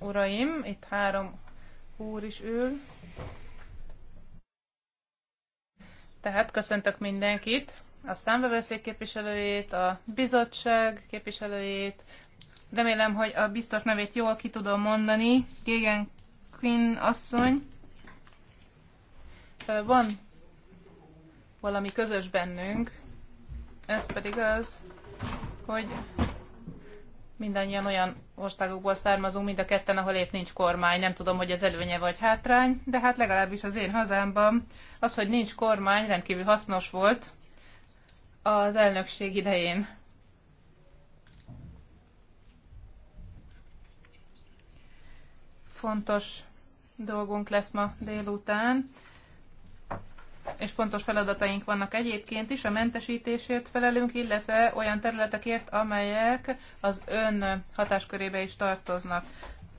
uraim, itt három úr is ül. Tehát köszöntök mindenkit, a számbevőszék képviselőjét, a bizottság képviselőjét. Remélem, hogy a biztos nevét jól ki tudom mondani. Gégen Quinn asszony. Van valami közös bennünk, ez pedig az, hogy mindannyian olyan országokból származunk mind a ketten, ahol épp nincs kormány. Nem tudom, hogy ez előnye vagy hátrány, de hát legalábbis az én hazámban az, hogy nincs kormány, rendkívül hasznos volt az elnökség idején. Fontos dolgunk lesz ma délután és fontos feladataink vannak egyébként is, a mentesítésért felelünk, illetve olyan területekért, amelyek az ön hatáskörébe is tartoznak.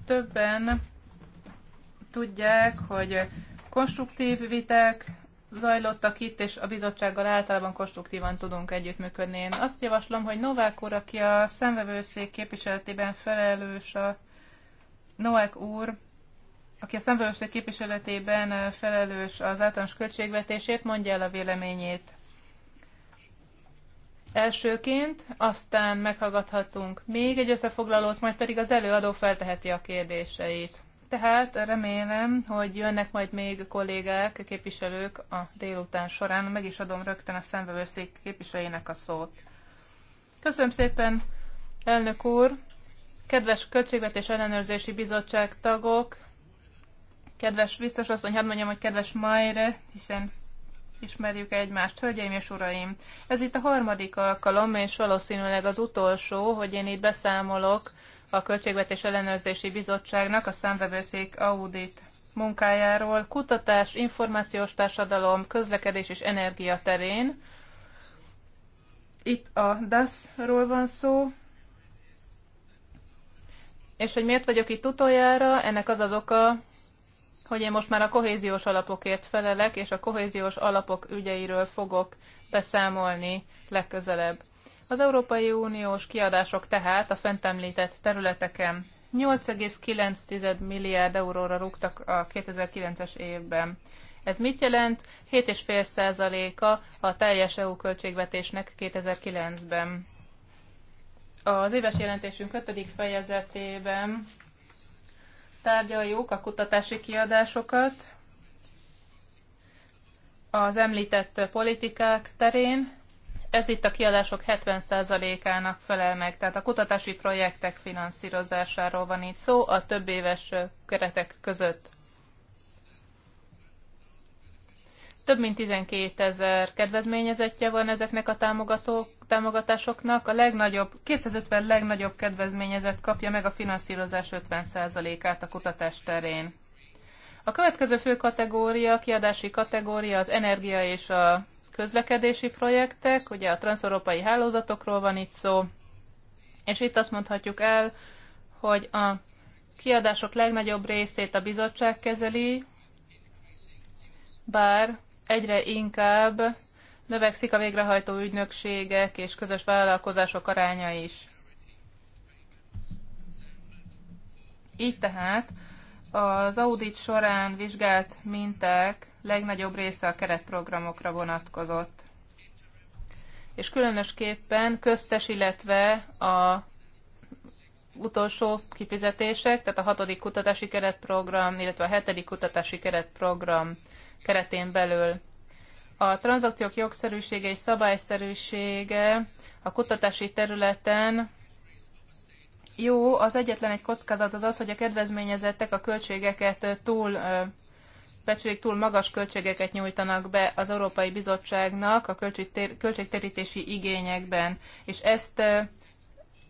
Többen tudják, hogy konstruktív viták zajlottak itt, és a bizottsággal általában konstruktívan tudunk együttműködni. Én azt javaslom, hogy Novák úr, aki a szemvevőszék képviseletében felelős a Noák úr, aki a szemvelőség képviseletében felelős az általános költségvetését, mondja el a véleményét. Elsőként, aztán meghallgathatunk még egy összefoglalót, majd pedig az előadó felteheti a kérdéseit. Tehát remélem, hogy jönnek majd még kollégák, képviselők a délután során. Meg is adom rögtön a szemvevőszék képviselőjének a szót. Köszönöm szépen, elnök úr! Kedves Költségvetés Ellenőrzési Bizottság tagok, Kedves biztos asszony, hadd mondjam, hogy kedves Majre, hiszen ismerjük egymást, hölgyeim és uraim. Ez itt a harmadik alkalom, és valószínűleg az utolsó, hogy én itt beszámolok a Költségvetés Ellenőrzési Bizottságnak a számvevőszék audit munkájáról, kutatás, információs társadalom, közlekedés és energia terén. Itt a DAS-ról van szó, és hogy miért vagyok itt utoljára, ennek az az oka, hogy én most már a kohéziós alapokért felelek, és a kohéziós alapok ügyeiről fogok beszámolni legközelebb. Az Európai Uniós kiadások tehát a fent említett területeken 8,9 milliárd euróra rúgtak a 2009-es évben. Ez mit jelent? 7,5%-a a teljes EU költségvetésnek 2009-ben. Az éves jelentésünk 5. fejezetében tárgyaljuk a kutatási kiadásokat az említett politikák terén. Ez itt a kiadások 70%-ának felel meg, tehát a kutatási projektek finanszírozásáról van itt szó a több éves keretek között. Több mint 12 ezer kedvezményezettje van ezeknek a támogatók, támogatásoknak. A legnagyobb, 250 legnagyobb kedvezményezett kapja meg a finanszírozás 50%-át a kutatás terén. A következő fő kategória, kiadási kategória az energia és a közlekedési projektek, ugye a transzeurópai hálózatokról van itt szó, és itt azt mondhatjuk el, hogy a kiadások legnagyobb részét a bizottság kezeli, bár egyre inkább növekszik a végrehajtó ügynökségek és közös vállalkozások aránya is. Így tehát az audit során vizsgált minták legnagyobb része a keretprogramokra vonatkozott. És különösképpen köztes, illetve a utolsó kifizetések, tehát a hatodik kutatási keretprogram, illetve a hetedik kutatási keretprogram keretén belül. A tranzakciók jogszerűsége és szabályszerűsége a kutatási területen jó, az egyetlen egy kockázat az az, hogy a kedvezményezettek a költségeket túl becsülik túl magas költségeket nyújtanak be az Európai Bizottságnak a költségterítési igényekben, és ezt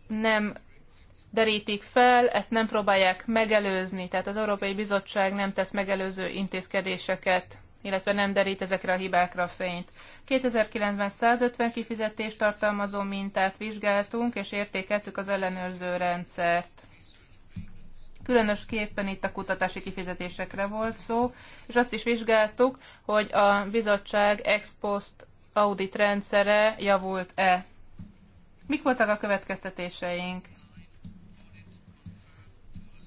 nem derítik fel, ezt nem próbálják megelőzni, tehát az Európai Bizottság nem tesz megelőző intézkedéseket illetve nem derít ezekre a hibákra a fényt. 2009-ben 150 kifizetést tartalmazó mintát vizsgáltunk, és értékeltük az ellenőrző rendszert. Különösképpen itt a kutatási kifizetésekre volt szó, és azt is vizsgáltuk, hogy a bizottság ex post audit rendszere javult-e. Mik voltak a következtetéseink?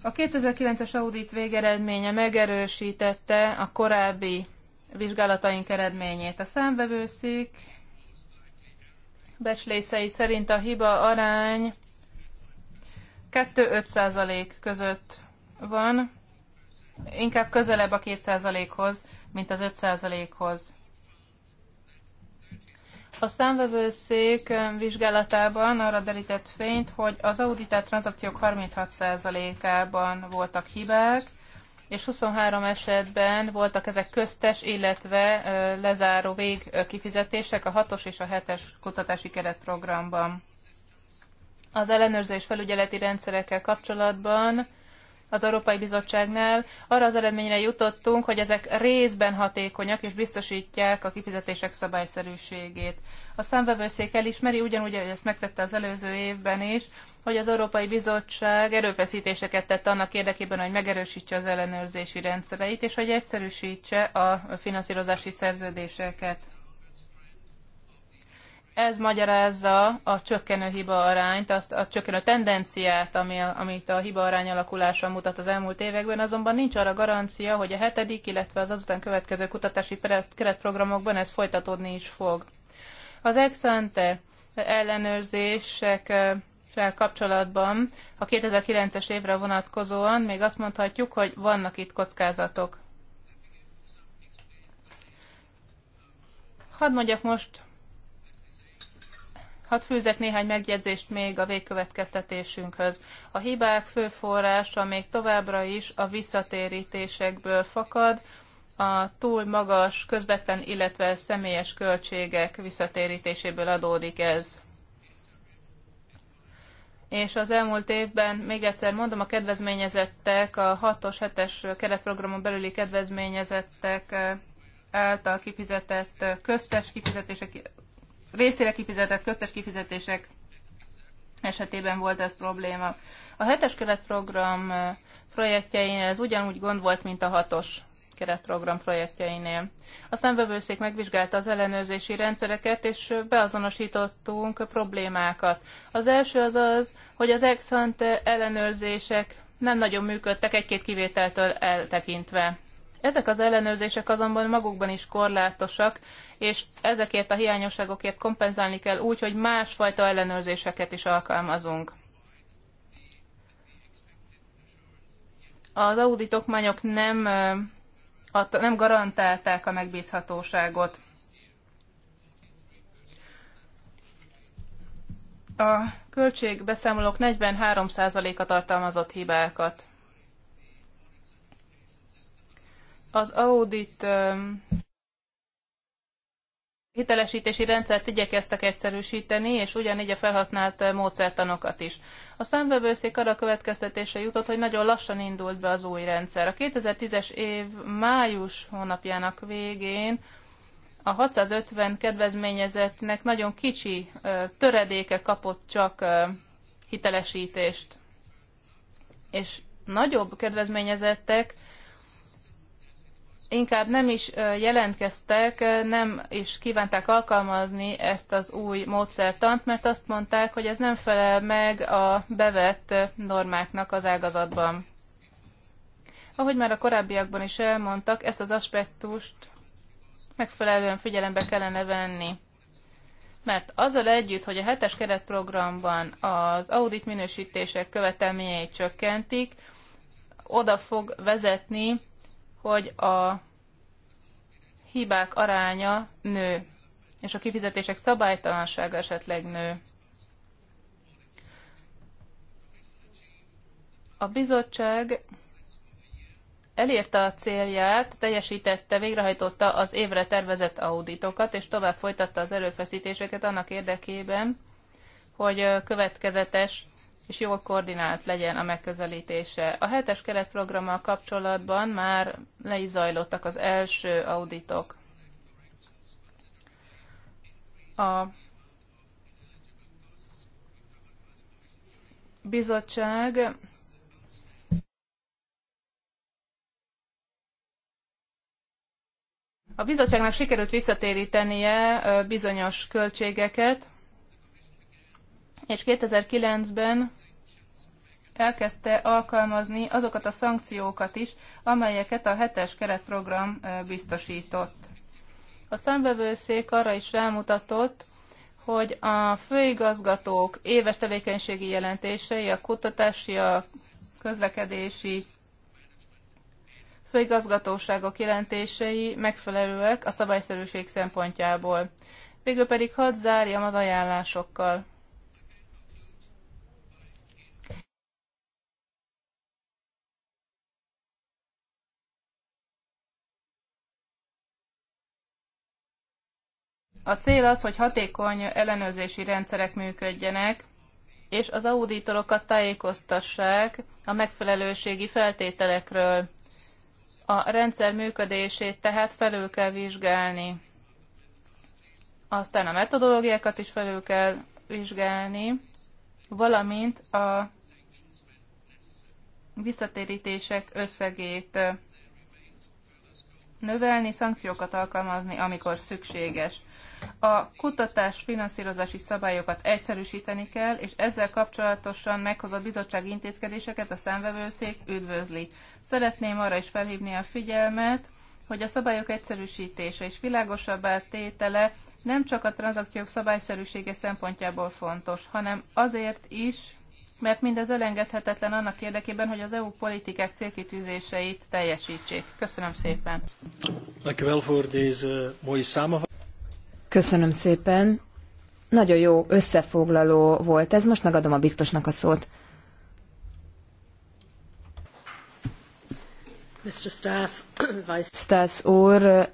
A 2009-es audit végeredménye megerősítette a korábbi vizsgálataink eredményét. A számvevőszék becslései szerint a hiba arány 2-5% között van, inkább közelebb a 2%-hoz, mint az 5%-hoz. A számvevőszék vizsgálatában arra derített fényt, hogy az auditált tranzakciók 36%-ában voltak hibák, és 23 esetben voltak ezek köztes, illetve lezáró vég kifizetések a 6-os és a 7-es kutatási keretprogramban. Az ellenőrzés felügyeleti rendszerekkel kapcsolatban az Európai Bizottságnál arra az eredményre jutottunk, hogy ezek részben hatékonyak és biztosítják a kifizetések szabályszerűségét. A számvevőszék elismeri, ugyanúgy, ahogy ezt megtette az előző évben is, hogy az Európai Bizottság erőfeszítéseket tett annak érdekében, hogy megerősítse az ellenőrzési rendszereit, és hogy egyszerűsítse a finanszírozási szerződéseket ez magyarázza a csökkenő hiba arányt, azt a csökkenő tendenciát, ami, amit a hiba arány alakulása mutat az elmúlt években, azonban nincs arra garancia, hogy a hetedik, illetve az azután következő kutatási keretprogramokban ez folytatódni is fog. Az ex-ante ellenőrzések kapcsolatban a 2009-es évre vonatkozóan még azt mondhatjuk, hogy vannak itt kockázatok. Hadd mondjak most Hadd fűzek néhány megjegyzést még a végkövetkeztetésünkhöz. A hibák fő forrása még továbbra is a visszatérítésekből fakad, a túl magas közvetlen, illetve személyes költségek visszatérítéséből adódik ez. És az elmúlt évben, még egyszer mondom, a kedvezményezettek, a 6-os, 7-es keretprogramon belüli kedvezményezettek eh, által kifizetett eh, köztes kifizetések részére kifizetett köztes kifizetések esetében volt ez probléma. A hetes keretprogram projektjeinél ez ugyanúgy gond volt, mint a hatos keretprogram projektjeinél. A szemvevőszék megvizsgálta az ellenőrzési rendszereket, és beazonosítottunk problémákat. Az első az az, hogy az ex ellenőrzések nem nagyon működtek egy-két kivételtől eltekintve. Ezek az ellenőrzések azonban magukban is korlátosak, és ezekért a hiányosságokért kompenzálni kell úgy, hogy másfajta ellenőrzéseket is alkalmazunk. Az auditokmányok nem, nem garantálták a megbízhatóságot. A költségbeszámolók 43%-a tartalmazott hibákat. Az audit hitelesítési rendszert igyekeztek egyszerűsíteni, és ugyanígy a felhasznált módszertanokat is. A számvevőszék arra következtetése jutott, hogy nagyon lassan indult be az új rendszer. A 2010-es év május hónapjának végén a 650 kedvezményezettnek nagyon kicsi töredéke kapott csak hitelesítést. És nagyobb kedvezményezettek inkább nem is jelentkeztek, nem is kívánták alkalmazni ezt az új módszertant, mert azt mondták, hogy ez nem felel meg a bevett normáknak az ágazatban. Ahogy már a korábbiakban is elmondtak, ezt az aspektust megfelelően figyelembe kellene venni. Mert azzal együtt, hogy a hetes keretprogramban az audit minősítések követelményeit csökkentik, oda fog vezetni hogy a hibák aránya nő, és a kifizetések szabálytalansága esetleg nő. A bizottság elérte a célját, teljesítette, végrehajtotta az évre tervezett auditokat, és tovább folytatta az erőfeszítéseket annak érdekében, hogy következetes és jól koordinált legyen a megközelítése. A hetes keretprogrammal kapcsolatban már le is zajlottak az első auditok. A bizottság A bizottságnak sikerült visszatérítenie bizonyos költségeket, és 2009-ben elkezdte alkalmazni azokat a szankciókat is, amelyeket a hetes keretprogram biztosított. A szemvevőszék arra is rámutatott, hogy a főigazgatók éves tevékenységi jelentései, a kutatási, a közlekedési főigazgatóságok jelentései megfelelőek a szabályszerűség szempontjából. Végül pedig hadd zárjam az ajánlásokkal. A cél az, hogy hatékony ellenőrzési rendszerek működjenek, és az auditorokat tájékoztassák a megfelelőségi feltételekről. A rendszer működését tehát felül kell vizsgálni. Aztán a metodológiákat is felül kell vizsgálni, valamint a visszatérítések összegét növelni, szankciókat alkalmazni, amikor szükséges. A kutatás finanszírozási szabályokat egyszerűsíteni kell, és ezzel kapcsolatosan meghozott bizottsági intézkedéseket a számvevőszék üdvözli. Szeretném arra is felhívni a figyelmet, hogy a szabályok egyszerűsítése és világosabbá tétele nem csak a tranzakciók szabályszerűsége szempontjából fontos, hanem azért is, mert mindez elengedhetetlen annak érdekében, hogy az EU politikák célkitűzéseit teljesítsék. Köszönöm szépen! Köszönöm szépen. Nagyon jó összefoglaló volt ez. Most megadom a biztosnak a szót. Mr. Stas úr,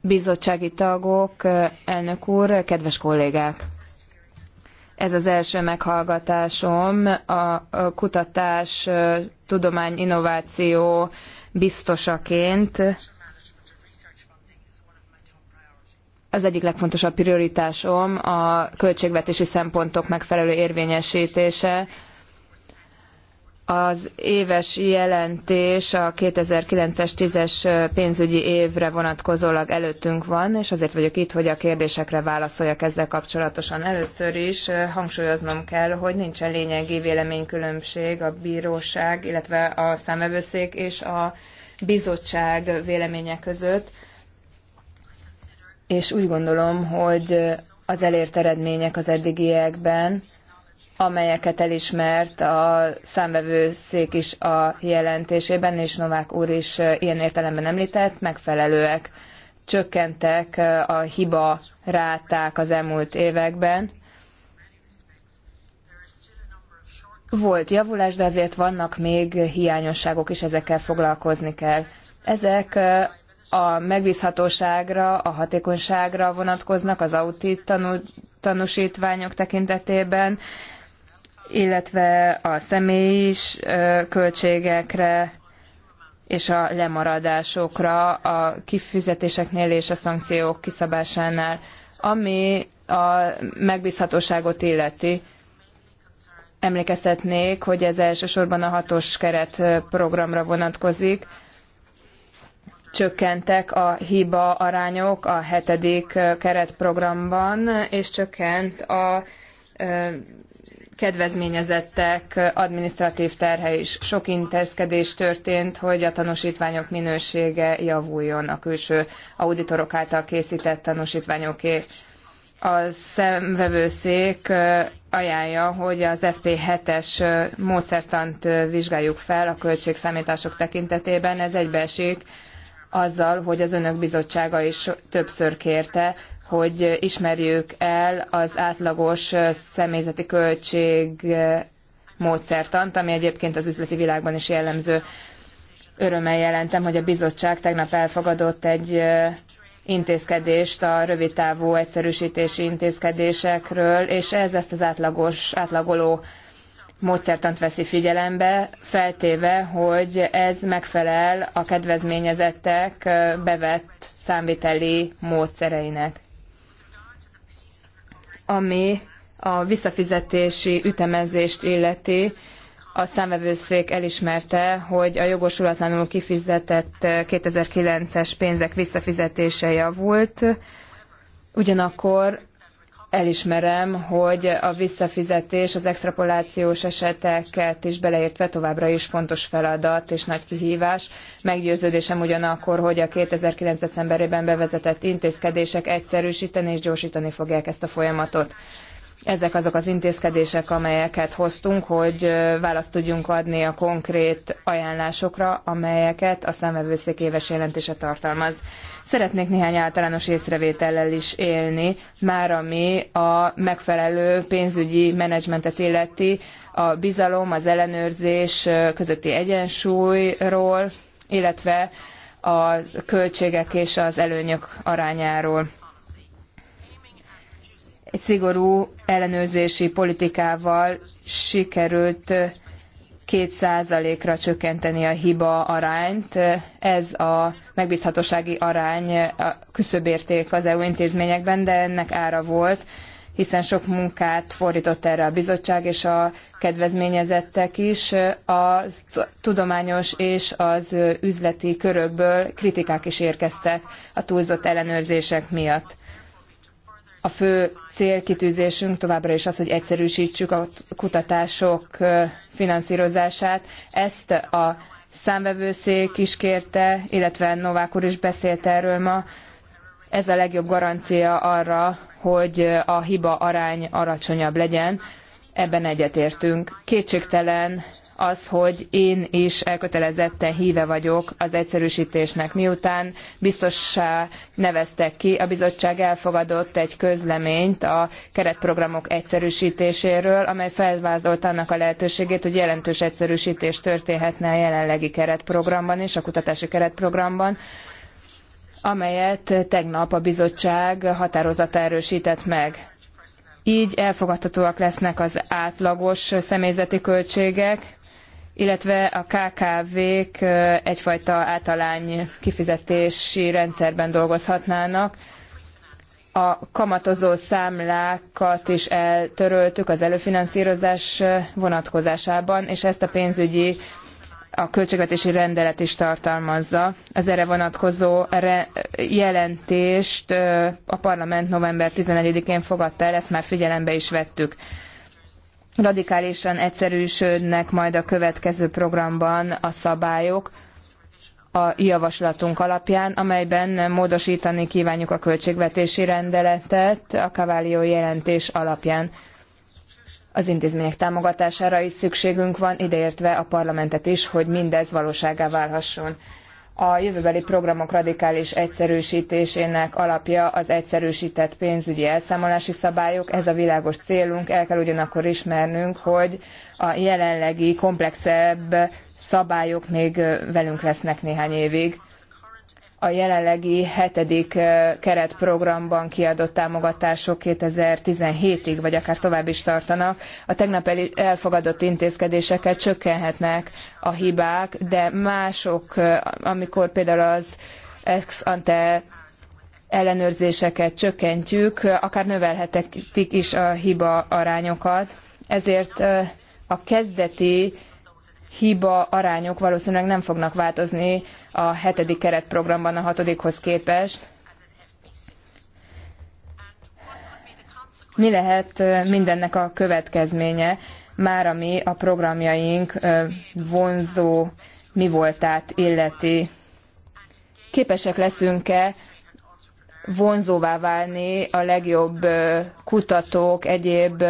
bizottsági tagok, elnök úr, kedves kollégák! Ez az első meghallgatásom a kutatás, tudomány, innováció biztosaként az egyik legfontosabb prioritásom a költségvetési szempontok megfelelő érvényesítése. Az éves jelentés a 2009-es 10-es pénzügyi évre vonatkozólag előttünk van, és azért vagyok itt, hogy a kérdésekre válaszoljak ezzel kapcsolatosan. Először is hangsúlyoznom kell, hogy nincsen lényegi véleménykülönbség a bíróság, illetve a számvevőszék és a bizottság véleménye között és úgy gondolom, hogy az elért eredmények az eddigiekben, amelyeket elismert a számvevőszék is a jelentésében, és Novák úr is ilyen értelemben említett, megfelelőek. Csökkentek a hiba ráták az elmúlt években. Volt javulás, de azért vannak még hiányosságok, és ezekkel foglalkozni kell. Ezek a megbízhatóságra, a hatékonyságra vonatkoznak az audit tanú, tanúsítványok tekintetében, illetve a személyi költségekre és a lemaradásokra a kifizetéseknél és a szankciók kiszabásánál, ami a megbízhatóságot illeti. Emlékeztetnék, hogy ez elsősorban a hatos keret programra vonatkozik, csökkentek a hiba arányok a hetedik keretprogramban, és csökkent a kedvezményezettek adminisztratív terhe is. Sok intézkedés történt, hogy a tanúsítványok minősége javuljon a külső auditorok által készített tanúsítványoké. A szemvevőszék ajánlja, hogy az FP7-es módszertant vizsgáljuk fel a költségszámítások tekintetében. Ez egybeesik azzal, hogy az önök bizottsága is többször kérte, hogy ismerjük el az átlagos személyzeti költség módszertant, ami egyébként az üzleti világban is jellemző. Örömmel jelentem, hogy a bizottság tegnap elfogadott egy intézkedést a rövidtávú egyszerűsítési intézkedésekről, és ez ezt az átlagos, átlagoló módszertant veszi figyelembe, feltéve, hogy ez megfelel a kedvezményezettek bevett számviteli módszereinek. Ami a visszafizetési ütemezést illeti, a számvevőszék elismerte, hogy a jogosulatlanul kifizetett 2009-es pénzek visszafizetése javult, ugyanakkor elismerem, hogy a visszafizetés, az extrapolációs eseteket is beleértve továbbra is fontos feladat és nagy kihívás. Meggyőződésem ugyanakkor, hogy a 2009. decemberében bevezetett intézkedések egyszerűsíteni és gyorsítani fogják ezt a folyamatot. Ezek azok az intézkedések, amelyeket hoztunk, hogy választ tudjunk adni a konkrét ajánlásokra, amelyeket a számvevőszék éves jelentése tartalmaz. Szeretnék néhány általános észrevétellel is élni, már ami a megfelelő pénzügyi menedzsmentet illeti, a bizalom, az ellenőrzés közötti egyensúlyról, illetve a költségek és az előnyök arányáról egy szigorú ellenőrzési politikával sikerült 2%-ra csökkenteni a hiba arányt. Ez a megbízhatósági arány a küszöbérték az EU intézményekben, de ennek ára volt, hiszen sok munkát fordított erre a bizottság és a kedvezményezettek is. A tudományos és az üzleti körökből kritikák is érkeztek a túlzott ellenőrzések miatt. A fő célkitűzésünk továbbra is az, hogy egyszerűsítsük a kutatások finanszírozását. Ezt a számvevőszék is kérte, illetve Novák úr is beszélt erről ma. Ez a legjobb garancia arra, hogy a hiba arány alacsonyabb legyen. Ebben egyetértünk. Kétségtelen az, hogy én is elkötelezetten híve vagyok az egyszerűsítésnek. Miután biztossá neveztek ki, a bizottság elfogadott egy közleményt a keretprogramok egyszerűsítéséről, amely felvázolta annak a lehetőségét, hogy jelentős egyszerűsítés történhetne a jelenlegi keretprogramban és a kutatási keretprogramban amelyet tegnap a bizottság határozata erősített meg. Így elfogadhatóak lesznek az átlagos személyzeti költségek, illetve a KKV-k egyfajta általány kifizetési rendszerben dolgozhatnának. A kamatozó számlákat is eltöröltük az előfinanszírozás vonatkozásában, és ezt a pénzügyi a költségvetési rendelet is tartalmazza. Az erre vonatkozó jelentést a parlament november 11-én fogadta el, ezt már figyelembe is vettük radikálisan egyszerűsödnek majd a következő programban a szabályok a javaslatunk alapján, amelyben módosítani kívánjuk a költségvetési rendeletet a Kaválió jelentés alapján. Az intézmények támogatására is szükségünk van, ideértve a parlamentet is, hogy mindez valóságá válhasson a jövőbeli programok radikális egyszerűsítésének alapja az egyszerűsített pénzügyi elszámolási szabályok. Ez a világos célunk, el kell ugyanakkor ismernünk, hogy a jelenlegi komplexebb szabályok még velünk lesznek néhány évig a jelenlegi hetedik keretprogramban kiadott támogatások 2017-ig, vagy akár tovább is tartanak. A tegnap elfogadott intézkedéseket csökkenhetnek a hibák, de mások, amikor például az ex ante ellenőrzéseket csökkentjük, akár növelhetik is a hiba arányokat. Ezért a kezdeti hiba arányok valószínűleg nem fognak változni a hetedik keretprogramban a hatodikhoz képest. Mi lehet mindennek a következménye, már ami a programjaink vonzó mi voltát illeti? Képesek leszünk-e vonzóvá válni a legjobb kutatók, egyéb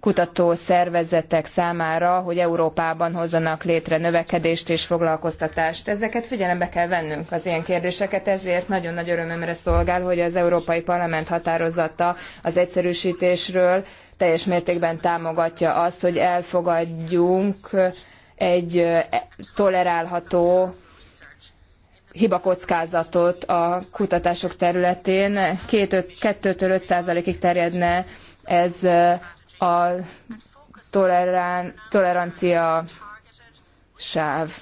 kutatószervezetek számára, hogy Európában hozzanak létre növekedést és foglalkoztatást. Ezeket figyelembe kell vennünk, az ilyen kérdéseket, ezért nagyon nagy örömömre szolgál, hogy az Európai Parlament határozata az egyszerűsítésről teljes mértékben támogatja azt, hogy elfogadjunk egy e, tolerálható hibakockázatot a kutatások területén. 2-5 százalékig terjedne ez a tolerán, tolerancia sáv.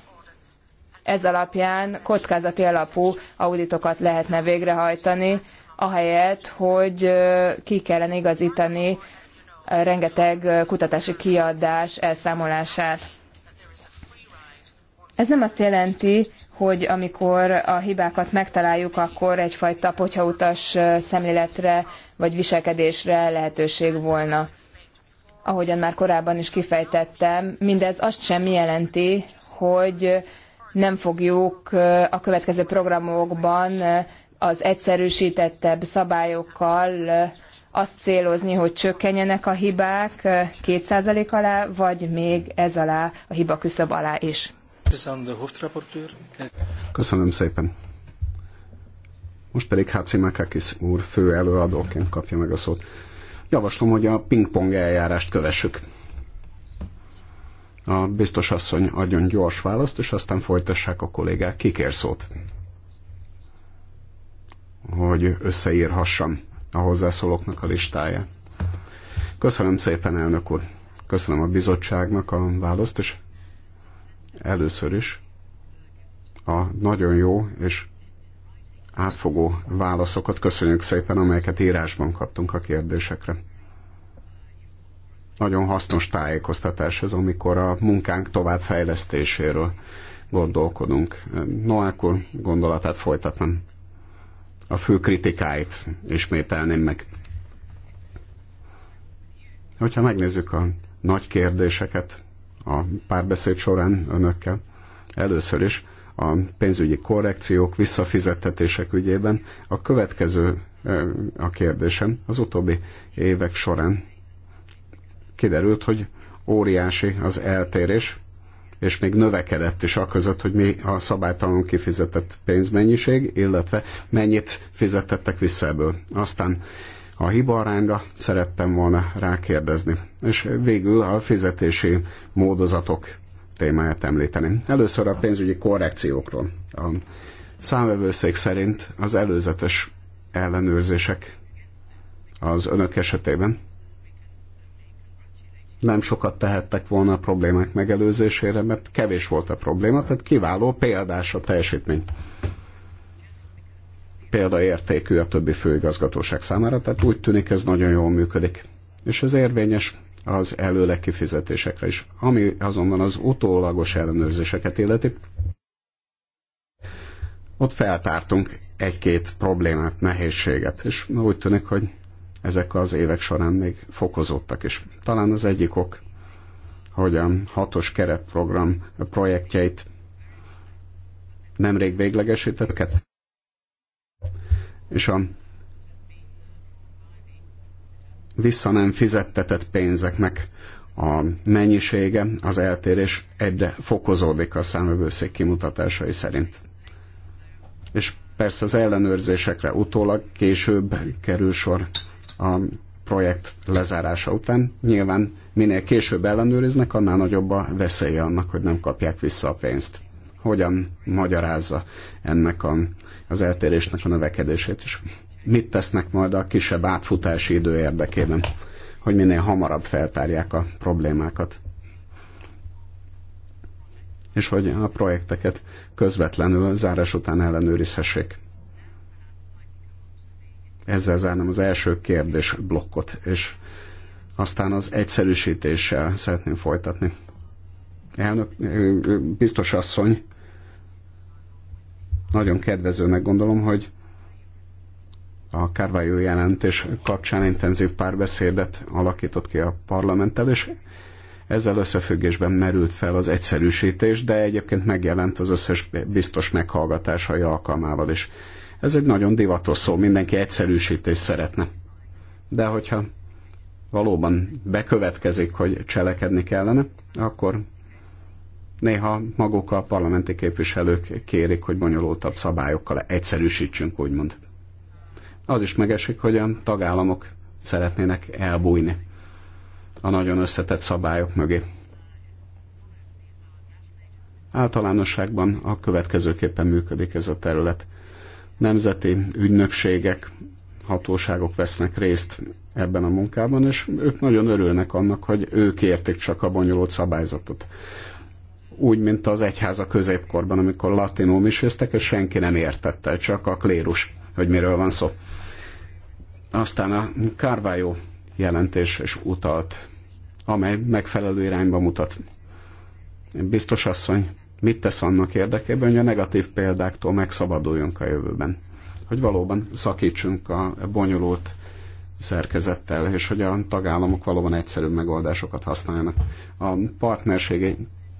Ez alapján kockázati alapú auditokat lehetne végrehajtani, ahelyett, hogy ki kellene igazítani rengeteg kutatási kiadás elszámolását. Ez nem azt jelenti, hogy amikor a hibákat megtaláljuk, akkor egyfajta potyautas szemléletre vagy viselkedésre lehetőség volna ahogyan már korábban is kifejtettem, mindez azt sem jelenti, hogy nem fogjuk a következő programokban az egyszerűsítettebb szabályokkal azt célozni, hogy csökkenjenek a hibák 2% alá, vagy még ez alá, a hiba küszöb alá is. Köszönöm szépen. Most pedig Háci Makakis úr fő előadóként kapja meg a szót. Javaslom, hogy a pingpong eljárást kövessük. A biztos asszony adjon gyors választ, és aztán folytassák a kollégák. Kikér szót? Hogy összeírhassam a hozzászólóknak a listája. Köszönöm szépen, elnök úr. Köszönöm a bizottságnak a választ, és először is a nagyon jó és átfogó válaszokat. Köszönjük szépen, amelyeket írásban kaptunk a kérdésekre. Nagyon hasznos tájékoztatás ez, amikor a munkánk továbbfejlesztéséről gondolkodunk. Noák úr gondolatát folytatnám. A fő kritikáit ismételném meg. Hogyha megnézzük a nagy kérdéseket a párbeszéd során önökkel, először is a pénzügyi korrekciók, visszafizettetések ügyében. A következő a kérdésem. Az utóbbi évek során kiderült, hogy óriási az eltérés, és még növekedett is a között, hogy mi a szabálytalanul kifizetett pénzmennyiség, illetve mennyit fizetettek vissza ebből. Aztán a hibarányra szerettem volna rákérdezni. És végül a fizetési módozatok témáját említeni. Először a pénzügyi korrekciókról. A számvevőszék szerint az előzetes ellenőrzések az önök esetében nem sokat tehettek volna a problémák megelőzésére, mert kevés volt a probléma, tehát kiváló példás a teljesítmény. Példaértékű a többi főigazgatóság számára, tehát úgy tűnik ez nagyon jól működik. És ez érvényes az előleg kifizetésekre is. Ami azonban az utólagos ellenőrzéseket illeti, ott feltártunk egy-két problémát, nehézséget, és úgy tűnik, hogy ezek az évek során még fokozódtak is. Talán az egyik ok, hogy a hatos keretprogram projektjeit nemrég véglegesítettek, és a vissza nem fizettetett pénzeknek a mennyisége, az eltérés egyre fokozódik a számövőszék kimutatásai szerint. És persze az ellenőrzésekre utólag később kerül sor a projekt lezárása után. Nyilván minél később ellenőriznek, annál nagyobb a veszélye annak, hogy nem kapják vissza a pénzt. Hogyan magyarázza ennek a, az eltérésnek a növekedését is? mit tesznek majd a kisebb átfutási idő érdekében, hogy minél hamarabb feltárják a problémákat. És hogy a projekteket közvetlenül zárás után ellenőrizhessék. Ezzel zárnám az első kérdés blokkot, és aztán az egyszerűsítéssel szeretném folytatni. Elnök, biztos asszony, nagyon kedvezőnek gondolom, hogy a Carvalho jelentés kapcsán intenzív párbeszédet alakított ki a parlamenttel, és ezzel összefüggésben merült fel az egyszerűsítés, de egyébként megjelent az összes biztos meghallgatásai alkalmával is. Ez egy nagyon divatos szó, mindenki egyszerűsítést szeretne. De hogyha valóban bekövetkezik, hogy cselekedni kellene, akkor néha maguk a parlamenti képviselők kérik, hogy bonyolultabb szabályokkal egyszerűsítsünk, úgymond az is megesik, hogy a tagállamok szeretnének elbújni a nagyon összetett szabályok mögé. Általánosságban a következőképpen működik ez a terület. Nemzeti ügynökségek, hatóságok vesznek részt ebben a munkában, és ők nagyon örülnek annak, hogy ők értik csak a bonyolult szabályzatot. Úgy, mint az egyháza középkorban, amikor latinul miséztek, és senki nem értette, csak a klérus hogy miről van szó. Aztán a Kárvájó jelentés is utalt, amely megfelelő irányba mutat. Biztos asszony, mit tesz annak érdekében, hogy a negatív példáktól megszabaduljunk a jövőben? Hogy valóban szakítsunk a bonyolult szerkezettel, és hogy a tagállamok valóban egyszerűbb megoldásokat használjanak. A partnerségi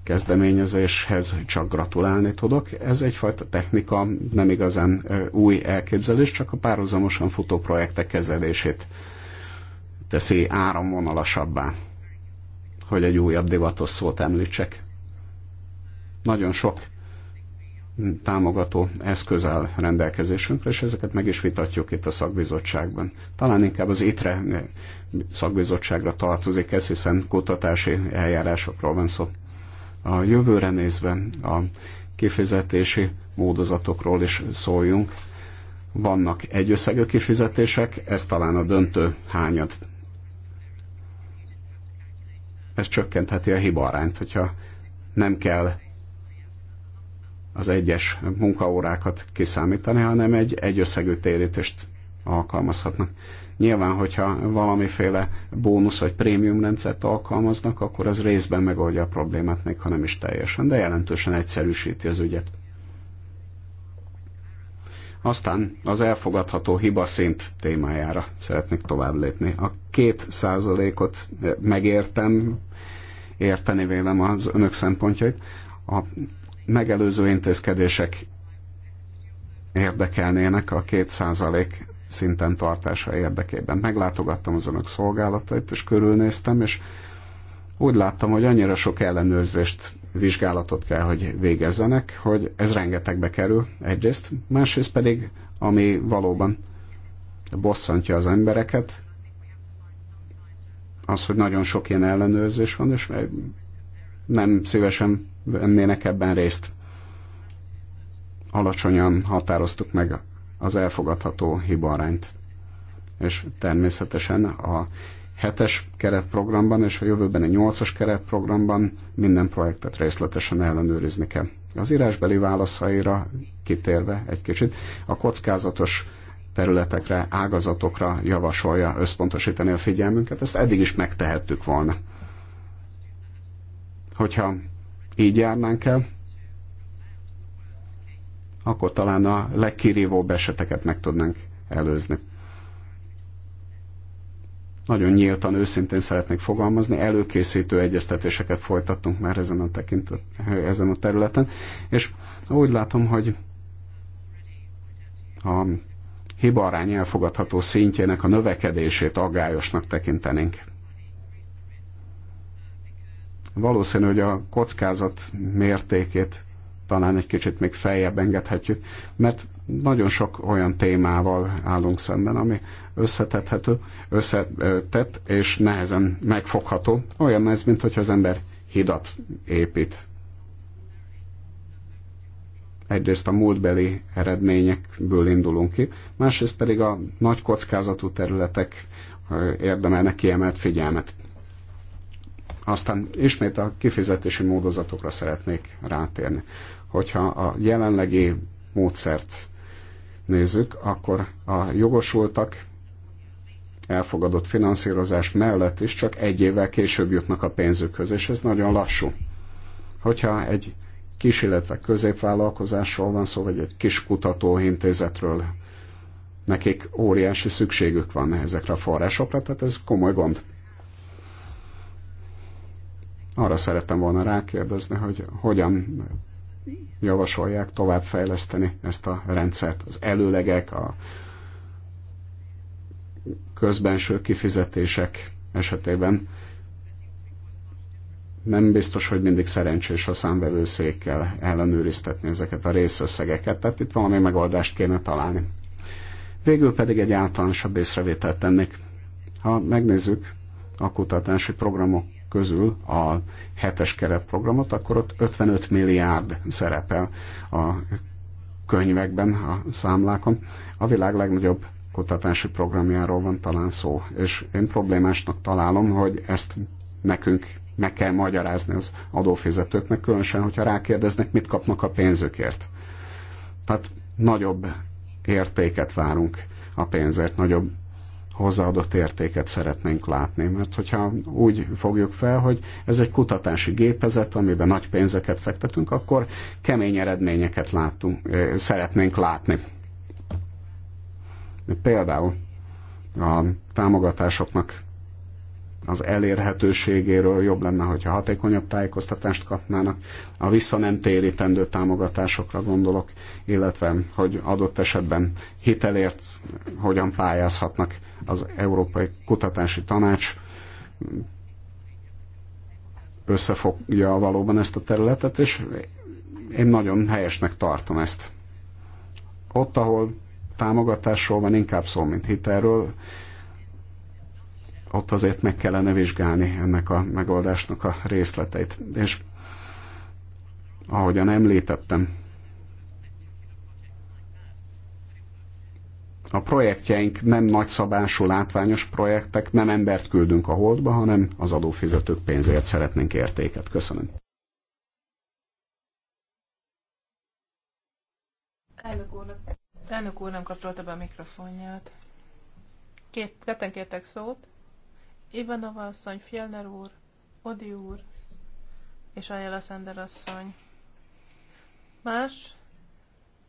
kezdeményezéshez csak gratulálni tudok. Ez egyfajta technika, nem igazán új elképzelés, csak a párhuzamosan futó projektek kezelését teszi áramvonalasabbá, hogy egy újabb divatos szót említsek. Nagyon sok támogató eszközel rendelkezésünkre, és ezeket meg is vitatjuk itt a szakbizottságban. Talán inkább az étre szakbizottságra tartozik ez, hiszen kutatási eljárásokról van szó a jövőre nézve a kifizetési módozatokról is szóljunk. Vannak egyösszegű kifizetések, ez talán a döntő hányad. Ez csökkentheti a arányt, hogyha nem kell az egyes munkaórákat kiszámítani, hanem egy egyösszegű térítést alkalmazhatnak. Nyilván, hogyha valamiféle bónusz vagy prémium rendszert alkalmaznak, akkor az részben megoldja a problémát, még ha nem is teljesen, de jelentősen egyszerűsíti az ügyet. Aztán az elfogadható hiba szint témájára szeretnék tovább lépni. A két százalékot eh, megértem, érteni vélem az önök szempontjait. A megelőző intézkedések érdekelnének a két százalék szinten tartása érdekében. Meglátogattam az önök szolgálatait, és körülnéztem, és úgy láttam, hogy annyira sok ellenőrzést, vizsgálatot kell, hogy végezzenek, hogy ez rengetegbe kerül egyrészt, másrészt pedig, ami valóban bosszantja az embereket, az, hogy nagyon sok ilyen ellenőrzés van, és nem szívesen vennének ebben részt. Alacsonyan határoztuk meg az elfogadható hibarányt. És természetesen a hetes keretprogramban és a jövőben a nyolcas keretprogramban minden projektet részletesen ellenőrizni kell. Az írásbeli válaszaira kitérve egy kicsit, a kockázatos területekre, ágazatokra javasolja összpontosítani a figyelmünket. Ezt eddig is megtehettük volna. Hogyha így járnánk el, akkor talán a legkirívóbb eseteket meg tudnánk előzni. Nagyon nyíltan, őszintén szeretnék fogalmazni, előkészítő egyeztetéseket folytattunk már ezen a, tekintet, ezen a területen, és úgy látom, hogy a arány elfogadható szintjének a növekedését aggályosnak tekintenénk. Valószínű, hogy a kockázat mértékét talán egy kicsit még feljebb engedhetjük, mert nagyon sok olyan témával állunk szemben, ami összetethető, összetett és nehezen megfogható. Olyan ez, mint hogyha az ember hidat épít. Egyrészt a múltbeli eredményekből indulunk ki, másrészt pedig a nagy kockázatú területek érdemelnek kiemelt figyelmet. Aztán ismét a kifizetési módozatokra szeretnék rátérni hogyha a jelenlegi módszert nézzük, akkor a jogosultak elfogadott finanszírozás mellett is csak egy évvel később jutnak a pénzükhöz, és ez nagyon lassú. Hogyha egy kis, illetve középvállalkozásról van szó, vagy egy kis kutatóintézetről, nekik óriási szükségük van ezekre a forrásokra, tehát ez komoly gond. Arra szerettem volna rákérdezni, hogy hogyan javasolják továbbfejleszteni ezt a rendszert. Az előlegek, a közbenső kifizetések esetében nem biztos, hogy mindig szerencsés a számvevőszékkel ellenőriztetni ezeket a részösszegeket, tehát itt valami megoldást kéne találni. Végül pedig egy általánosabb észrevételt tennék. Ha megnézzük a kutatási programok közül a hetes keretprogramot, akkor ott 55 milliárd szerepel a könyvekben, a számlákon. A világ legnagyobb kutatási programjáról van talán szó, és én problémásnak találom, hogy ezt nekünk meg kell magyarázni az adófizetőknek, különösen, hogyha rákérdeznek, mit kapnak a pénzükért. Tehát nagyobb értéket várunk a pénzért, nagyobb hozzáadott értéket szeretnénk látni, mert hogyha úgy fogjuk fel, hogy ez egy kutatási gépezet, amiben nagy pénzeket fektetünk, akkor kemény eredményeket látunk, szeretnénk látni. Például a támogatásoknak az elérhetőségéről jobb lenne, hogyha hatékonyabb tájékoztatást kapnának, a vissza nem térítendő támogatásokra gondolok, illetve hogy adott esetben hitelért hogyan pályázhatnak az Európai Kutatási Tanács összefogja valóban ezt a területet, és én nagyon helyesnek tartom ezt. Ott, ahol támogatásról van inkább szó, mint hitelről, ott azért meg kellene vizsgálni ennek a megoldásnak a részleteit. És ahogyan említettem, a projektjeink nem nagyszabású, látványos projektek, nem embert küldünk a holdba, hanem az adófizetők pénzért szeretnénk értéket. Köszönöm. Elnök úr, elnök úr nem kapcsolta be a mikrofonját. Két, ketten kértek szót. Ivanova asszony, Fjellner úr, Odi úr és Ayala Sender asszony. Más?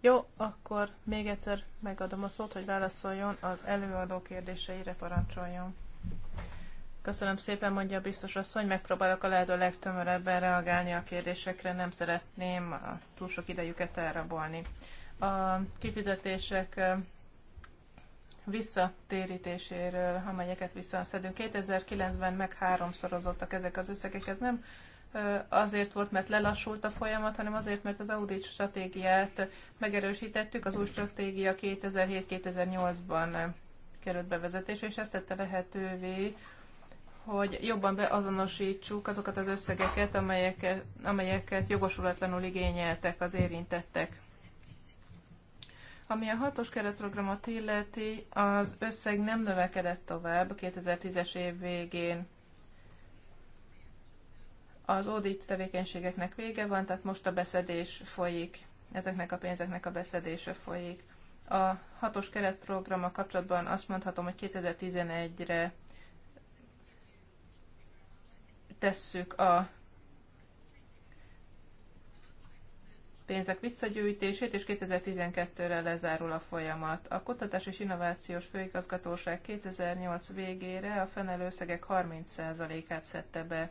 Jó, akkor még egyszer megadom a szót, hogy válaszoljon az előadó kérdéseire, parancsoljon. Köszönöm szépen, mondja a biztos asszony, megpróbálok a lehető legtömörebben reagálni a kérdésekre, nem szeretném túl sok idejüket elrabolni. A kifizetések visszatérítéséről, amelyeket visszaszedünk. 2009-ben meg háromszorozottak ezek az összegek. Ez nem azért volt, mert lelassult a folyamat, hanem azért, mert az audit stratégiát megerősítettük, az új stratégia 2007-2008-ban került bevezetésre, és ezt tette lehetővé, hogy jobban beazonosítsuk azokat az összegeket, amelyeket, amelyeket jogosulatlanul igényeltek az érintettek. Ami a hatos keretprogramot illeti, az összeg nem növekedett tovább 2010-es év végén. Az audit tevékenységeknek vége van, tehát most a beszedés folyik, ezeknek a pénzeknek a beszedése folyik. A hatos keretprogrammal kapcsolatban azt mondhatom, hogy 2011-re tesszük a pénzek visszagyűjtését, és 2012-re lezárul a folyamat. A Kutatás és Innovációs Főigazgatóság 2008 végére a fenelő összegek 30%-át szedte be.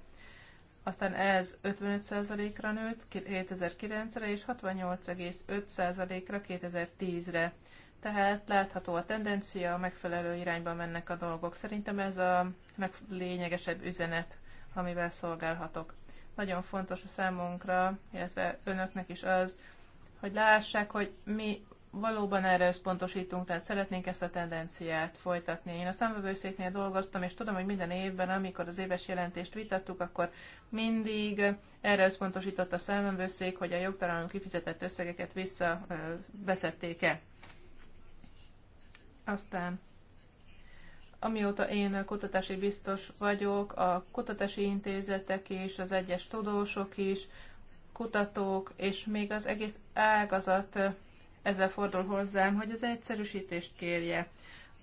Aztán ez 55%-ra nőtt 2009-re, és 68,5%-ra 2010-re. Tehát látható a tendencia, a megfelelő irányba mennek a dolgok. Szerintem ez a leglényegesebb üzenet, amivel szolgálhatok. Nagyon fontos a számunkra, illetve önöknek is az, hogy lássák, hogy mi valóban erre összpontosítunk, tehát szeretnénk ezt a tendenciát folytatni. Én a számvevőszéknél dolgoztam, és tudom, hogy minden évben, amikor az éves jelentést vitattuk, akkor mindig erre összpontosított a számvevőszék, hogy a jogtalanul kifizetett összegeket visszaveszették-e. Aztán Amióta én kutatási biztos vagyok, a kutatási intézetek is, az egyes tudósok is, kutatók, és még az egész ágazat ezzel fordul hozzám, hogy az egyszerűsítést kérje.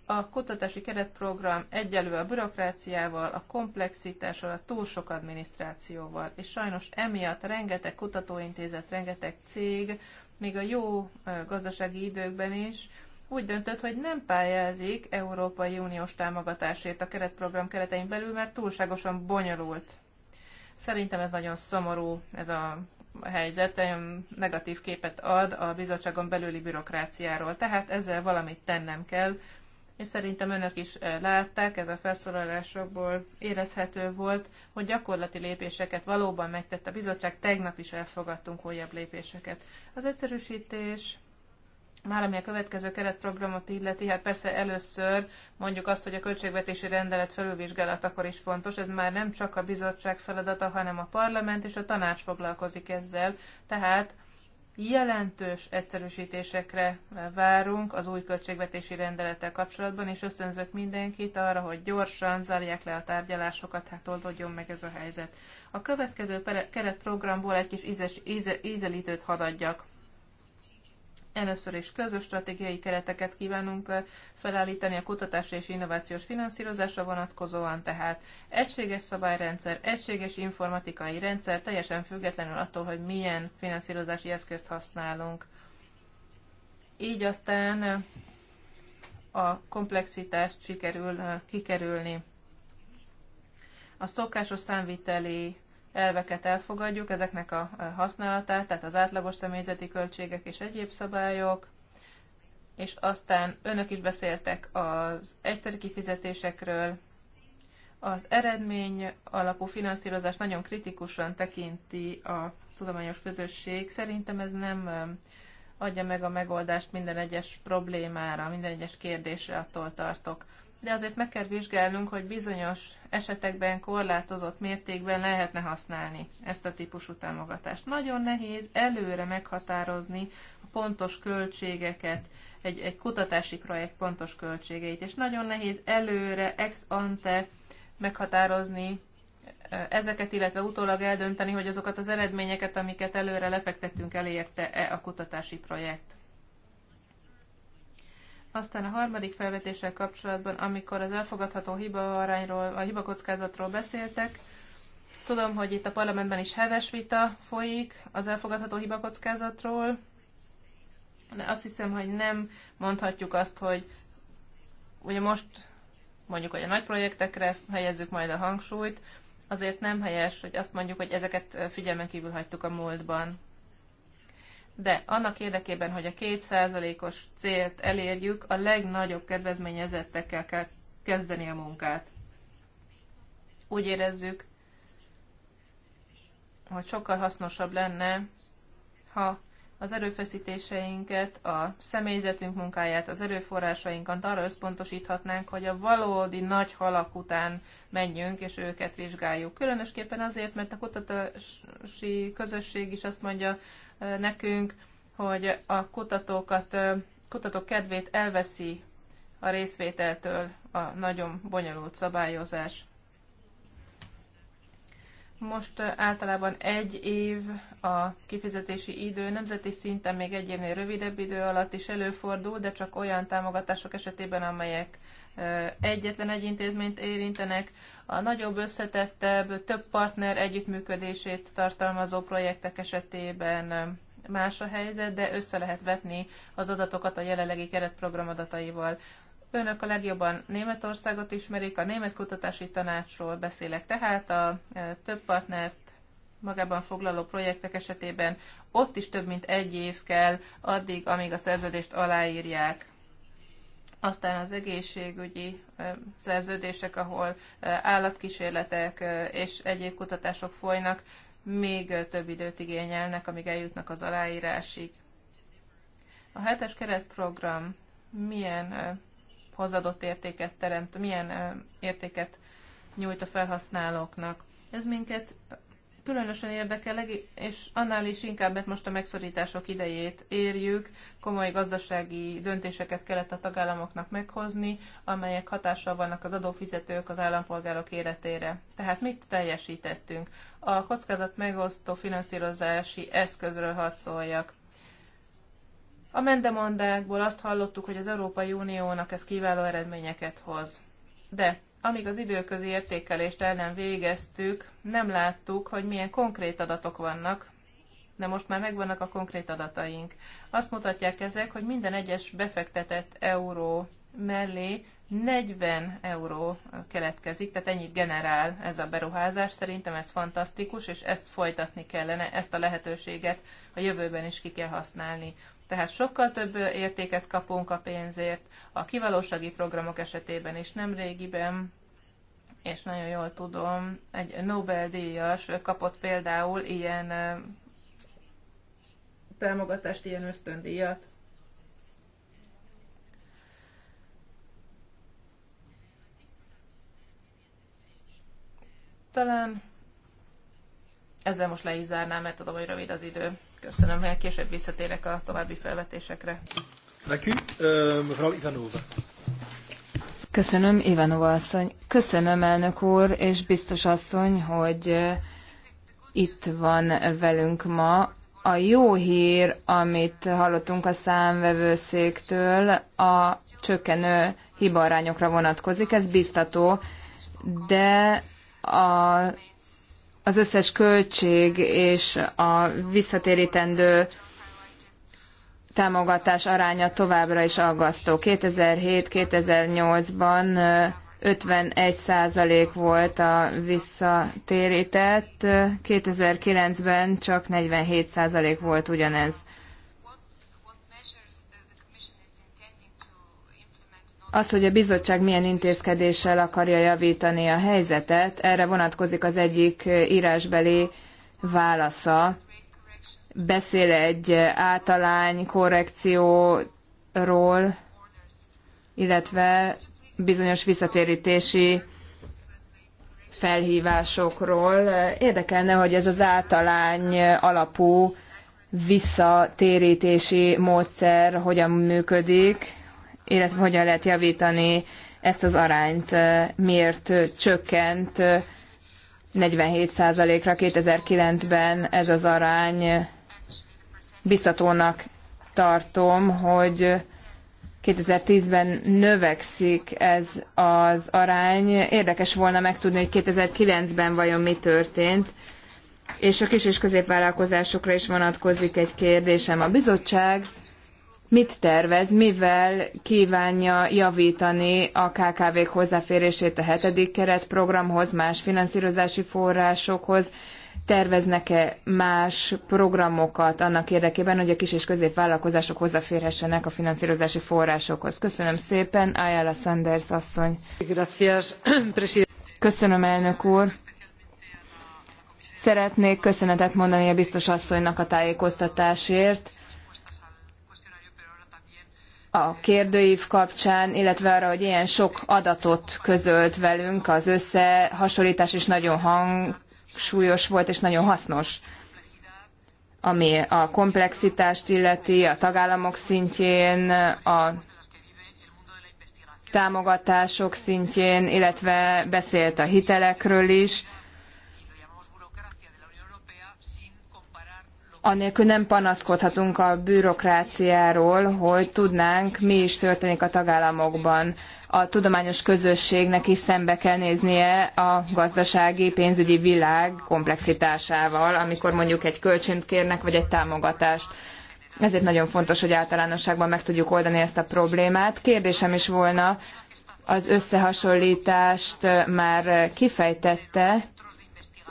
A kutatási keretprogram egyelő a bürokráciával, a komplexitással, a túl sok adminisztrációval, és sajnos emiatt rengeteg kutatóintézet, rengeteg cég, még a jó gazdasági időkben is úgy döntött, hogy nem pályázik Európai Uniós támogatásért a keretprogram keretein belül, mert túlságosan bonyolult. Szerintem ez nagyon szomorú, ez a helyzet, nagyon negatív képet ad a bizottságon belüli bürokráciáról. Tehát ezzel valamit tennem kell, és szerintem önök is eh, látták, ez a felszólalásokból érezhető volt, hogy gyakorlati lépéseket valóban megtett a bizottság, tegnap is elfogadtunk újabb lépéseket. Az egyszerűsítés már ami a következő keretprogramot illeti, hát persze először mondjuk azt, hogy a költségvetési rendelet felülvizsgálatakor is fontos, ez már nem csak a bizottság feladata, hanem a parlament és a tanács foglalkozik ezzel, tehát jelentős egyszerűsítésekre várunk az új költségvetési rendelettel kapcsolatban, és ösztönzök mindenkit arra, hogy gyorsan zárják le a tárgyalásokat, hát oldódjon meg ez a helyzet. A következő keretprogramból egy kis íze, íze, ízelítőt hadadjak. adjak Először is közös stratégiai kereteket kívánunk felállítani a kutatásra és innovációs finanszírozásra vonatkozóan, tehát egységes szabályrendszer, egységes informatikai rendszer, teljesen függetlenül attól, hogy milyen finanszírozási eszközt használunk. Így aztán a komplexitást sikerül kikerülni. A szokásos számviteli elveket elfogadjuk, ezeknek a használatát, tehát az átlagos személyzeti költségek és egyéb szabályok, és aztán önök is beszéltek az egyszerű kifizetésekről, az eredmény alapú finanszírozás nagyon kritikusan tekinti a tudományos közösség. Szerintem ez nem um, adja meg a megoldást minden egyes problémára, minden egyes kérdésre, attól tartok de azért meg kell vizsgálnunk, hogy bizonyos esetekben korlátozott mértékben lehetne használni ezt a típusú támogatást. Nagyon nehéz előre meghatározni a pontos költségeket, egy, egy kutatási projekt pontos költségeit, és nagyon nehéz előre, ex ante meghatározni ezeket, illetve utólag eldönteni, hogy azokat az eredményeket, amiket előre lefektettünk, elérte-e a kutatási projekt. Aztán a harmadik felvetéssel kapcsolatban, amikor az elfogadható hiba arányról, a hiba kockázatról beszéltek, tudom, hogy itt a parlamentben is heves vita folyik az elfogadható hiba kockázatról, de azt hiszem, hogy nem mondhatjuk azt, hogy ugye most mondjuk, hogy a nagy projektekre helyezzük majd a hangsúlyt, azért nem helyes, hogy azt mondjuk, hogy ezeket figyelmen kívül hagytuk a múltban de annak érdekében, hogy a 200%-os célt elérjük, a legnagyobb kedvezményezettekkel kell kezdeni a munkát. Úgy érezzük, hogy sokkal hasznosabb lenne, ha az erőfeszítéseinket, a személyzetünk munkáját, az erőforrásainkat arra összpontosíthatnánk, hogy a valódi nagy halak után menjünk és őket vizsgáljuk. Különösképpen azért, mert a kutatási közösség is azt mondja, nekünk, hogy a kutatókat, kutatók kedvét elveszi a részvételtől a nagyon bonyolult szabályozás. Most általában egy év a kifizetési idő, nemzeti szinten még egy évnél rövidebb idő alatt is előfordul, de csak olyan támogatások esetében, amelyek egyetlen egy intézményt érintenek, a nagyobb, összetettebb, több partner együttműködését tartalmazó projektek esetében más a helyzet, de össze lehet vetni az adatokat a jelenlegi keretprogram adataival. Önök a legjobban Németországot ismerik, a Német Kutatási Tanácsról beszélek, tehát a több partnert magában foglaló projektek esetében ott is több mint egy év kell addig, amíg a szerződést aláírják. Aztán az egészségügyi szerződések, ahol állatkísérletek és egyéb kutatások folynak, még több időt igényelnek, amíg eljutnak az aláírásig. A hetes keretprogram milyen hozadott értéket teremt, milyen értéket nyújt a felhasználóknak. Ez minket különösen érdekel, és annál is inkább, mert most a megszorítások idejét érjük, komoly gazdasági döntéseket kellett a tagállamoknak meghozni, amelyek hatással vannak az adófizetők az állampolgárok életére. Tehát mit teljesítettünk? A kockázat megosztó finanszírozási eszközről hadd szóljak. A mendemondákból azt hallottuk, hogy az Európai Uniónak ez kiváló eredményeket hoz. De amíg az időközi értékelést el nem végeztük, nem láttuk, hogy milyen konkrét adatok vannak, de most már megvannak a konkrét adataink. Azt mutatják ezek, hogy minden egyes befektetett euró mellé 40 euró keletkezik, tehát ennyit generál ez a beruházás. Szerintem ez fantasztikus, és ezt folytatni kellene, ezt a lehetőséget a jövőben is ki kell használni tehát sokkal több értéket kapunk a pénzért. A kiválósági programok esetében is nem régiben és nagyon jól tudom, egy Nobel-díjas kapott például ilyen támogatást, ilyen ösztöndíjat. Talán ezzel most le is zárnám, mert tudom, hogy rövid az idő. Köszönöm, mert később visszatérek a további felvetésekre. Köszönöm, Ivanova asszony. Köszönöm, elnök úr, és biztos asszony, hogy itt van velünk ma. A jó hír, amit hallottunk a számvevőszéktől, a csökkenő hibarányokra vonatkozik, ez biztató, de a az összes költség és a visszatérítendő támogatás aránya továbbra is aggasztó. 2007-2008-ban 51 százalék volt a visszatérített, 2009-ben csak 47 százalék volt ugyanez. Az, hogy a bizottság milyen intézkedéssel akarja javítani a helyzetet, erre vonatkozik az egyik írásbeli válasza. Beszél egy általány korrekcióról, illetve bizonyos visszatérítési felhívásokról. Érdekelne, hogy ez az általány alapú visszatérítési módszer hogyan működik, illetve hogyan lehet javítani ezt az arányt, miért csökkent 47%-ra 2009-ben ez az arány. Biztatónak tartom, hogy 2010-ben növekszik ez az arány. Érdekes volna megtudni, hogy 2009-ben vajon mi történt. És a kis és középvállalkozásokra is vonatkozik egy kérdésem. A bizottság mit tervez, mivel kívánja javítani a KKV-k hozzáférését a hetedik keretprogramhoz, más finanszírozási forrásokhoz, terveznek-e más programokat annak érdekében, hogy a kis és középvállalkozások hozzáférhessenek a finanszírozási forrásokhoz. Köszönöm szépen, Ayala Sanders asszony. Köszönöm, elnök úr. Szeretnék köszönetet mondani a biztos asszonynak a tájékoztatásért a kérdőív kapcsán, illetve arra, hogy ilyen sok adatot közölt velünk, az összehasonlítás is nagyon hangsúlyos volt és nagyon hasznos ami a komplexitást illeti, a tagállamok szintjén, a támogatások szintjén, illetve beszélt a hitelekről is. anélkül nem panaszkodhatunk a bürokráciáról, hogy tudnánk, mi is történik a tagállamokban. A tudományos közösségnek is szembe kell néznie a gazdasági, pénzügyi világ komplexitásával, amikor mondjuk egy kölcsönt kérnek, vagy egy támogatást. Ezért nagyon fontos, hogy általánosságban meg tudjuk oldani ezt a problémát. Kérdésem is volna, az összehasonlítást már kifejtette,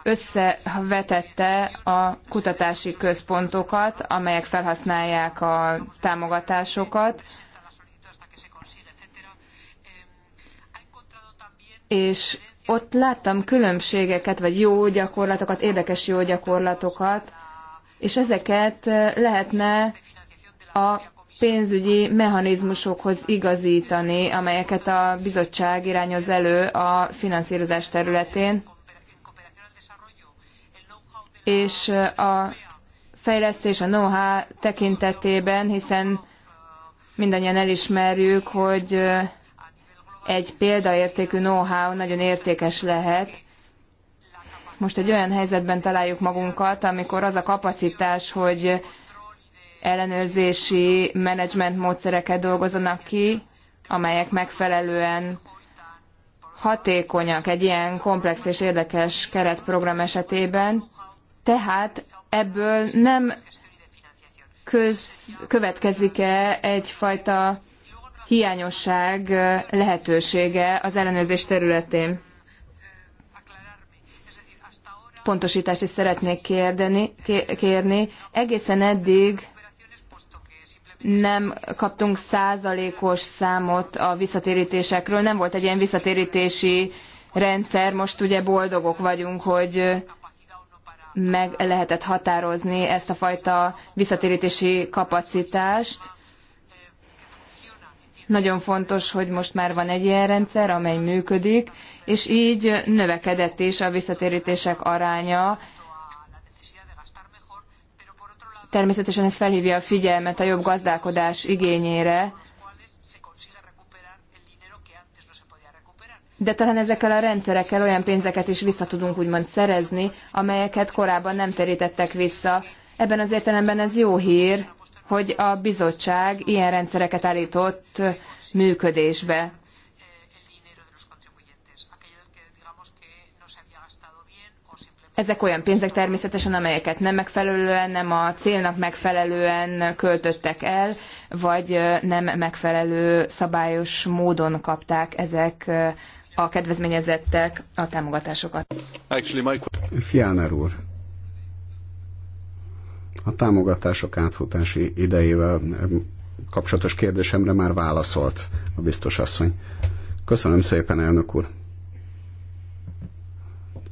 összevetette a kutatási központokat, amelyek felhasználják a támogatásokat, és ott láttam különbségeket, vagy jó gyakorlatokat, érdekes jó gyakorlatokat, és ezeket lehetne a pénzügyi mechanizmusokhoz igazítani, amelyeket a bizottság irányoz elő a finanszírozás területén és a fejlesztés, a know-how tekintetében, hiszen mindannyian elismerjük, hogy egy példaértékű know-how nagyon értékes lehet. Most egy olyan helyzetben találjuk magunkat, amikor az a kapacitás, hogy ellenőrzési menedzsment módszereket dolgozzanak ki, amelyek megfelelően hatékonyak egy ilyen komplex és érdekes keretprogram esetében, tehát ebből nem köz, következik-e egyfajta hiányosság lehetősége az ellenőrzés területén? Pontosítást is szeretnék kérdeni, kérni. Egészen eddig nem kaptunk százalékos számot a visszatérítésekről, nem volt egy ilyen visszatérítési rendszer, most ugye boldogok vagyunk, hogy meg lehetett határozni ezt a fajta visszatérítési kapacitást. Nagyon fontos, hogy most már van egy ilyen rendszer, amely működik, és így növekedett is a visszatérítések aránya. Természetesen ez felhívja a figyelmet a jobb gazdálkodás igényére, de talán ezekkel a rendszerekkel olyan pénzeket is vissza tudunk úgymond szerezni, amelyeket korábban nem terítettek vissza. Ebben az értelemben ez jó hír, hogy a bizottság ilyen rendszereket állított működésbe. Ezek olyan pénzek természetesen, amelyeket nem megfelelően, nem a célnak megfelelően költöttek el, vagy nem megfelelő szabályos módon kapták ezek a kedvezményezettek a támogatásokat. Actually, úr, a támogatások átfutási idejével kapcsolatos kérdésemre már válaszolt a biztos asszony. Köszönöm szépen, elnök úr.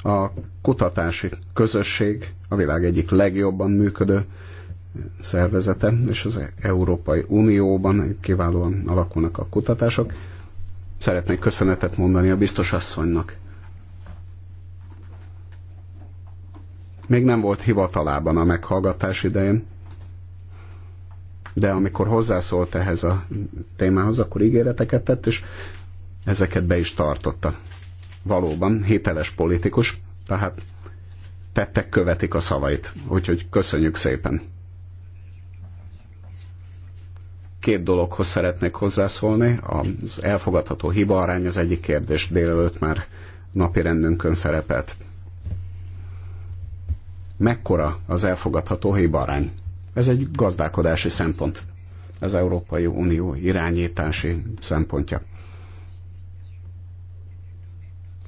A kutatási közösség a világ egyik legjobban működő szervezete, és az Európai Unióban kiválóan alakulnak a kutatások. Szeretnék köszönetet mondani a biztos asszonynak. Még nem volt hivatalában a meghallgatás idején, de amikor hozzászólt ehhez a témához, akkor ígéreteket tett, és ezeket be is tartotta. Valóban hiteles politikus, tehát tettek követik a szavait. Úgyhogy köszönjük szépen! Két dologhoz szeretnék hozzászólni. Az elfogadható hiba arány az egyik kérdés délelőtt már napi rendünkön szerepelt. Mekkora az elfogadható hibarány? Ez egy gazdálkodási szempont. Az Európai Unió irányítási szempontja.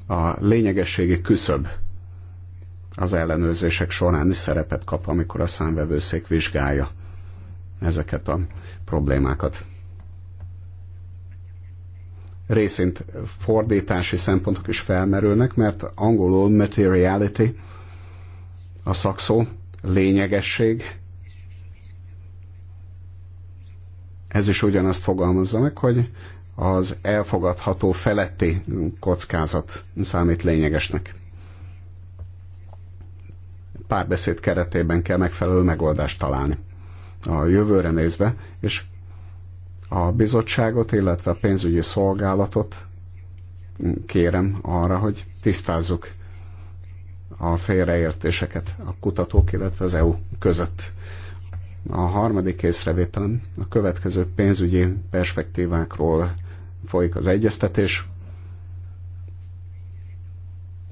A lényegességi küszöb az ellenőrzések során is szerepet kap, amikor a számvevőszék vizsgálja ezeket a problémákat. Részint fordítási szempontok is felmerülnek, mert angolul materiality a szakszó, lényegesség, ez is ugyanazt fogalmazza meg, hogy az elfogadható feletti kockázat számít lényegesnek. Párbeszéd keretében kell megfelelő megoldást találni a jövőre nézve, és a bizottságot, illetve a pénzügyi szolgálatot kérem arra, hogy tisztázzuk a félreértéseket a kutatók, illetve az EU között. A harmadik észrevételem a következő pénzügyi perspektívákról folyik az egyeztetés.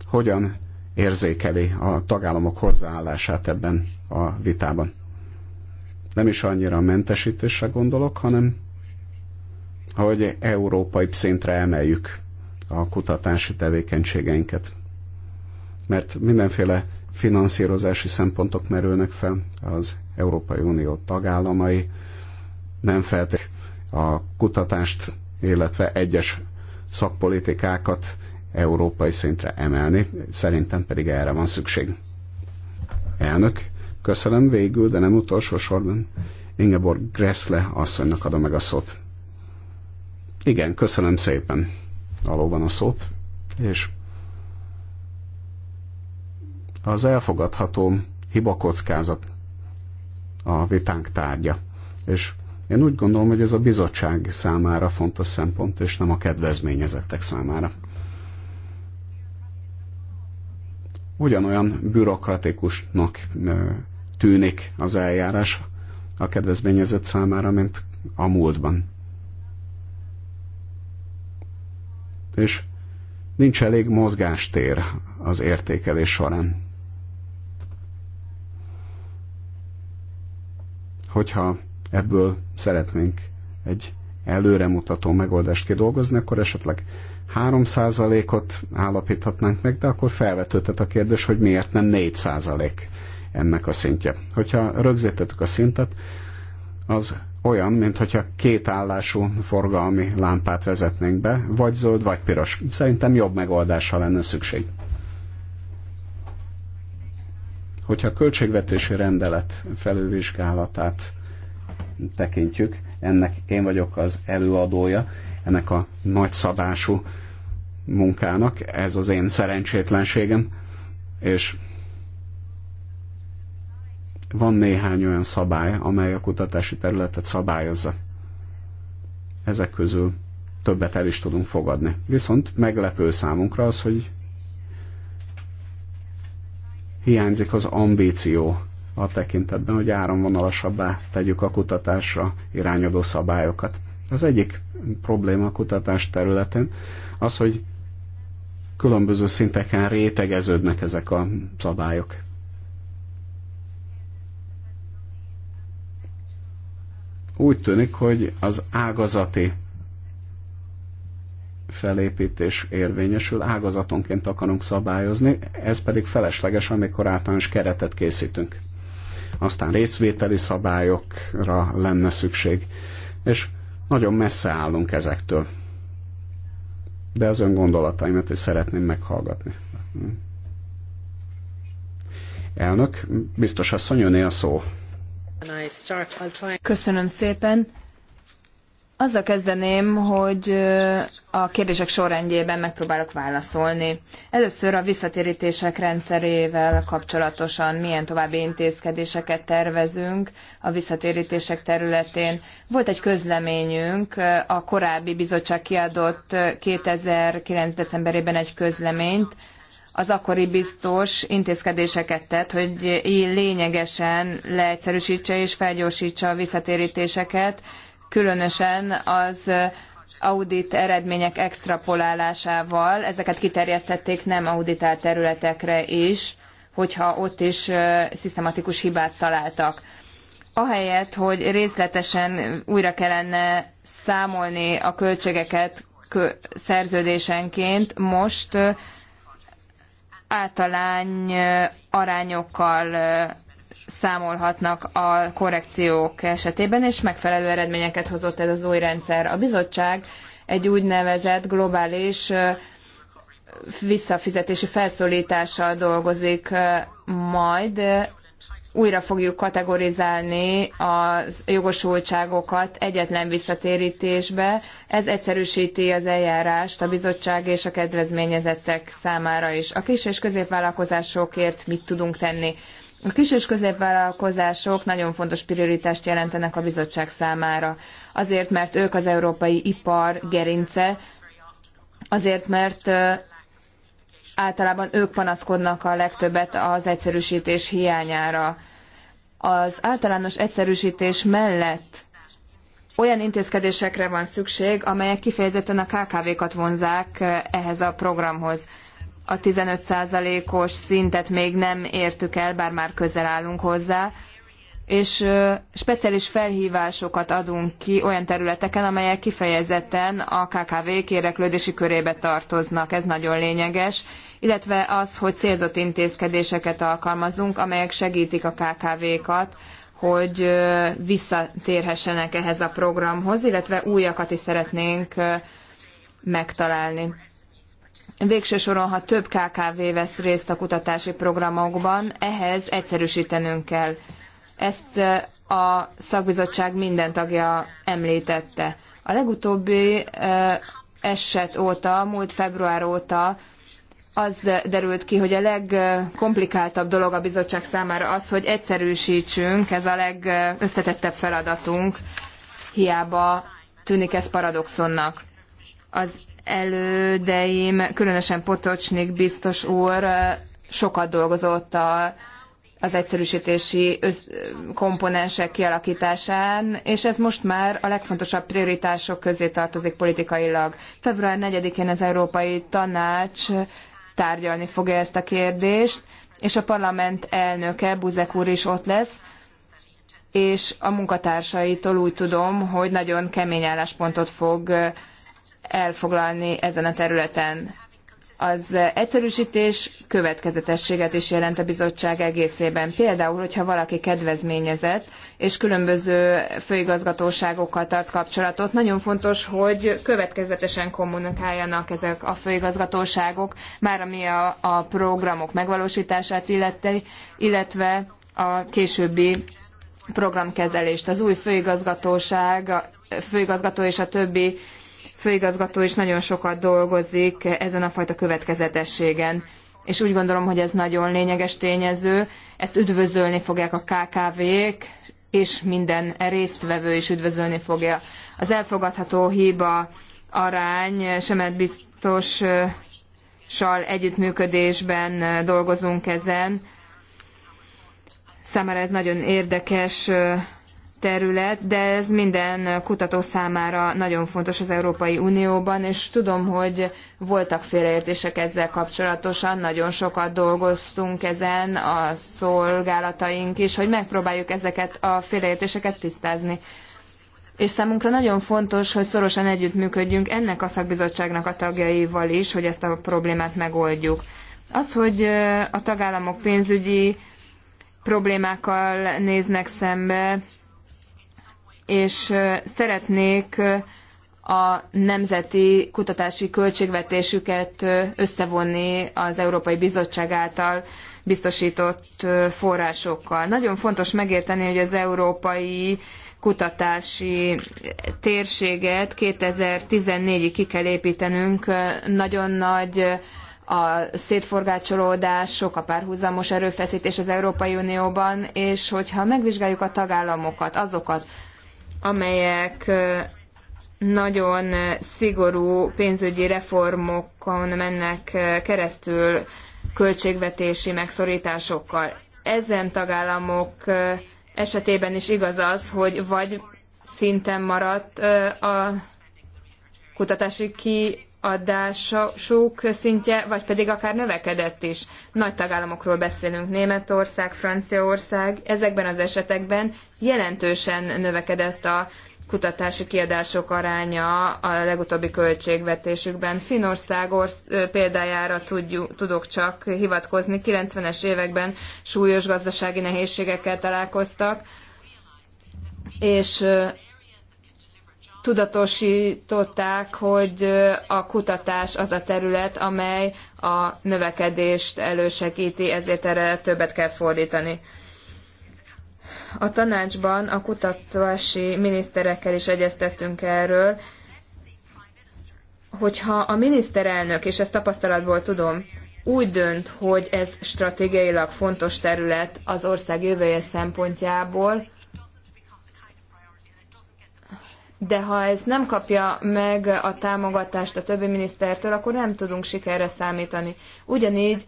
Hogyan érzékeli a tagállamok hozzáállását ebben a vitában? Nem is annyira a mentesítésre gondolok, hanem hogy európai szintre emeljük a kutatási tevékenységeinket. Mert mindenféle finanszírozási szempontok merülnek fel az Európai Unió tagállamai, nem feltétlenül a kutatást, illetve egyes szakpolitikákat európai szintre emelni, szerintem pedig erre van szükség. Elnök, Köszönöm végül, de nem utolsó sorban. Ingeborg Gressle asszonynak adom meg a szót. Igen, köszönöm szépen valóban a szót, és az elfogadható hibakockázat a vitánk tárgya. És én úgy gondolom, hogy ez a bizottság számára fontos szempont, és nem a kedvezményezettek számára. Ugyanolyan bürokratikusnak tűnik az eljárás a kedvezményezett számára, mint a múltban. És nincs elég mozgástér az értékelés során. Hogyha ebből szeretnénk egy előremutató megoldást kidolgozni, akkor esetleg 3%-ot állapíthatnánk meg, de akkor felvetődhet a kérdés, hogy miért nem 4% ennek a szintje. Hogyha rögzítettük a szintet, az olyan, mintha két állású forgalmi lámpát vezetnénk be, vagy zöld, vagy piros. Szerintem jobb megoldásra lenne szükség. Hogyha a költségvetési rendelet felülvizsgálatát tekintjük, ennek én vagyok az előadója, ennek a nagyszabású munkának, ez az én szerencsétlenségem, és van néhány olyan szabály, amely a kutatási területet szabályozza. Ezek közül többet el is tudunk fogadni. Viszont meglepő számunkra az, hogy hiányzik az ambíció a tekintetben, hogy áramvonalasabbá tegyük a kutatásra irányadó szabályokat. Az egyik probléma a kutatás területén az, hogy különböző szinteken rétegeződnek ezek a szabályok. Úgy tűnik, hogy az ágazati felépítés érvényesül, ágazatonként akarunk szabályozni, ez pedig felesleges, amikor általános keretet készítünk. Aztán részvételi szabályokra lenne szükség, és nagyon messze állunk ezektől. De az ön gondolataimat is szeretném meghallgatni. Elnök, biztos asszony, öné a szó. Köszönöm szépen. Azzal kezdeném, hogy a kérdések sorrendjében megpróbálok válaszolni. Először a visszatérítések rendszerével kapcsolatosan milyen további intézkedéseket tervezünk a visszatérítések területén. Volt egy közleményünk, a korábbi bizottság kiadott 2009. decemberében egy közleményt, az akkori biztos intézkedéseket tett, hogy lényegesen leegyszerűsítse és felgyorsítsa a visszatérítéseket, különösen az audit eredmények extrapolálásával. Ezeket kiterjesztették nem auditált területekre is, hogyha ott is szisztematikus hibát találtak ahelyett, hogy részletesen újra kellene számolni a költségeket szerződésenként, most általány arányokkal számolhatnak a korrekciók esetében, és megfelelő eredményeket hozott ez az új rendszer. A bizottság egy úgynevezett globális visszafizetési felszólítással dolgozik majd, újra fogjuk kategorizálni a jogosultságokat egyetlen visszatérítésbe. Ez egyszerűsíti az eljárást a bizottság és a kedvezményezettek számára is. A kis és középvállalkozásokért mit tudunk tenni? A kis és középvállalkozások nagyon fontos prioritást jelentenek a bizottság számára. Azért, mert ők az európai ipar gerince, azért, mert általában ők panaszkodnak a legtöbbet az egyszerűsítés hiányára. Az általános egyszerűsítés mellett olyan intézkedésekre van szükség, amelyek kifejezetten a KKV-kat vonzák eh, ehhez a programhoz. A 15%-os szintet még nem értük el, bár már közel állunk hozzá, és eh, speciális felhívásokat adunk ki olyan területeken, amelyek kifejezetten a KKV-k éreklődési körébe tartoznak. Ez nagyon lényeges, illetve az, hogy célzott intézkedéseket alkalmazunk, amelyek segítik a KKV-kat, hogy visszatérhessenek ehhez a programhoz, illetve újakat is szeretnénk megtalálni. Végső soron, ha több KKV vesz részt a kutatási programokban, ehhez egyszerűsítenünk kell. Ezt a szakbizottság minden tagja említette. A legutóbbi eset óta, múlt február óta az derült ki, hogy a legkomplikáltabb dolog a bizottság számára az, hogy egyszerűsítsünk, ez a legösszetettebb feladatunk, hiába tűnik ez paradoxonnak. Az elődeim, különösen Potocsnik biztos úr sokat dolgozott a, az egyszerűsítési össz, komponensek kialakításán, és ez most már a legfontosabb prioritások közé tartozik politikailag. Február 4-én az Európai Tanács tárgyalni fogja ezt a kérdést, és a parlament elnöke, Buzek úr is ott lesz, és a munkatársaitól úgy tudom, hogy nagyon kemény álláspontot fog elfoglalni ezen a területen. Az egyszerűsítés következetességet is jelent a bizottság egészében. Például, hogyha valaki kedvezményezett, és különböző főigazgatóságokkal tart kapcsolatot. Nagyon fontos, hogy következetesen kommunikáljanak ezek a főigazgatóságok, már ami a, a programok megvalósítását illeti, illetve a későbbi programkezelést. Az új főigazgatóság, a főigazgató és a többi főigazgató is nagyon sokat dolgozik ezen a fajta következetességen. És úgy gondolom, hogy ez nagyon lényeges tényező. Ezt üdvözölni fogják a KKV-k, és minden résztvevő is üdvözölni fogja. Az elfogadható hiba arány semet biztos sal együttműködésben dolgozunk ezen. Számára ez nagyon érdekes terület, de ez minden kutató számára nagyon fontos az Európai Unióban, és tudom, hogy voltak félreértések ezzel kapcsolatosan, nagyon sokat dolgoztunk ezen a szolgálataink is, hogy megpróbáljuk ezeket a félreértéseket tisztázni. És számunkra nagyon fontos, hogy szorosan együttműködjünk ennek a szakbizottságnak a tagjaival is, hogy ezt a problémát megoldjuk. Az, hogy a tagállamok pénzügyi problémákkal néznek szembe, és szeretnék a nemzeti kutatási költségvetésüket összevonni az Európai Bizottság által biztosított forrásokkal. Nagyon fontos megérteni, hogy az európai kutatási térséget 2014-ig ki kell építenünk. Nagyon nagy a szétforgácsolódás, sok a párhuzamos erőfeszítés az Európai Unióban, és hogyha megvizsgáljuk a tagállamokat, azokat, amelyek nagyon szigorú pénzügyi reformokon mennek keresztül költségvetési megszorításokkal. Ezen tagállamok esetében is igaz az, hogy vagy szinten maradt a kutatási ki adások szintje, vagy pedig akár növekedett is. Nagy tagállamokról beszélünk, Németország, Franciaország, ezekben az esetekben jelentősen növekedett a kutatási kiadások aránya a legutóbbi költségvetésükben. Finország példájára tudjuk, tudok csak hivatkozni, 90-es években súlyos gazdasági nehézségekkel találkoztak, és tudatosították, hogy a kutatás az a terület, amely a növekedést elősegíti, ezért erre többet kell fordítani. A tanácsban a kutatási miniszterekkel is egyeztettünk erről, hogyha a miniszterelnök, és ezt tapasztalatból tudom, úgy dönt, hogy ez stratégiailag fontos terület az ország jövője szempontjából, de ha ez nem kapja meg a támogatást a többi minisztertől, akkor nem tudunk sikerre számítani. Ugyanígy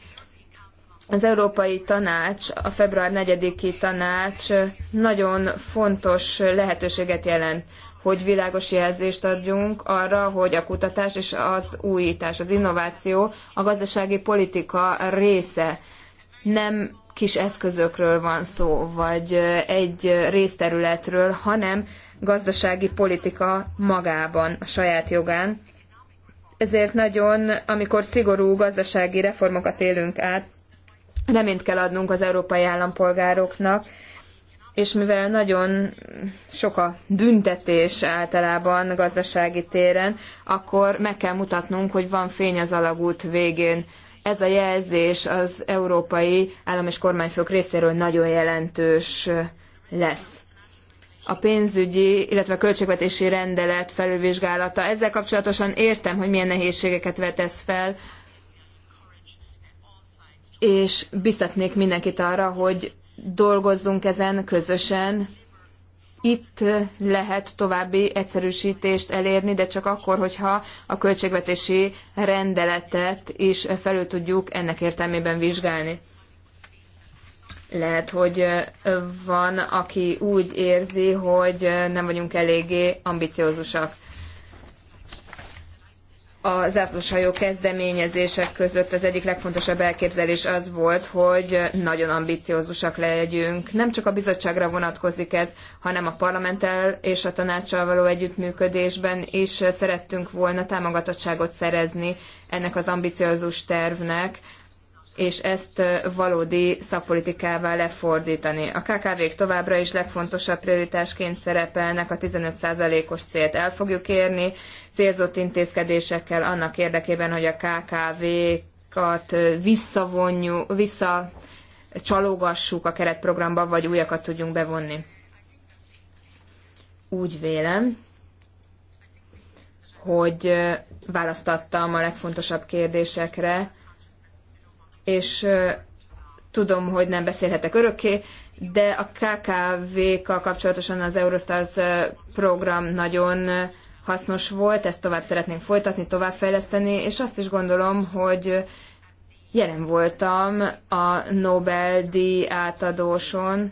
az Európai Tanács, a február 4-i tanács nagyon fontos lehetőséget jelent, hogy világos jelzést adjunk arra, hogy a kutatás és az újítás, az innováció a gazdasági politika része. Nem kis eszközökről van szó, vagy egy részterületről, hanem gazdasági politika magában, a saját jogán. Ezért nagyon, amikor szigorú gazdasági reformokat élünk át, reményt kell adnunk az európai állampolgároknak, és mivel nagyon sok a büntetés általában gazdasági téren, akkor meg kell mutatnunk, hogy van fény az alagút végén. Ez a jelzés az európai állam és kormányfők részéről nagyon jelentős lesz a pénzügyi, illetve a költségvetési rendelet felülvizsgálata. Ezzel kapcsolatosan értem, hogy milyen nehézségeket vetesz fel, és biztatnék mindenkit arra, hogy dolgozzunk ezen közösen. Itt lehet további egyszerűsítést elérni, de csak akkor, hogyha a költségvetési rendeletet is felül tudjuk ennek értelmében vizsgálni. Lehet, hogy van, aki úgy érzi, hogy nem vagyunk eléggé ambiciózusak. A zászlóshajó kezdeményezések között az egyik legfontosabb elképzelés az volt, hogy nagyon ambiciózusak legyünk. Nem csak a bizottságra vonatkozik ez, hanem a parlamenttel és a tanácssal való együttműködésben is szerettünk volna támogatottságot szerezni ennek az ambiciózus tervnek, és ezt valódi szakpolitikává lefordítani. A KKV-k továbbra is legfontosabb prioritásként szerepelnek, a 15%-os célt el fogjuk érni, célzott intézkedésekkel annak érdekében, hogy a KKV-kat visszavonjuk, vissza a keretprogramba, vagy újakat tudjunk bevonni. Úgy vélem, hogy választattam a legfontosabb kérdésekre, és tudom, hogy nem beszélhetek örökké, de a KKV-kkal kapcsolatosan az Eurostars program nagyon hasznos volt, ezt tovább szeretnénk folytatni, továbbfejleszteni, és azt is gondolom, hogy jelen voltam a Nobel-díj átadóson,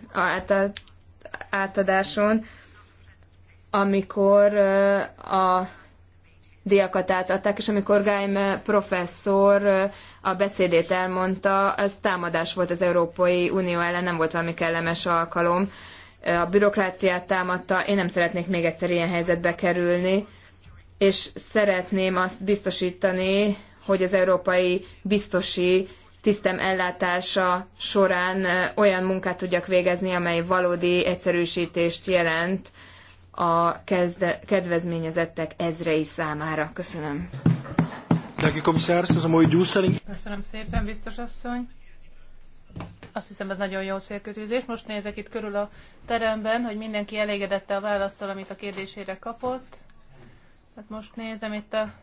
átadáson, amikor a diakat átadták, és amikor Gaim professzor a beszédét elmondta, az támadás volt az Európai Unió ellen, nem volt valami kellemes alkalom. A bürokráciát támadta, én nem szeretnék még egyszer ilyen helyzetbe kerülni, és szeretném azt biztosítani, hogy az európai biztosi tisztem ellátása során olyan munkát tudjak végezni, amely valódi egyszerűsítést jelent a kedvezményezettek ezrei számára. Köszönöm. Köszönöm szépen, biztos asszony. Azt hiszem, ez nagyon jó célkötőzés. Most nézek itt körül a teremben, hogy mindenki elégedette a választal, amit a kérdésére kapott. Hát most nézem itt a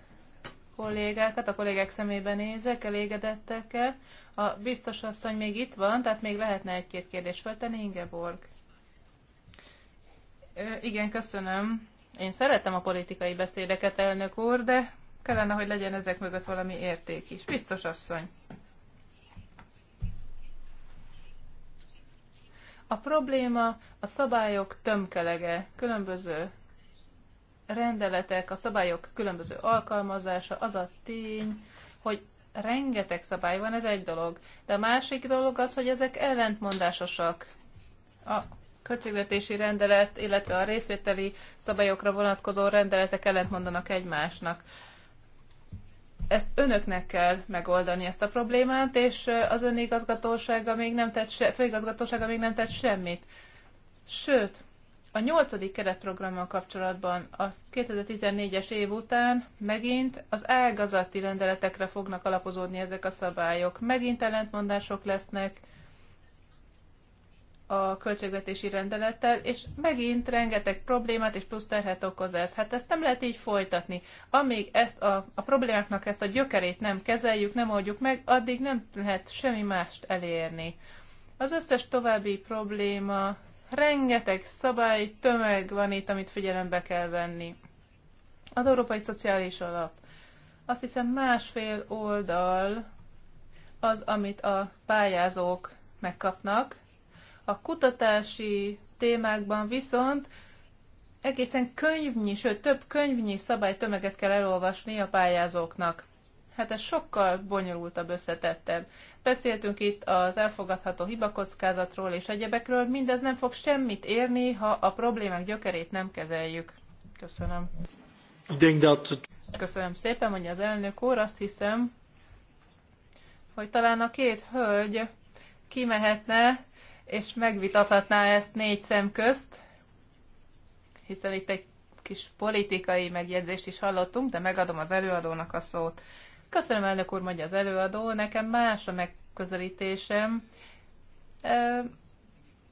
kollégákat, a kollégák szemébe nézek, elégedettek-e. A biztos asszony még itt van, tehát még lehetne egy-két kérdést feltenni, Ingeborg. Ö, igen, köszönöm. Én szeretem a politikai beszédeket, elnök úr, de kellene, hogy legyen ezek mögött valami érték is. Biztos asszony. A probléma a szabályok tömkelege, különböző rendeletek, a szabályok különböző alkalmazása, az a tény, hogy rengeteg szabály van, ez egy dolog. De a másik dolog az, hogy ezek ellentmondásosak. A költségvetési rendelet, illetve a részvételi szabályokra vonatkozó rendeletek ellentmondanak egymásnak ezt önöknek kell megoldani ezt a problémát, és az önigazgatósága még nem tett se, főigazgatósága még nem tett semmit. Sőt, a nyolcadik keretprogrammal kapcsolatban a 2014-es év után megint az ágazati rendeletekre fognak alapozódni ezek a szabályok. Megint ellentmondások lesznek, a költségvetési rendelettel, és megint rengeteg problémát és plusz terhet okoz ez. Hát ezt nem lehet így folytatni. Amíg ezt a, a problémáknak ezt a gyökerét nem kezeljük, nem oldjuk meg, addig nem lehet semmi mást elérni. Az összes további probléma, rengeteg szabály, tömeg van itt, amit figyelembe kell venni. Az Európai Szociális Alap. Azt hiszem másfél oldal az, amit a pályázók megkapnak, a kutatási témákban viszont egészen könyvnyi, sőt több könyvnyi szabálytömeget kell elolvasni a pályázóknak. Hát ez sokkal bonyolultabb, összetettebb. Beszéltünk itt az elfogadható hibakockázatról és egyebekről, mindez nem fog semmit érni, ha a problémák gyökerét nem kezeljük. Köszönöm. Köszönöm szépen, mondja az elnök úr. Azt hiszem, hogy talán a két hölgy kimehetne, és megvitathatná ezt négy szem közt, hiszen itt egy kis politikai megjegyzést is hallottunk, de megadom az előadónak a szót. Köszönöm, elnök úr, mondja az előadó, nekem más a megközelítésem.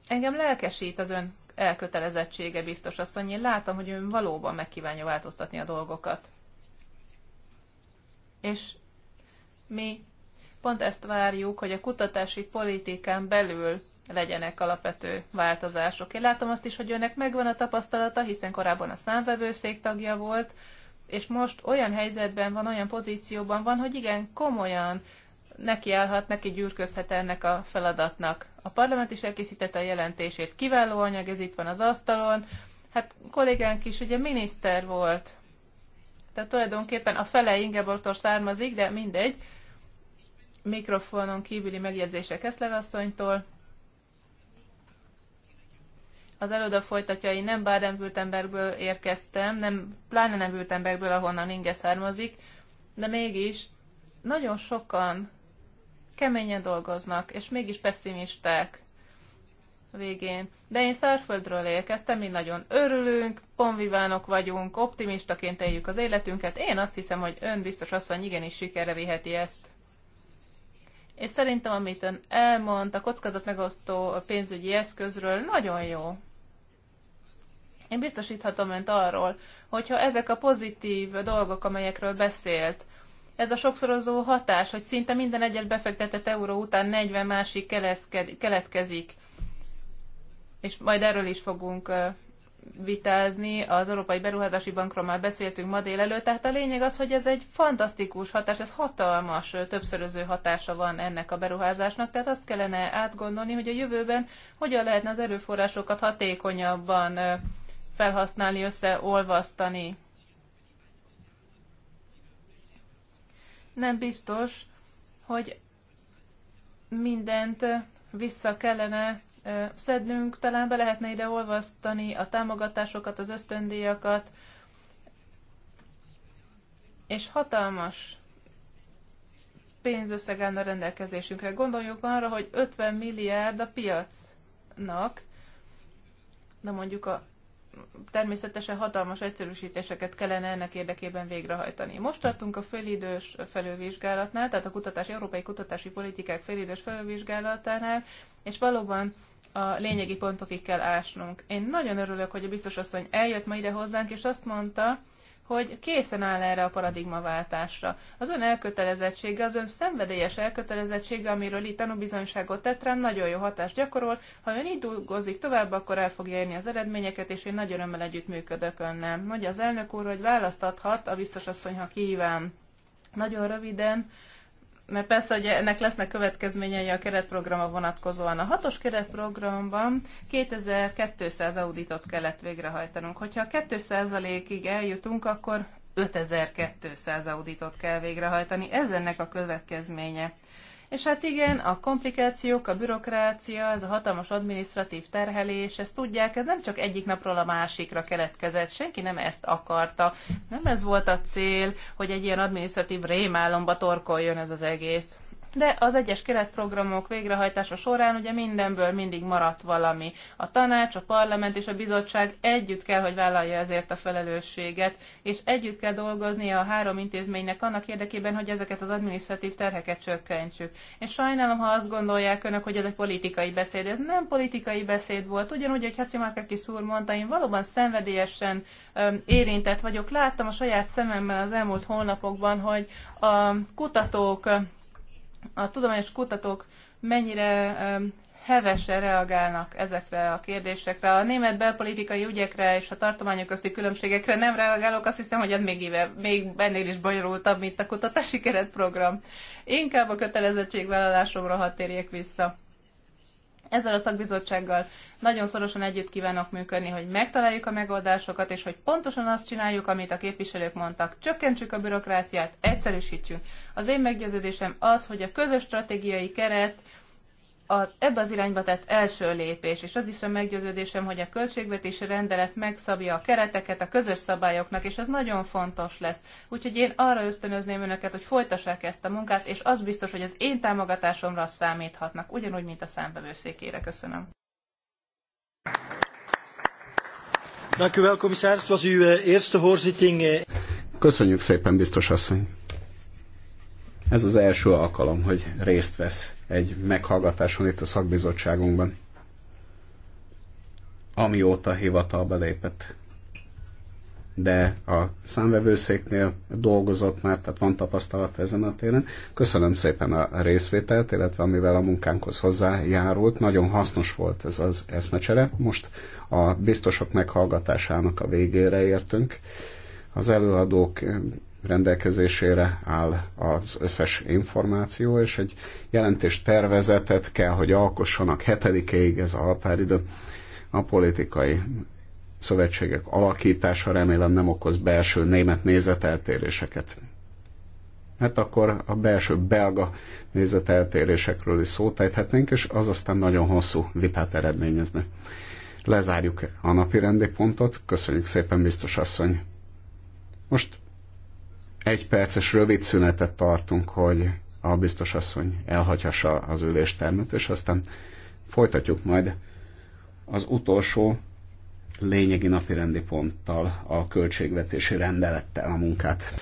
Engem lelkesít az ön elkötelezettsége, biztos asszony. Én látom, hogy ön valóban megkívánja változtatni a dolgokat. És mi pont ezt várjuk, hogy a kutatási politikán belül legyenek alapvető változások. Én látom azt is, hogy önnek megvan a tapasztalata, hiszen korábban a számvevőszék tagja volt, és most olyan helyzetben van, olyan pozícióban van, hogy igen, komolyan nekiállhat, neki gyűrközhet ennek a feladatnak. A parlament is elkészítette a jelentését, kiváló anyag, ez itt van az asztalon. Hát kollégánk is ugye miniszter volt, tehát tulajdonképpen a fele Ingeborgtól származik, de mindegy. Mikrofonon kívüli megjegyzések Eszlevasszonytól. asszonytól. Az előda folytatja, én nem Baden-Württembergből érkeztem, nem, pláne nem Württembergből, ahonnan Inge származik, de mégis nagyon sokan keményen dolgoznak, és mégis pessimisták végén. De én szárföldről érkeztem, mi nagyon örülünk, ponvivánok vagyunk, optimistaként éljük az életünket. Én azt hiszem, hogy ön biztos asszony igenis sikerre viheti ezt. És szerintem, amit ön elmond a kockázat megosztó pénzügyi eszközről, nagyon jó. Én biztosíthatom önt arról, hogyha ezek a pozitív dolgok, amelyekről beszélt, ez a sokszorozó hatás, hogy szinte minden egyet befektetett euró után 40 másik keletkezik, és majd erről is fogunk vitázni, az Európai Beruházási Bankról már beszéltünk ma délelőtt, tehát a lényeg az, hogy ez egy fantasztikus hatás, ez hatalmas, többszöröző hatása van ennek a beruházásnak, tehát azt kellene átgondolni, hogy a jövőben hogyan lehetne az erőforrásokat hatékonyabban felhasználni, összeolvasztani. Nem biztos, hogy mindent vissza kellene szednünk, talán be lehetne ide olvasztani a támogatásokat, az ösztöndíjakat, és hatalmas pénzösszeg állna rendelkezésünkre. Gondoljuk arra, hogy 50 milliárd a piacnak, de mondjuk a természetesen hatalmas egyszerűsítéseket kellene ennek érdekében végrehajtani. Most tartunk a félidős felülvizsgálatnál, tehát a kutatás, európai kutatási politikák félidős felülvizsgálatánál, és valóban a lényegi pontokig kell ásnunk. Én nagyon örülök, hogy a biztos asszony eljött ma ide hozzánk, és azt mondta, hogy készen áll erre a paradigmaváltásra. Az ön elkötelezettsége, az ön szenvedélyes elkötelezettsége, amiről itt tanúbizonyságot tett rám, nagyon jó hatást gyakorol. Ha ön így dolgozik tovább, akkor el fogja érni az eredményeket, és én nagy örömmel együttműködök önnel. Mondja az elnök úr, hogy választathat a biztos asszony, ha kíván. Nagyon röviden, mert persze hogy ennek lesznek következményei a keretprogramra vonatkozóan. A hatos keretprogramban 2200 auditot kellett végrehajtanunk. Hogyha a 2%-ig eljutunk, akkor 5200 auditot kell végrehajtani. Ez ennek a következménye. És hát igen, a komplikációk, a bürokrácia, ez a hatalmas adminisztratív terhelés, ezt tudják, ez nem csak egyik napról a másikra keletkezett, senki nem ezt akarta. Nem ez volt a cél, hogy egy ilyen adminisztratív rémálomba torkoljon ez az egész de az egyes keretprogramok végrehajtása során ugye mindenből mindig maradt valami. A tanács, a parlament és a bizottság együtt kell, hogy vállalja ezért a felelősséget, és együtt kell dolgoznia a három intézménynek annak érdekében, hogy ezeket az administratív terheket csökkentsük. És sajnálom, ha azt gondolják önök, hogy ez egy politikai beszéd. Ez nem politikai beszéd volt. Ugyanúgy, hogy Hacimarkaki szúr mondta, én valóban szenvedélyesen um, érintett vagyok. Láttam a saját szememmel az elmúlt hónapokban, hogy a kutatók a tudományos kutatók mennyire hevesen reagálnak ezekre a kérdésekre. A német belpolitikai ügyekre és a tartományok közti különbségekre nem reagálok, azt hiszem, hogy ez még, éve, még bennél is bonyolultabb, mint a kutatási keretprogram. Inkább a kötelezettségvállalásomra hat térjék vissza. Ezzel a szakbizottsággal nagyon szorosan együtt kívánok működni, hogy megtaláljuk a megoldásokat, és hogy pontosan azt csináljuk, amit a képviselők mondtak. Csökkentsük a bürokráciát, egyszerűsítsünk. Az én meggyőződésem az, hogy a közös stratégiai keret az, ebbe az irányba tett első lépés, és az is a meggyőződésem, hogy a költségvetési rendelet megszabja a kereteket a közös szabályoknak, és ez nagyon fontos lesz. Úgyhogy én arra ösztönözném önöket, hogy folytassák ezt a munkát, és az biztos, hogy az én támogatásomra számíthatnak, ugyanúgy, mint a számbevőszékére. Köszönöm. Eh, eh. Köszönjük szépen, biztos asszony. Ez az első alkalom, hogy részt vesz egy meghallgatáson itt a szakbizottságunkban, amióta hivatalba lépett. De a számvevőszéknél dolgozott már, tehát van tapasztalat ezen a téren. Köszönöm szépen a részvételt, illetve amivel a munkánkhoz hozzájárult. Nagyon hasznos volt ez az eszmecsere. Most a biztosok meghallgatásának a végére értünk. Az előadók rendelkezésére áll az összes információ, és egy jelentést tervezetet kell, hogy alkossanak hetedikéig ez a határidő. A politikai szövetségek alakítása remélem nem okoz belső német nézeteltéréseket. Hát akkor a belső belga nézeteltérésekről is szót ejthetnénk, és az aztán nagyon hosszú vitát eredményezne. Lezárjuk a napi rendi pontot. Köszönjük szépen, biztos asszony. Most egy perces rövid szünetet tartunk, hogy a biztos asszony elhagyhassa az üléstermet, és aztán folytatjuk majd az utolsó lényegi rendi ponttal, a költségvetési rendelettel a munkát.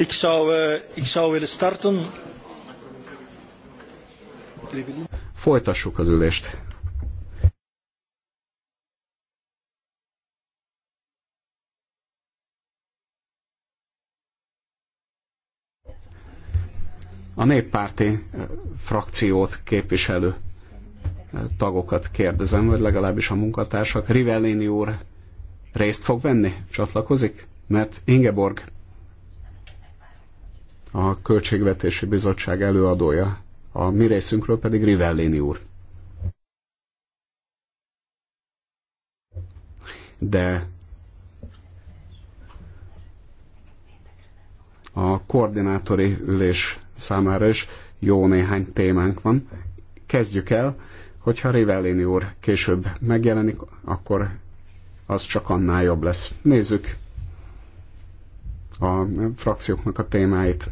Ik zou, eh, ik zou willen starten. Folytassuk az ülést. A néppárti eh, frakciót képviselő eh, tagokat kérdezem, vagy legalábbis a munkatársak. Rivellini úr részt fog venni? Csatlakozik? Mert Ingeborg a Költségvetési Bizottság előadója, a mi részünkről pedig Rivellini úr. De a koordinátori ülés számára is jó néhány témánk van. Kezdjük el, hogyha Rivellini úr később megjelenik, akkor az csak annál jobb lesz. Nézzük a frakcióknak a témáit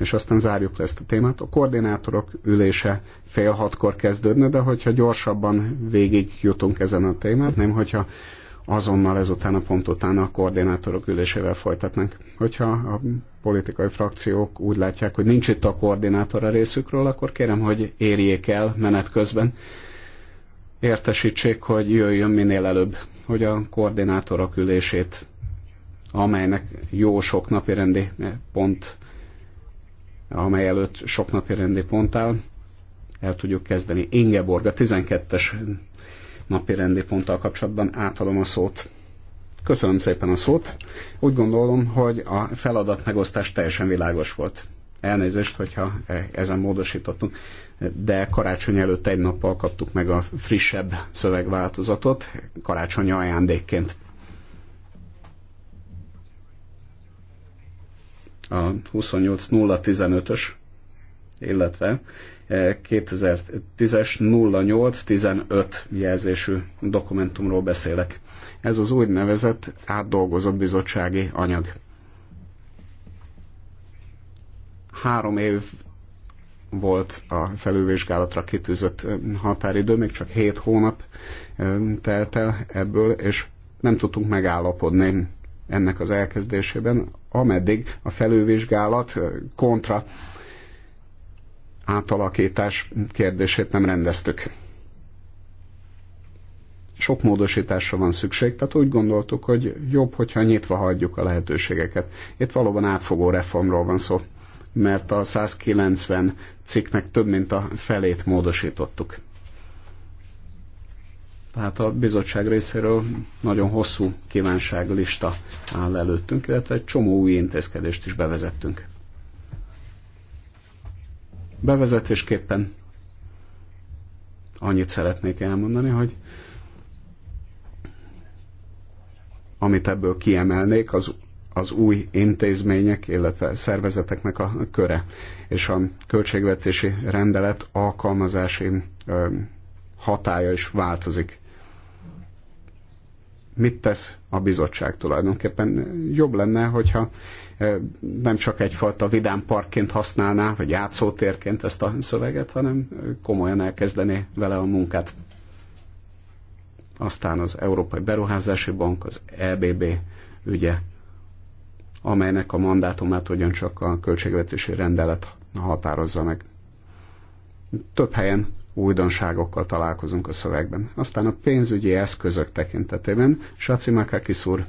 és aztán zárjuk le ezt a témát. A koordinátorok ülése fél hatkor kezdődne, de hogyha gyorsabban végig jutunk ezen a témát, nem hogyha azonnal ezután a pont után a koordinátorok ülésével folytatnánk. Hogyha a politikai frakciók úgy látják, hogy nincs itt a koordinátor a részükről, akkor kérem, hogy érjék el menet közben, értesítsék, hogy jöjjön minél előbb, hogy a koordinátorok ülését, amelynek jó sok rendi pont amely előtt sok napi rendi pont áll. El tudjuk kezdeni. Ingeborg, a 12-es napi rendi ponttal kapcsolatban átadom a szót. Köszönöm szépen a szót. Úgy gondolom, hogy a feladat megosztás teljesen világos volt. Elnézést, hogyha e- ezen módosítottunk, de karácsony előtt egy nappal kaptuk meg a frissebb szövegváltozatot, karácsonyi ajándékként a 28015-ös, illetve 2010-es e, 0815 jelzésű dokumentumról beszélek. Ez az úgynevezett átdolgozott bizottsági anyag. Három év volt a felülvizsgálatra kitűzött e, határidő, még csak hét hónap e, telt el ebből, és nem tudtunk megállapodni ennek az elkezdésében, ameddig a felővizsgálat kontra átalakítás kérdését nem rendeztük. Sok módosításra van szükség, tehát úgy gondoltuk, hogy jobb, hogyha nyitva hagyjuk a lehetőségeket. Itt valóban átfogó reformról van szó, mert a 190 cikknek több mint a felét módosítottuk. Tehát a bizottság részéről nagyon hosszú kívánságlista áll előttünk, illetve egy csomó új intézkedést is bevezettünk. Bevezetésképpen annyit szeretnék elmondani, hogy amit ebből kiemelnék, az, az új intézmények, illetve szervezeteknek a köre, és a költségvetési rendelet alkalmazási hatája is változik mit tesz a bizottság tulajdonképpen. Jobb lenne, hogyha eh, nem csak egyfajta vidám parkként használná, vagy játszótérként ezt a szöveget, hanem eh, komolyan elkezdené vele a munkát. Aztán az Európai Beruházási Bank, az EBB ügye, amelynek a mandátumát ugyancsak a költségvetési rendelet határozza meg. Több helyen újdonságokkal találkozunk a szövegben. Aztán a pénzügyi eszközök tekintetében Saci Makakis úr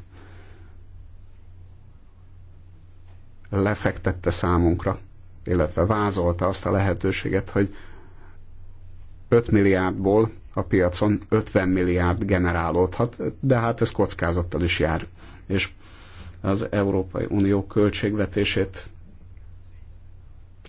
lefektette számunkra, illetve vázolta azt a lehetőséget, hogy 5 milliárdból a piacon 50 milliárd generálódhat, de hát ez kockázattal is jár. És az Európai Unió költségvetését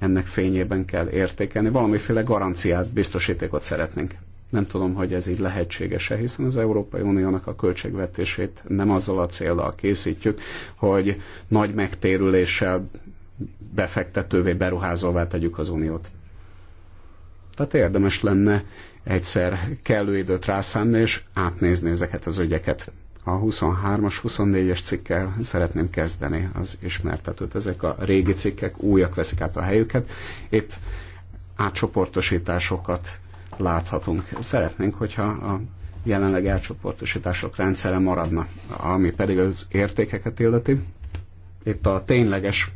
ennek fényében kell értékelni. Valamiféle garanciát, biztosítékot szeretnénk. Nem tudom, hogy ez így lehetséges-e, hiszen az Európai Uniónak a költségvetését nem azzal a célral készítjük, hogy nagy megtérüléssel befektetővé, beruházóvá tegyük az uniót. Tehát érdemes lenne egyszer kellő időt rászánni, és átnézni ezeket az ügyeket a 23-as, 24-es cikkel szeretném kezdeni az ismertetőt. Ezek a régi cikkek újak veszik át a helyüket. Itt átcsoportosításokat láthatunk. Szeretnénk, hogyha a jelenleg átcsoportosítások rendszere maradna, ami pedig az értékeket illeti. Itt a tényleges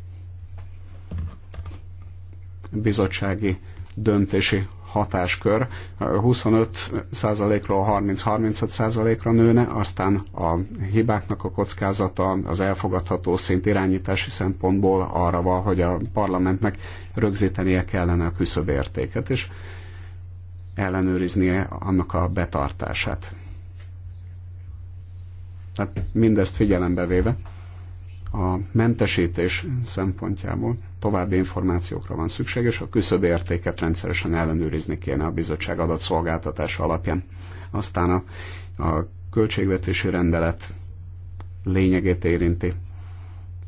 bizottsági döntési hatáskör 25%-ról 30-35%-ra nőne, aztán a hibáknak a kockázata az elfogadható szint irányítási szempontból arra van, hogy a parlamentnek rögzítenie kellene a küszöbértéket, és ellenőriznie annak a betartását. Tehát mindezt figyelembe véve a mentesítés szempontjából további információkra van szükség, és a küszöb értéket rendszeresen ellenőrizni kéne a bizottság adatszolgáltatása alapján. Aztán a, a költségvetési rendelet lényegét érinti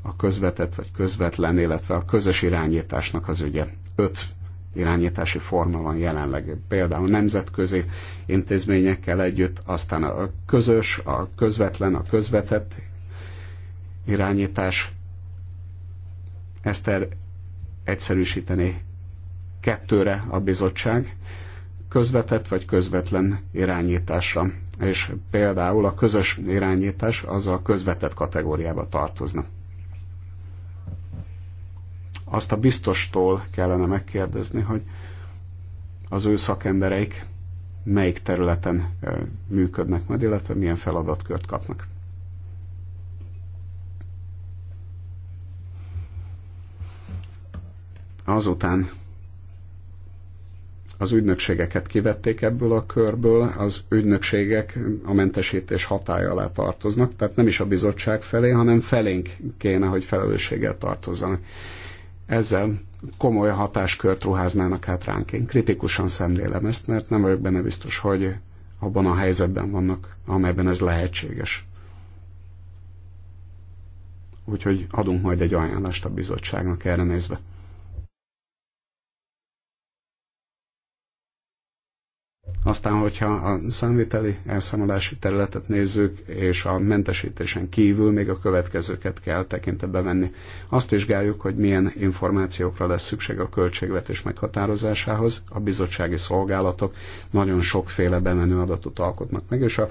a közvetett vagy közvetlen, illetve a közös irányításnak az ügye. Öt irányítási forma van jelenleg, például nemzetközi intézményekkel együtt, aztán a közös, a közvetlen, a közvetett irányítás ezt el egyszerűsíteni kettőre a bizottság, közvetett vagy közvetlen irányításra. És például a közös irányítás az a közvetett kategóriába tartozna. Azt a biztostól kellene megkérdezni, hogy az ő szakembereik melyik területen működnek majd, illetve milyen feladatkört kapnak. Azután az ügynökségeket kivették ebből a körből, az ügynökségek a mentesítés hatája alá tartoznak, tehát nem is a bizottság felé, hanem felénk kéne, hogy felelősséggel tartozzanak. Ezzel komoly hatáskört ruháznának át ránk. Én kritikusan szemlélem ezt, mert nem vagyok benne biztos, hogy abban a helyzetben vannak, amelyben ez lehetséges. Úgyhogy adunk majd egy ajánlást a bizottságnak erre nézve. Aztán, hogyha a számviteli elszámolási területet nézzük, és a mentesítésen kívül még a következőket kell tekintetbe venni. Azt vizsgáljuk, hogy milyen információkra lesz szükség a költségvetés meghatározásához. A bizottsági szolgálatok nagyon sokféle bemenő adatot alkotnak meg, és a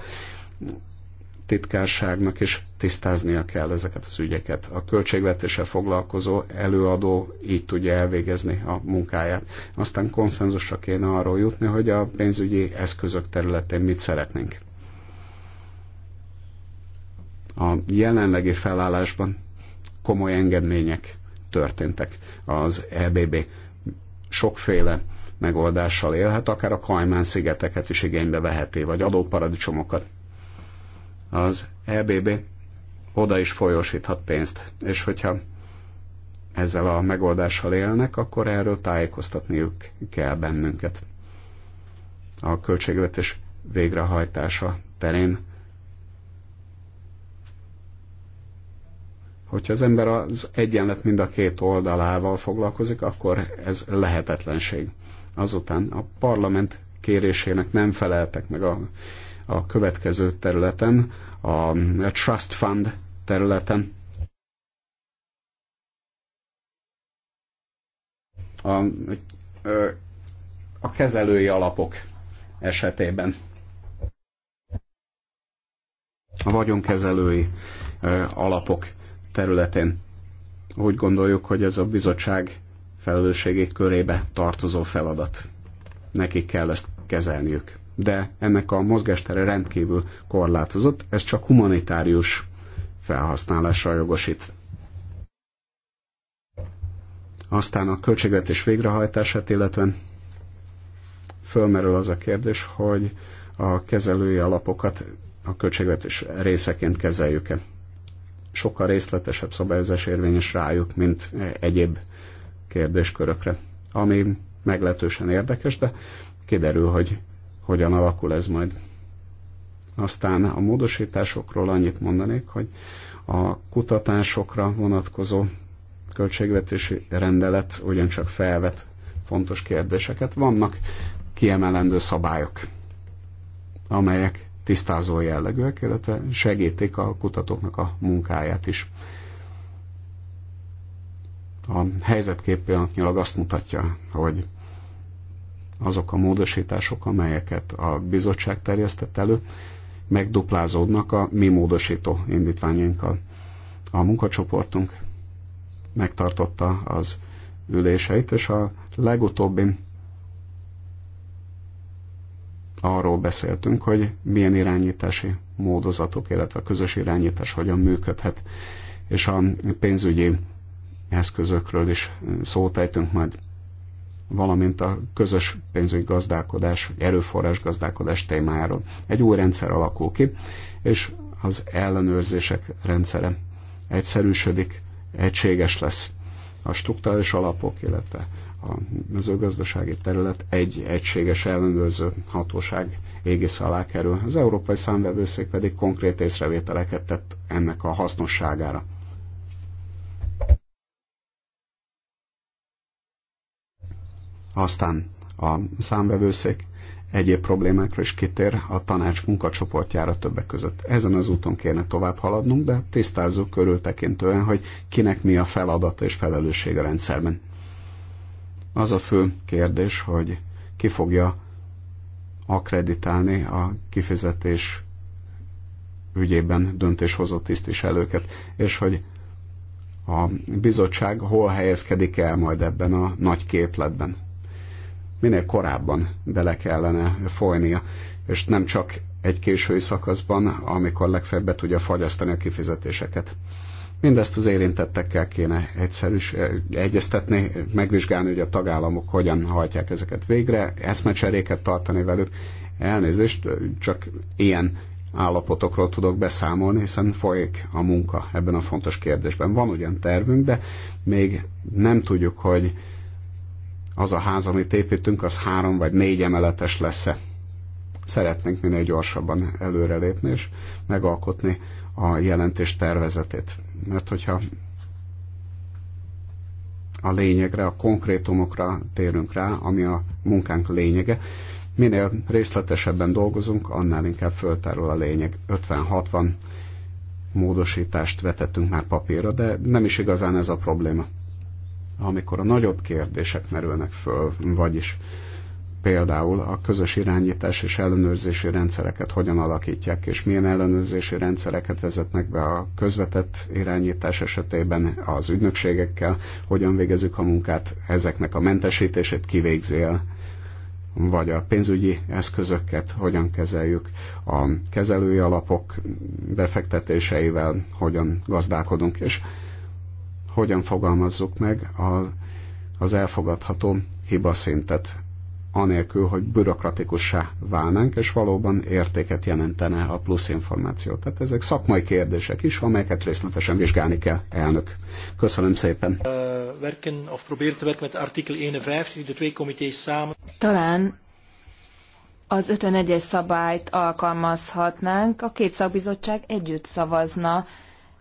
titkárságnak is tisztáznia kell ezeket az ügyeket. A költségvetéssel foglalkozó előadó így tudja elvégezni a munkáját. Aztán konszenzusra kéne arról jutni, hogy a pénzügyi eszközök területén mit szeretnénk. A jelenlegi felállásban komoly engedmények történtek az EBB sokféle megoldással élhet, akár a Kajmán szigeteket is igénybe veheti, vagy adóparadicsomokat az EBB oda is folyósíthat pénzt. És hogyha ezzel a megoldással élnek, akkor erről tájékoztatniuk kell bennünket. A költségvetés végrehajtása terén hogyha az ember az egyenlet mind a két oldalával foglalkozik, akkor ez lehetetlenség. Azután a parlament kérésének nem feleltek meg a a következő területen, a Trust Fund területen. A, a kezelői alapok esetében. A vagyonkezelői alapok területén úgy gondoljuk, hogy ez a bizottság felelősségét körébe tartozó feladat. Nekik kell ezt kezelniük de ennek a mozgástere rendkívül korlátozott, ez csak humanitárius felhasználásra jogosít. Aztán a költségvetés végrehajtását, illetve fölmerül az a kérdés, hogy a kezelői alapokat a költségvetés részeként kezeljük-e. Sokkal részletesebb szabályozás érvényes rájuk, mint egyéb kérdéskörökre. Ami meglehetősen érdekes, de kiderül, hogy hogyan alakul ez majd. Aztán a módosításokról annyit mondanék, hogy a kutatásokra vonatkozó költségvetési rendelet ugyancsak felvet fontos kérdéseket. Vannak kiemelendő szabályok, amelyek tisztázó jellegűek, illetve segítik a kutatóknak a munkáját is. A helyzetkép pillanatnyilag azt mutatja, hogy azok a módosítások, amelyeket a bizottság terjesztett elő, megduplázódnak a mi módosító indítványainkkal. A munkacsoportunk megtartotta az üléseit, és a legutóbbi arról beszéltünk, hogy milyen irányítási módozatok, illetve a közös irányítás hogyan működhet, és a pénzügyi eszközökről is szótejtünk, majd valamint a közös pénzügyi gazdálkodás, erőforrás gazdálkodás témájáról. Egy új rendszer alakul ki, és az ellenőrzések rendszere egyszerűsödik, egységes lesz. A struktúrális alapok, illetve a mezőgazdasági terület egy egységes ellenőrző hatóság égisze alá kerül. Az Európai Számvevőszék pedig konkrét észrevételeket tett ennek a hasznosságára. Aztán a számvevőszék egyéb problémákra is kitér a tanács munkacsoportjára többek között. Ezen az úton kéne tovább haladnunk, de tisztázzuk körültekintően, hogy kinek mi a feladata és felelősség a rendszerben. Az a fő kérdés, hogy ki fogja akreditálni a kifizetés ügyében döntéshozó tisztviselőket, és hogy a bizottság hol helyezkedik el majd ebben a nagy képletben minél korábban bele kellene folynia, és nem csak egy késői szakaszban, amikor legfeljebb be tudja fagyasztani a kifizetéseket. Mindezt az érintettekkel kéne egyszerűs egyeztetni, megvizsgálni, hogy a tagállamok hogyan hajtják ezeket végre, eszmecseréket tartani velük. Elnézést, csak ilyen állapotokról tudok beszámolni, hiszen folyik a munka ebben a fontos kérdésben. Van ugyan tervünk, de még nem tudjuk, hogy az a ház, amit építünk, az három vagy négy emeletes lesz-e. Szeretnénk minél gyorsabban előrelépni és megalkotni a jelentés tervezetét. Mert hogyha a lényegre, a konkrétumokra térünk rá, ami a munkánk lényege, minél részletesebben dolgozunk, annál inkább föltárul a lényeg. 50-60 módosítást vetettünk már papírra, de nem is igazán ez a probléma amikor a nagyobb kérdések merülnek föl, vagyis például a közös irányítás és ellenőrzési rendszereket hogyan alakítják, és milyen ellenőrzési rendszereket vezetnek be a közvetett irányítás esetében az ügynökségekkel, hogyan végezzük a munkát, ezeknek a mentesítését kivégzél, vagy a pénzügyi eszközöket hogyan kezeljük, a kezelői alapok befektetéseivel hogyan gazdálkodunk, és hogyan fogalmazzuk meg az, az elfogadható hibaszintet, anélkül, hogy bürokratikussá válnánk, és valóban értéket jelentene a plusz információ. Tehát ezek szakmai kérdések is, amelyeket részletesen vizsgálni kell, elnök. Köszönöm szépen. Eh, Talán az 51-es szabályt alkalmazhatnánk, a két szakbizottság együtt szavazna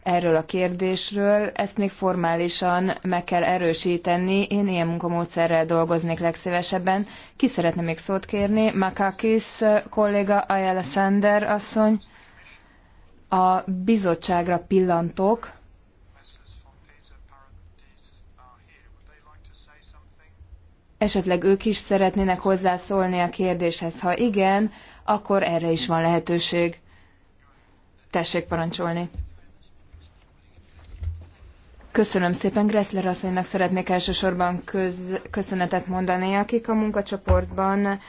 erről a kérdésről, ezt még formálisan meg kell erősíteni. Én ilyen munkamódszerrel dolgoznék legszívesebben. Ki szeretne még szót kérni? Makakis kolléga, Ayala Sander asszony. A bizottságra pillantok. Esetleg ők is szeretnének hozzászólni a kérdéshez. Ha igen, akkor erre is van lehetőség. Tessék parancsolni. Köszönöm szépen. Gressler asszonynak szeretnék elsősorban köz, köszönetet mondani, akik a munkacsoportban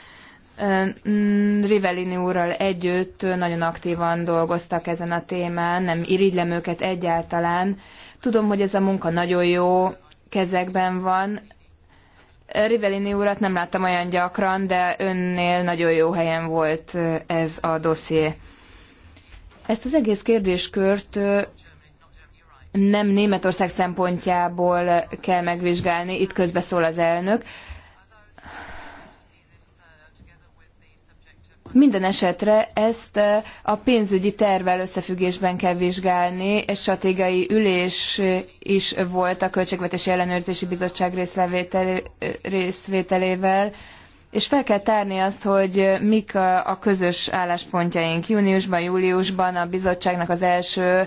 mm, Rivellini úrral együtt nagyon aktívan dolgoztak ezen a témán, nem irigylem őket egyáltalán. Tudom, hogy ez a munka nagyon jó kezekben van. Rivellini urat nem láttam olyan gyakran, de önnél nagyon jó helyen volt ez a dosszié. Ezt az egész kérdéskört nem Németország szempontjából kell megvizsgálni, itt közbeszól az elnök. Minden esetre ezt a pénzügyi tervvel összefüggésben kell vizsgálni. Egy stratégiai ülés is volt a Költségvetési Ellenőrzési Bizottság részvételével, és fel kell tárni azt, hogy mik a közös álláspontjaink. Júniusban, júliusban a bizottságnak az első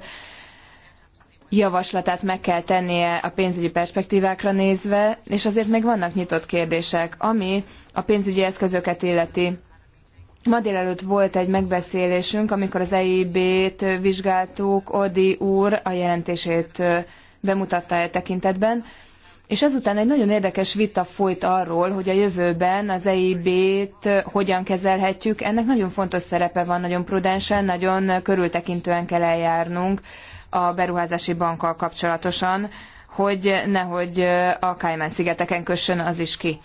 javaslatát meg kell tennie a pénzügyi perspektívákra nézve, és azért még vannak nyitott kérdések, ami a pénzügyi eszközöket illeti. Ma délelőtt volt egy megbeszélésünk, amikor az EIB-t vizsgáltuk, Odi úr a jelentését bemutatta e tekintetben, és ezután egy nagyon érdekes vita folyt arról, hogy a jövőben az EIB-t hogyan kezelhetjük. Ennek nagyon fontos szerepe van, nagyon prudensen, nagyon körültekintően kell eljárnunk a beruházási bankkal kapcsolatosan, hogy nehogy a Cayman-szigeteken kössön az is ki.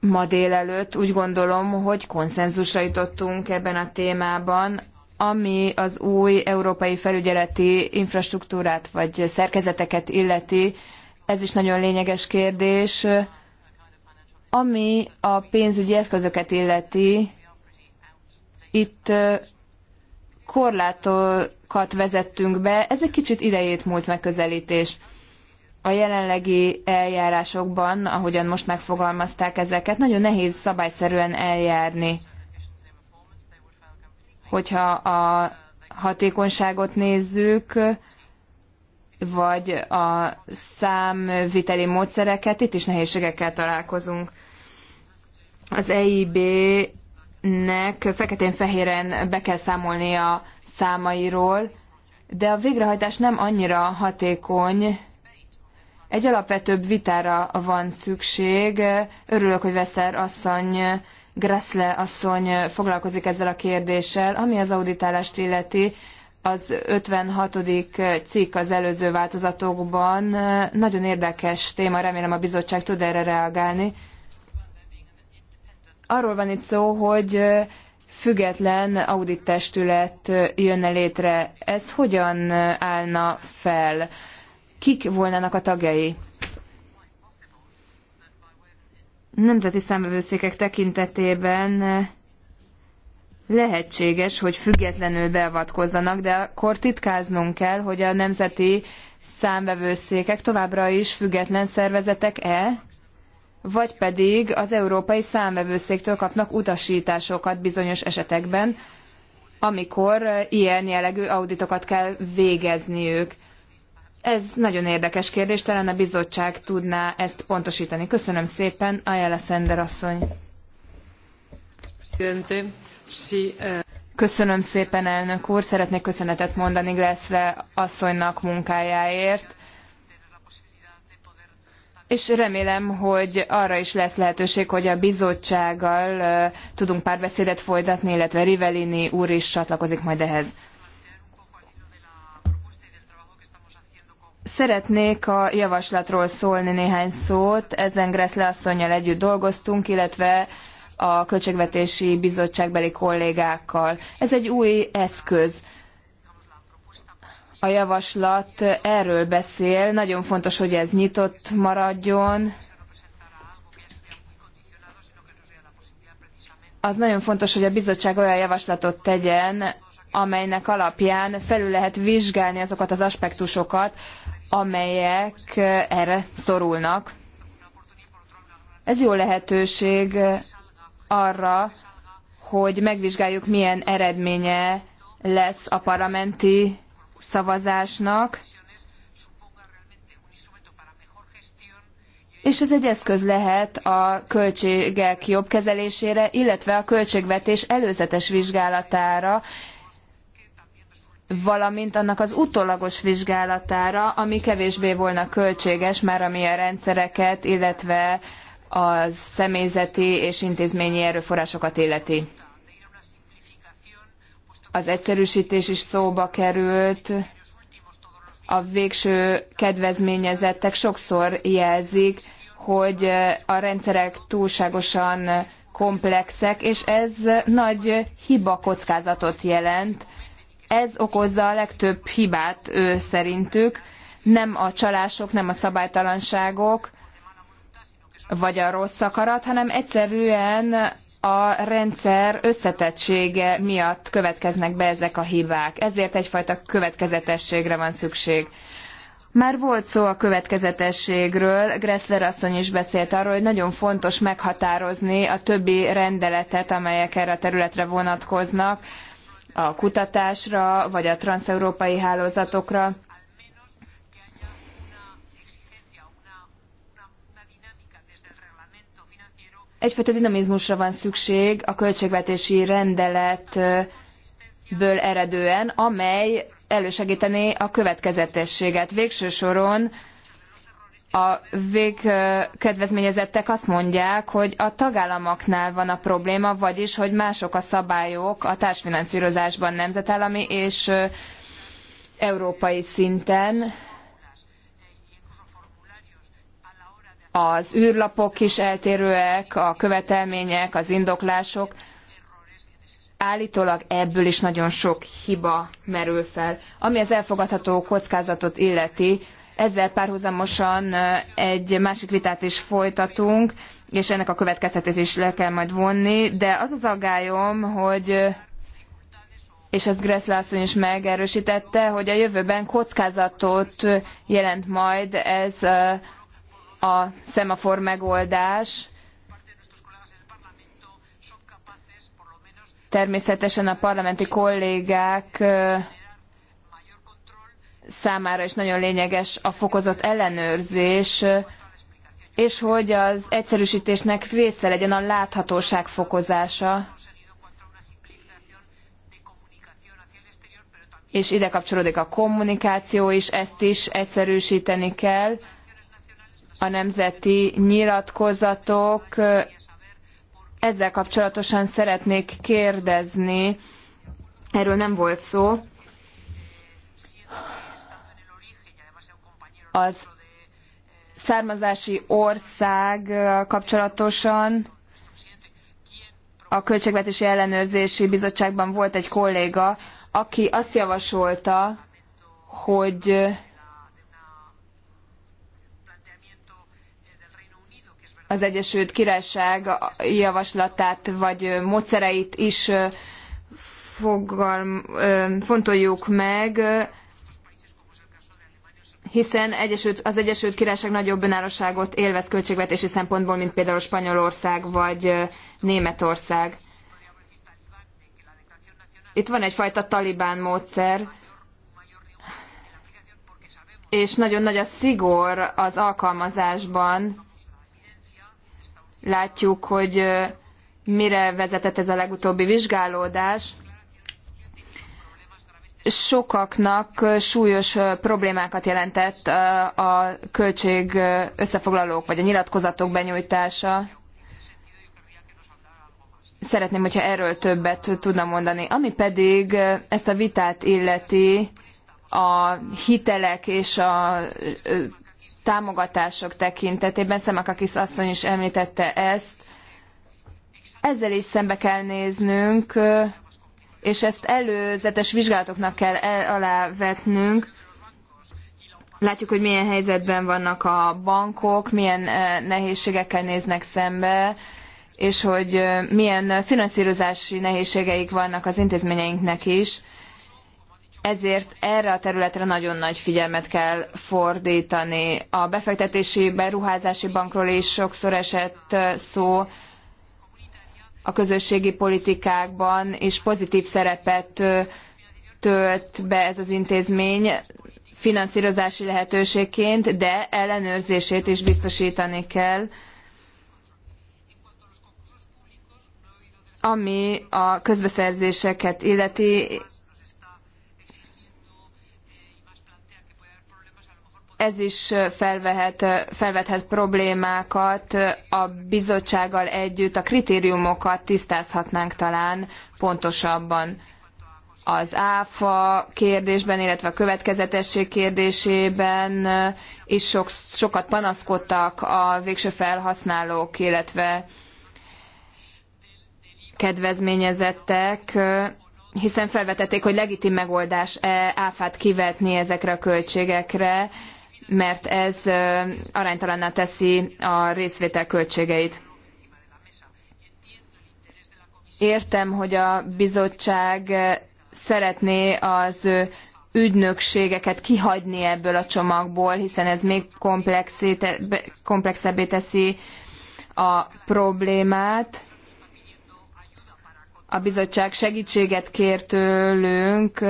Ma délelőtt úgy gondolom, hogy konszenzusra jutottunk ebben a témában, ami az új európai felügyeleti infrastruktúrát vagy szerkezeteket illeti, ez is nagyon lényeges kérdés, ami a pénzügyi eszközöket illeti, itt korlátokat vezettünk be, ez egy kicsit idejét múlt megközelítés. A jelenlegi eljárásokban, ahogyan most megfogalmazták ezeket, nagyon nehéz szabályszerűen eljárni. Hogyha a hatékonyságot nézzük, vagy a számviteli módszereket, itt is nehézségekkel találkozunk. Az EIB nek feketén-fehéren be kell számolni a számairól, de a végrehajtás nem annyira hatékony. Egy alapvetőbb vitára van szükség. Örülök, hogy Veszer asszony, Gressle asszony foglalkozik ezzel a kérdéssel, ami az auditálást illeti. Az 56. cikk az előző változatokban nagyon érdekes téma, remélem a bizottság tud erre reagálni arról van itt szó, hogy független audittestület jönne létre. Ez hogyan állna fel? Kik volnának a tagjai? Nemzeti számvevőszékek tekintetében lehetséges, hogy függetlenül beavatkozzanak, de akkor titkáznunk kell, hogy a nemzeti számvevőszékek továbbra is független szervezetek-e? vagy pedig az Európai Számvevőszéktől kapnak utasításokat bizonyos esetekben, amikor eh, ilyen jellegű auditokat kell végezniük. Ez nagyon érdekes kérdés, talán a bizottság tudná ezt pontosítani. Köszönöm szépen, Ajala Szender asszony. Eh, Köszönöm szépen, elnök úr. Szeretnék köszönetet mondani Gleszre asszonynak munkájáért és remélem, hogy arra is lesz lehetőség, hogy a bizottsággal tudunk párbeszédet folytatni, illetve Rivellini úr is csatlakozik majd ehhez. Szeretnék a javaslatról szólni néhány szót. Ezen Greszle asszonynal együtt dolgoztunk, illetve a Költségvetési Bizottságbeli kollégákkal. Ez egy új eszköz a javaslat erről beszél. Nagyon fontos, hogy ez nyitott maradjon. Az nagyon fontos, hogy a bizottság olyan javaslatot tegyen, amelynek alapján felül lehet vizsgálni azokat az aspektusokat, amelyek erre szorulnak. Ez jó lehetőség arra, hogy megvizsgáljuk, milyen eredménye lesz a parlamenti szavazásnak, és ez egy eszköz lehet a költségek jobb kezelésére, illetve a költségvetés előzetes vizsgálatára, valamint annak az utólagos vizsgálatára, ami kevésbé volna költséges, már ami a rendszereket, illetve a személyzeti és intézményi erőforrásokat illeti az egyszerűsítés is szóba került, a végső kedvezményezettek sokszor jelzik, hogy a rendszerek túlságosan komplexek, és ez nagy hiba kockázatot jelent. Ez okozza a legtöbb hibát ő szerintük, nem a csalások, nem a szabálytalanságok, vagy a rossz akarat, hanem egyszerűen a rendszer összetettsége miatt következnek be ezek a hibák. Ezért egyfajta következetességre van szükség. Már volt szó a következetességről, Gressler asszony is beszélt arról, hogy nagyon fontos meghatározni a többi rendeletet, amelyek erre a területre vonatkoznak, a kutatásra, vagy a transeurópai hálózatokra. Egyfajta dinamizmusra van szükség a költségvetési rendeletből eredően, amely elősegítené a következetességet. Végső soron a végkedvezményezettek azt mondják, hogy a tagállamoknál van a probléma, vagyis, hogy mások a szabályok a társfinanszírozásban nemzetállami és európai szinten, az űrlapok is eltérőek, a követelmények, az indoklások. Állítólag ebből is nagyon sok hiba merül fel. Ami az elfogadható kockázatot illeti, ezzel párhuzamosan egy másik vitát is folytatunk, és ennek a következtetést is le kell majd vonni, de az az aggályom, hogy és ezt Gressler asszony is megerősítette, hogy a jövőben kockázatot jelent majd ez a szemafor megoldás. Természetesen a parlamenti kollégák számára is nagyon lényeges a fokozott ellenőrzés, és hogy az egyszerűsítésnek része legyen a láthatóság fokozása. És ide kapcsolódik a kommunikáció is, ezt is egyszerűsíteni kell a nemzeti nyilatkozatok. Ezzel kapcsolatosan szeretnék kérdezni, erről nem volt szó, az származási ország kapcsolatosan a Költségvetési Ellenőrzési Bizottságban volt egy kolléga, aki azt javasolta, hogy az Egyesült Királyság javaslatát vagy módszereit is fogalm, fontoljuk meg, hiszen Egyesült, az Egyesült Királyság nagyobb önállóságot élvez költségvetési szempontból, mint például Spanyolország vagy Németország. Itt van egyfajta talibán módszer, és nagyon nagy a szigor az alkalmazásban, Látjuk, hogy mire vezetett ez a legutóbbi vizsgálódás. Sokaknak súlyos problémákat jelentett a költség összefoglalók vagy a nyilatkozatok benyújtása. Szeretném, hogyha erről többet tudna mondani. Ami pedig ezt a vitát illeti, a hitelek és a támogatások tekintetében, Szemakakis asszony is említette ezt, ezzel is szembe kell néznünk, és ezt előzetes vizsgálatoknak kell el alávetnünk. Látjuk, hogy milyen helyzetben vannak a bankok, milyen nehézségekkel néznek szembe, és hogy milyen finanszírozási nehézségeik vannak az intézményeinknek is ezért erre a területre nagyon nagy figyelmet kell fordítani. A befektetési beruházási bankról is sokszor esett szó a közösségi politikákban, és pozitív szerepet tölt be ez az intézmény finanszírozási lehetőségként, de ellenőrzését is biztosítani kell. Ami a közbeszerzéseket illeti, ez is felvehet, felvethet problémákat a bizottsággal együtt, a kritériumokat tisztázhatnánk talán pontosabban. Az ÁFA kérdésben, illetve a következetesség kérdésében is sok, sokat panaszkodtak a végső felhasználók, illetve kedvezményezettek, hiszen felvetették, hogy legitim megoldás -e áfát kivetni ezekre a költségekre, mert ez aránytalanná teszi a részvétel költségeit. Értem, hogy a bizottság szeretné az ügynökségeket kihagyni ebből a csomagból, hiszen ez még komplexebbé teszi a problémát. A bizottság segítséget kér tőlünk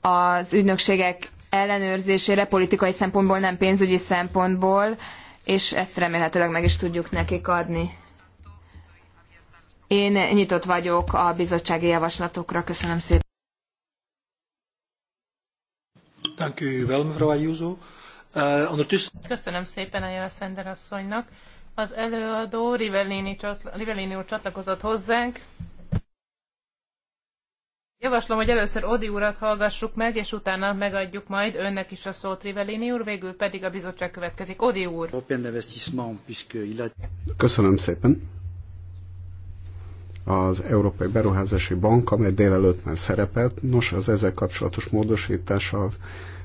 az ügynökségek ellenőrzésére politikai szempontból, nem pénzügyi szempontból, és ezt remélhetőleg meg is tudjuk nekik adni. Én nyitott vagyok a bizottsági javaslatokra. Köszönöm szépen. Eh, Köszönöm szépen a Jelszender asszonynak. Az előadó Rivellini, csatla, Rivellini úr csatlakozott hozzánk. Javaslom, hogy először Odi urat hallgassuk meg, és utána megadjuk majd önnek is a szót, Rivellini úr, végül pedig a bizottság következik. Odi úr! Köszönöm szépen! Az Európai Beruházási Bank, amely délelőtt már szerepelt, nos, az ezzel kapcsolatos módosítással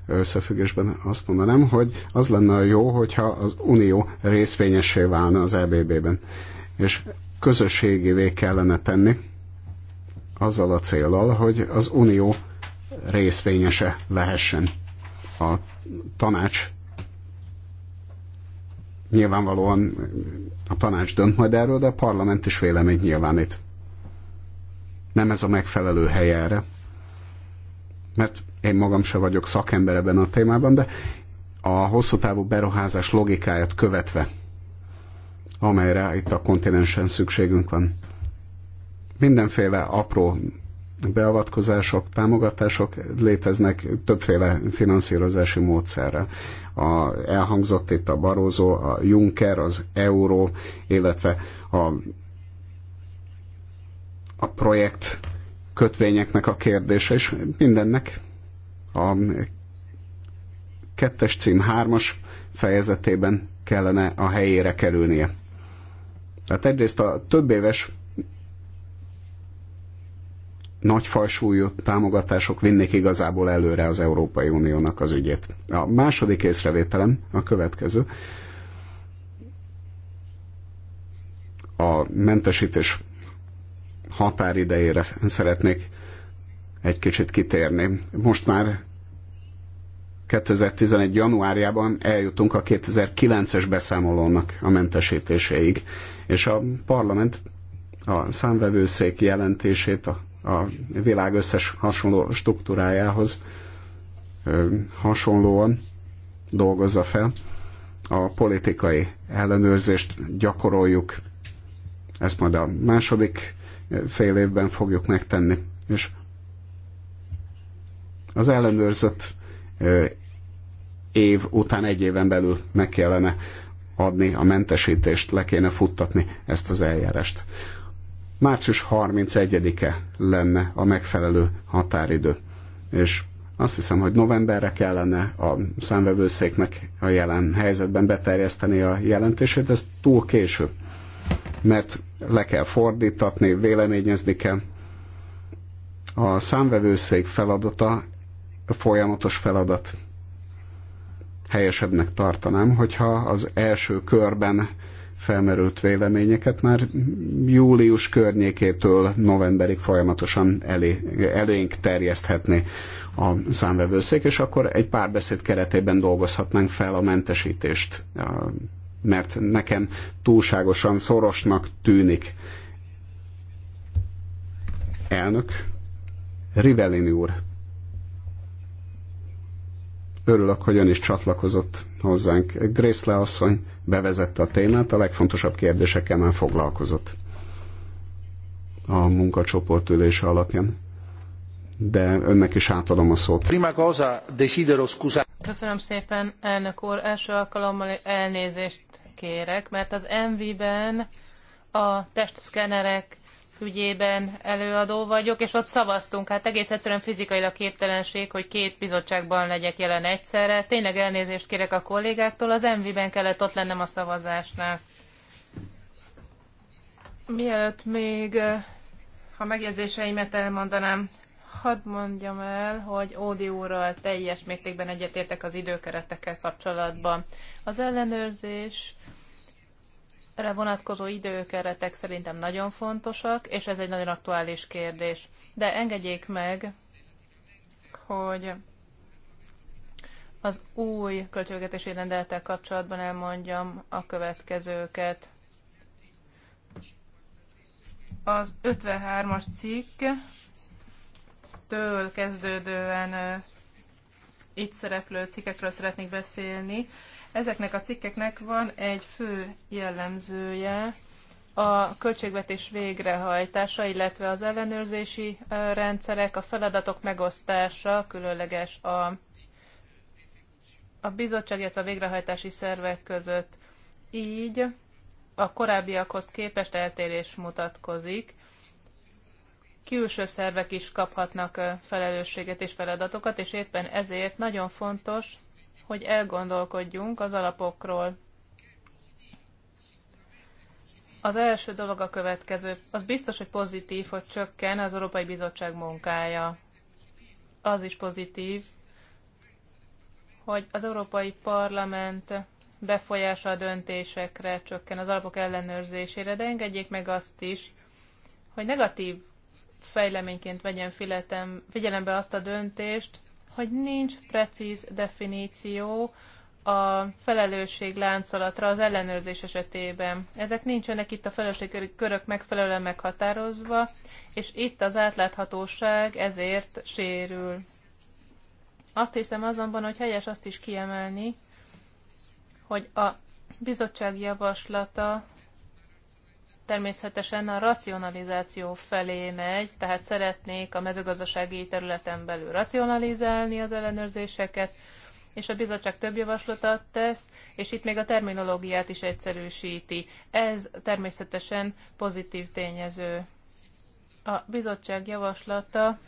összefüggésben azt mondanám, hogy az lenne a jó, hogyha az Unió részvényessé válna az EBB-ben, és közösségévé kellene tenni azzal a célral, hogy az Unió részvényese lehessen. A tanács nyilvánvalóan a tanács dönt majd erről, de a parlament is véleményt nyilvánít. Nem ez a megfelelő hely erre. Mert én magam se vagyok szakember ebben a témában, de a hosszú távú beruházás logikáját követve, amelyre itt a kontinensen szükségünk van, mindenféle apró beavatkozások, támogatások léteznek többféle finanszírozási módszerre A, elhangzott itt a Barózó, a Juncker, az Euró, illetve a, a projekt kötvényeknek a kérdése, és mindennek a kettes cím hármas fejezetében kellene a helyére kerülnie. Tehát egyrészt a több éves nagy falsúlyú támogatások vinnék igazából előre az Európai Uniónak az ügyét. A második észrevételem a következő. A mentesítés határidejére szeretnék egy kicsit kitérni. Most már 2011. januárjában eljutunk a 2009-es beszámolónak a mentesítéséig, és a parlament a számvevőszék jelentését a a világ összes hasonló struktúrájához hasonlóan dolgozza fel. A politikai ellenőrzést gyakoroljuk, ezt majd a második fél évben fogjuk megtenni, és az ellenőrzött év után egy éven belül meg kellene adni a mentesítést, le kéne futtatni ezt az eljárást március 31-e lenne a megfelelő határidő. És azt hiszem, hogy novemberre kellene a számvevőszéknek a jelen helyzetben beterjeszteni a jelentését, ez túl késő, mert le kell fordítatni, véleményezni kell. A számvevőszék feladata folyamatos feladat. Helyesebbnek tartanám, hogyha az első körben felmerült véleményeket már július környékétől novemberig folyamatosan elé, elénk terjeszthetni a számvevőszék, és akkor egy párbeszéd keretében dolgozhatnánk fel a mentesítést, mert nekem túlságosan szorosnak tűnik. Elnök, Rivelin úr, örülök, hogy ön is csatlakozott hozzánk. Grészle asszony, bevezette a témát, a legfontosabb kérdésekkel már foglalkozott a munkacsoport ülése alapján. De önnek is átadom a szót. Prima cosa, scusare. Köszönöm szépen, elnök úr. Első alkalommal elnézést kérek, mert az MV-ben a testszkenerek ügyében előadó vagyok, és ott szavaztunk. Hát egész egyszerűen fizikailag képtelenség, hogy két bizottságban legyek jelen egyszerre. Tényleg elnézést kérek a kollégáktól, az MV-ben kellett ott lennem a szavazásnál. Mielőtt még eh, a megjegyzéseimet elmondanám, hadd mondjam el, hogy Ódi úrral teljes mértékben egyetértek az időkeretekkel kapcsolatban. Az ellenőrzés erre vonatkozó időkeretek szerintem nagyon fontosak, és ez egy nagyon aktuális kérdés. De engedjék meg, hogy az új költségvetési rendelettel kapcsolatban elmondjam a következőket. Az 53-as cikk től kezdődően itt szereplő cikkekről szeretnék beszélni. Ezeknek a cikkeknek van egy fő jellemzője, a költségvetés végrehajtása, illetve az ellenőrzési rendszerek, a feladatok megosztása, különleges a, a bizottság, illetve a végrehajtási szervek között. Így a korábbiakhoz képest eltérés mutatkozik. Külső szervek is kaphatnak felelősséget és feladatokat, és éppen ezért nagyon fontos, hogy elgondolkodjunk az alapokról. Az első dolog a következő. Az biztos, hogy pozitív, hogy csökken az Európai Bizottság munkája. Az is pozitív, hogy az Európai Parlament befolyása a döntésekre csökken, az alapok ellenőrzésére, de engedjék meg azt is, hogy negatív fejleményként vegyen figyelembe azt a döntést, hogy nincs precíz definíció a felelősség láncolatra az ellenőrzés esetében. Ezek nincsenek itt a felelősségkörök megfelelően meghatározva, és itt az átláthatóság ezért sérül. Azt hiszem azonban, hogy helyes azt is kiemelni, hogy a bizottság javaslata természetesen a racionalizáció felé megy, tehát szeretnék a mezőgazdasági területen belül racionalizálni az ellenőrzéseket, és a bizottság több javaslatot tesz, és itt még a terminológiát is egyszerűsíti. Ez természetesen pozitív tényező. A bizottság javaslata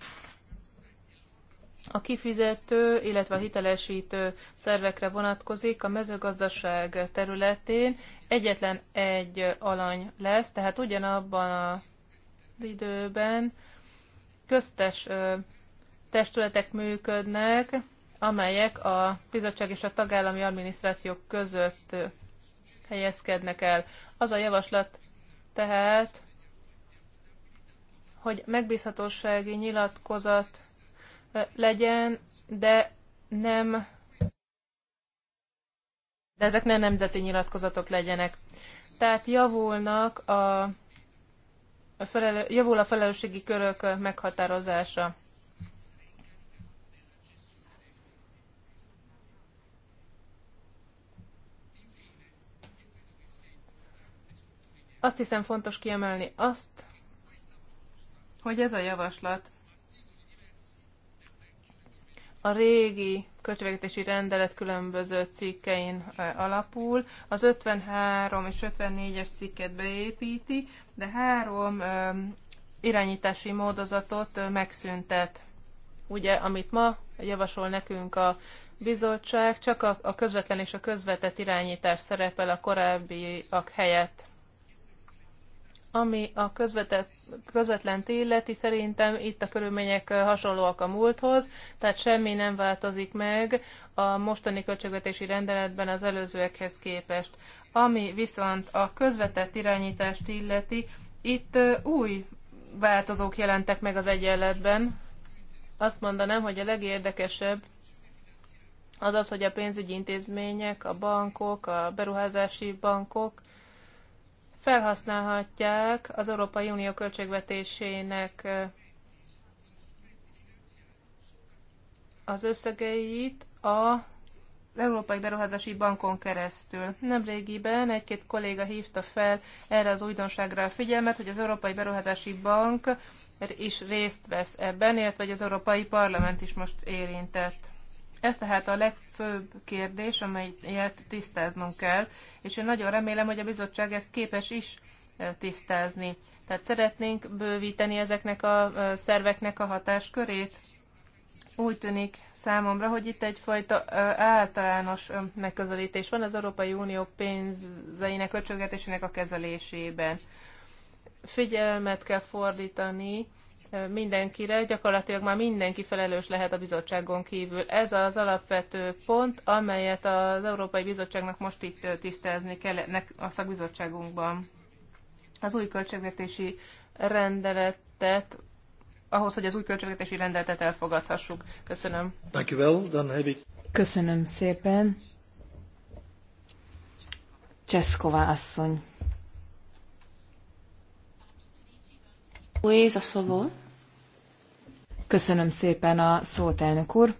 a kifizető, illetve a hitelesítő szervekre vonatkozik a mezőgazdaság területén, egyetlen egy alany lesz, tehát ugyanabban az időben köztes testületek működnek, amelyek a bizottság és a tagállami adminisztrációk között helyezkednek el. Az a javaslat tehát, hogy megbízhatósági nyilatkozat legyen, de nem de ezek ne nemzeti nyilatkozatok legyenek. Tehát javulnak a, a felelő, javul a felelősségi körök meghatározása. Azt hiszem fontos kiemelni azt, hogy ez a javaslat a régi költségvetési rendelet különböző cikkein alapul. Az 53 és 54-es cikket beépíti, de három irányítási módozatot megszüntet. Ugye, amit ma javasol nekünk a bizottság, csak a, a közvetlen és a közvetett irányítás szerepel a korábbiak helyett. Ami a közvetett, közvetlen illeti, szerintem itt a körülmények hasonlóak a múlthoz, tehát semmi nem változik meg a mostani költségvetési rendeletben az előzőekhez képest. Ami viszont a közvetett irányítást illeti, itt új változók jelentek meg az egyenletben. Azt mondanám, hogy a legérdekesebb az az, hogy a pénzügyi intézmények, a bankok, a beruházási bankok, felhasználhatják az Európai Unió költségvetésének az összegeit a Európai Beruházási Bankon keresztül. Nemrégiben egy-két kolléga hívta fel erre az újdonságra a figyelmet, hogy az Európai Beruházási Bank is részt vesz ebben, illetve hogy az Európai Parlament is most érintett. Ez tehát a legfőbb kérdés, amelyet tisztáznunk kell, és én nagyon remélem, hogy a bizottság ezt képes is tisztázni. Tehát szeretnénk bővíteni ezeknek a szerveknek a hatáskörét? Úgy tűnik számomra, hogy itt egyfajta általános megközelítés van az Európai Unió pénzeinek, öcsögetésének a kezelésében. Figyelmet kell fordítani mindenkire, gyakorlatilag már mindenki felelős lehet a bizottságon kívül. Ez az alapvető pont, amelyet az Európai Bizottságnak most itt tisztázni kell a szakbizottságunkban. Az új költségvetési rendeletet ahhoz, hogy az új költségvetési rendeletet elfogadhassuk. Köszönöm. Köszönöm szépen. Cseszkova asszony. Děkuji za slovo. Köszönöm szépen a szót, elnök úr.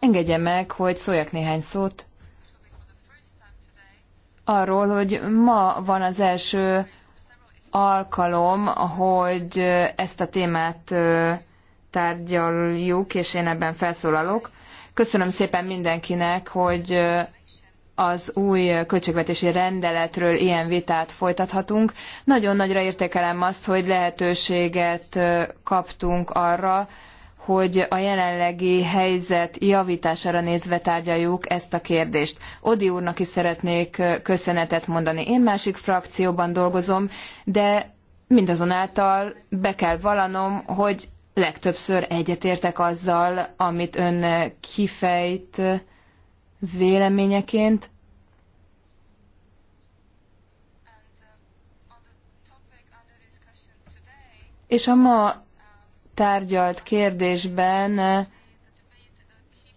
Engedje meg, hogy szóljak néhány szót arról, hogy ma van az első alkalom, hogy ezt a témát tárgyaljuk, és én ebben felszólalok. Köszönöm szépen mindenkinek, hogy az új költségvetési rendeletről ilyen vitát folytathatunk. Nagyon nagyra értékelem azt, hogy lehetőséget kaptunk arra, hogy a jelenlegi helyzet javítására nézve tárgyaljuk ezt a kérdést. Odi úrnak is szeretnék köszönetet mondani. Én másik frakcióban dolgozom, de mindazonáltal be kell vallanom, hogy legtöbbször egyetértek azzal, amit ön kifejt, véleményeként. És a ma tárgyalt kérdésben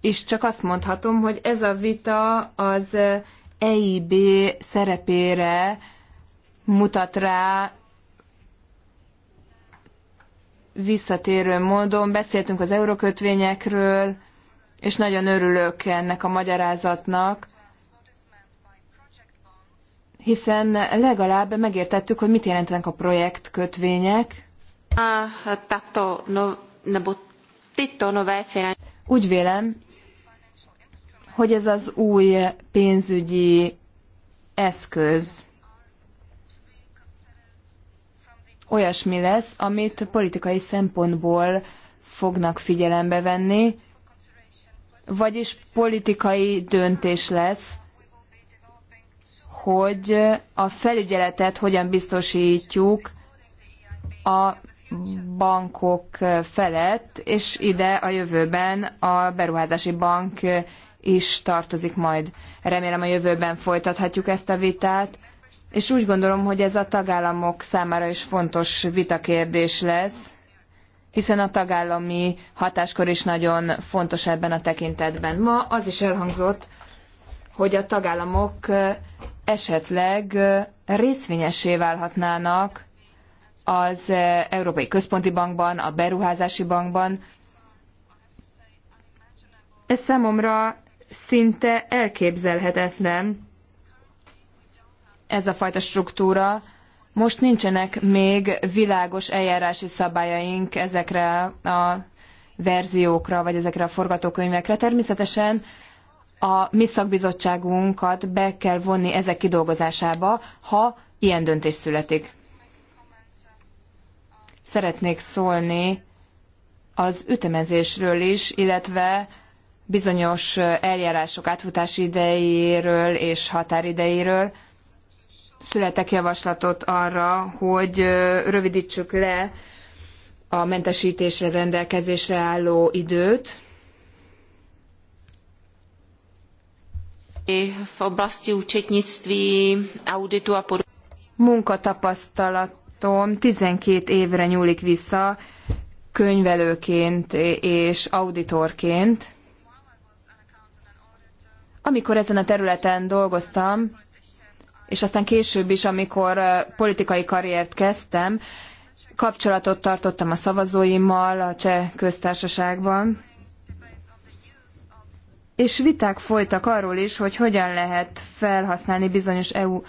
is csak azt mondhatom, hogy ez a vita az EIB szerepére mutat rá visszatérő módon. Beszéltünk az eurokötvényekről, és nagyon örülök ennek a magyarázatnak, hiszen legalább megértettük, hogy mit jelentenek a projektkötvények. Tato, no, Úgy vélem, hogy ez az új pénzügyi eszköz olyasmi lesz, amit politikai szempontból fognak figyelembe venni, vagyis politikai döntés lesz, hogy a felügyeletet hogyan biztosítjuk a bankok felett, és ide a jövőben a beruházási bank is tartozik majd. Remélem a jövőben folytathatjuk ezt a vitát, és úgy gondolom, hogy ez a tagállamok számára is fontos vitakérdés lesz, hiszen a tagállami hatáskor is nagyon fontos ebben a tekintetben. Ma az is elhangzott, hogy a tagállamok esetleg részvényessé válhatnának az Európai Központi Bankban, a Beruházási Bankban. Ez számomra szinte elképzelhetetlen ez a fajta struktúra, most nincsenek még világos eljárási szabályaink ezekre a verziókra, vagy ezekre a forgatókönyvekre. Természetesen a mi szakbizottságunkat be kell vonni ezek kidolgozásába, ha ilyen döntés születik. Szeretnék szólni az ütemezésről is, illetve bizonyos eljárások átfutási idejéről és határidejéről születek javaslatot arra, hogy rövidítsük le a mentesítésre rendelkezésre álló időt. V oblasti účetnictví, auditu a Munkatapasztalatom 12 évre nyúlik vissza könyvelőként és auditorként. Amikor ezen a területen dolgoztam, és aztán később is, amikor politikai karriert kezdtem, kapcsolatot tartottam a szavazóimmal a cseh köztársaságban, és viták folytak arról is, hogy hogyan lehet felhasználni bizonyos EU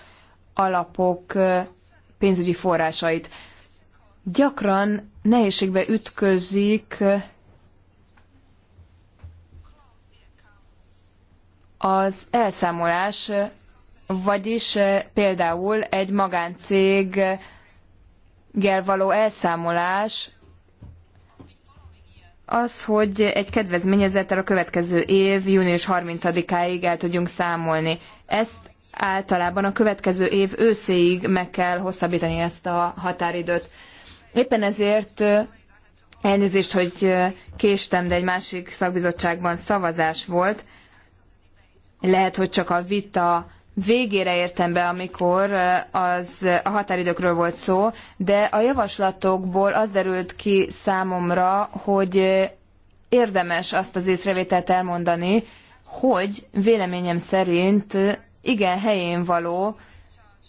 alapok pénzügyi forrásait. Gyakran nehézségbe ütközik az elszámolás vagyis eh, például egy magáncéggel való elszámolás az, hogy egy kedvezményezettel a következő év június 30-áig el tudjunk számolni. Ezt általában a következő év őszéig meg kell hosszabbítani ezt a határidőt. Éppen ezért eh, elnézést, hogy eh, késtem, de egy másik szakbizottságban szavazás volt. Lehet, hogy csak a vita végére értem be, amikor az a határidőkről volt szó, de a javaslatokból az derült ki számomra, hogy érdemes azt az észrevételt elmondani, hogy véleményem szerint igen helyén való,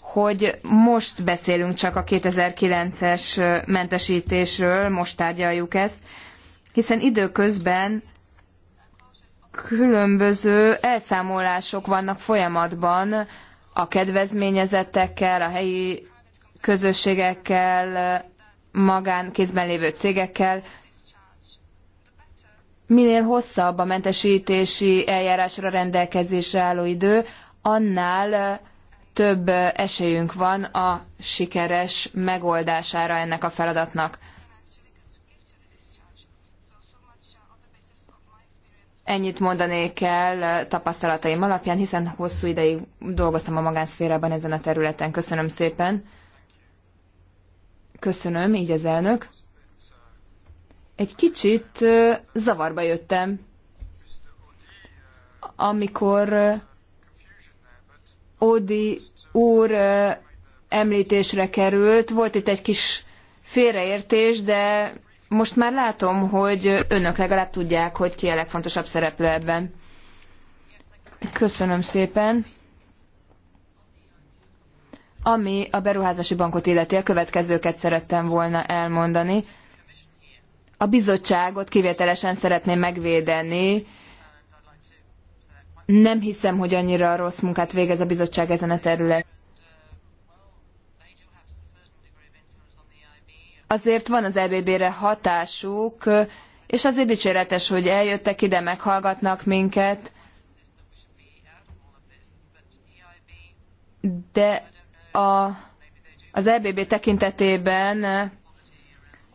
hogy most beszélünk csak a 2009-es mentesítésről, most tárgyaljuk ezt, hiszen időközben különböző elszámolások vannak folyamatban a kedvezményezettekkel, a helyi közösségekkel, magán kézben lévő cégekkel. Minél hosszabb a mentesítési eljárásra rendelkezésre álló idő, annál több esélyünk van a sikeres megoldására ennek a feladatnak. Ennyit mondanék el tapasztalataim alapján, hiszen hosszú ideig dolgoztam a magánszférában ezen a területen. Köszönöm szépen. Köszönöm, így az elnök. Egy kicsit zavarba jöttem, amikor Odi úr említésre került. Volt itt egy kis félreértés, de most már látom, hogy önök legalább tudják, hogy ki a legfontosabb szereplő ebben. Köszönöm szépen. Ami a beruházási bankot illeti, a következőket szerettem volna elmondani. A bizottságot kivételesen szeretném megvédeni. Nem hiszem, hogy annyira rossz munkát végez a bizottság ezen a területen. azért van az EBB-re hatásuk, és azért dicséretes, hogy eljöttek ide, meghallgatnak minket, de a, az EBB tekintetében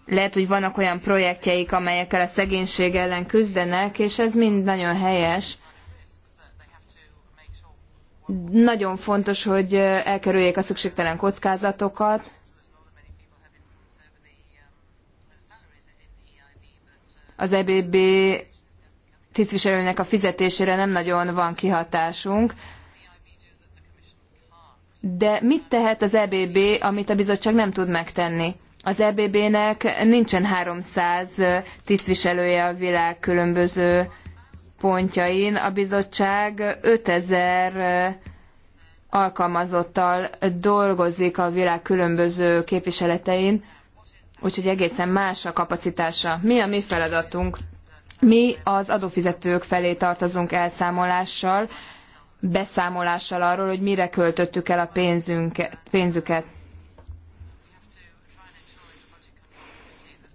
lehet, hogy vannak olyan projektjeik, amelyekkel a szegénység ellen küzdenek, és ez mind nagyon helyes. Nagyon fontos, hogy elkerüljék a szükségtelen kockázatokat, az EBB tisztviselőnek a fizetésére nem nagyon van kihatásunk. De mit tehet az EBB, amit a bizottság nem tud megtenni? Az EBB-nek nincsen 300 tisztviselője a világ különböző pontjain. A bizottság 5000 alkalmazottal dolgozik a világ különböző képviseletein úgyhogy egészen más a kapacitása. Mi a mi feladatunk? Mi az adófizetők felé tartozunk elszámolással, beszámolással arról, hogy mire költöttük el a pénzünket, pénzüket.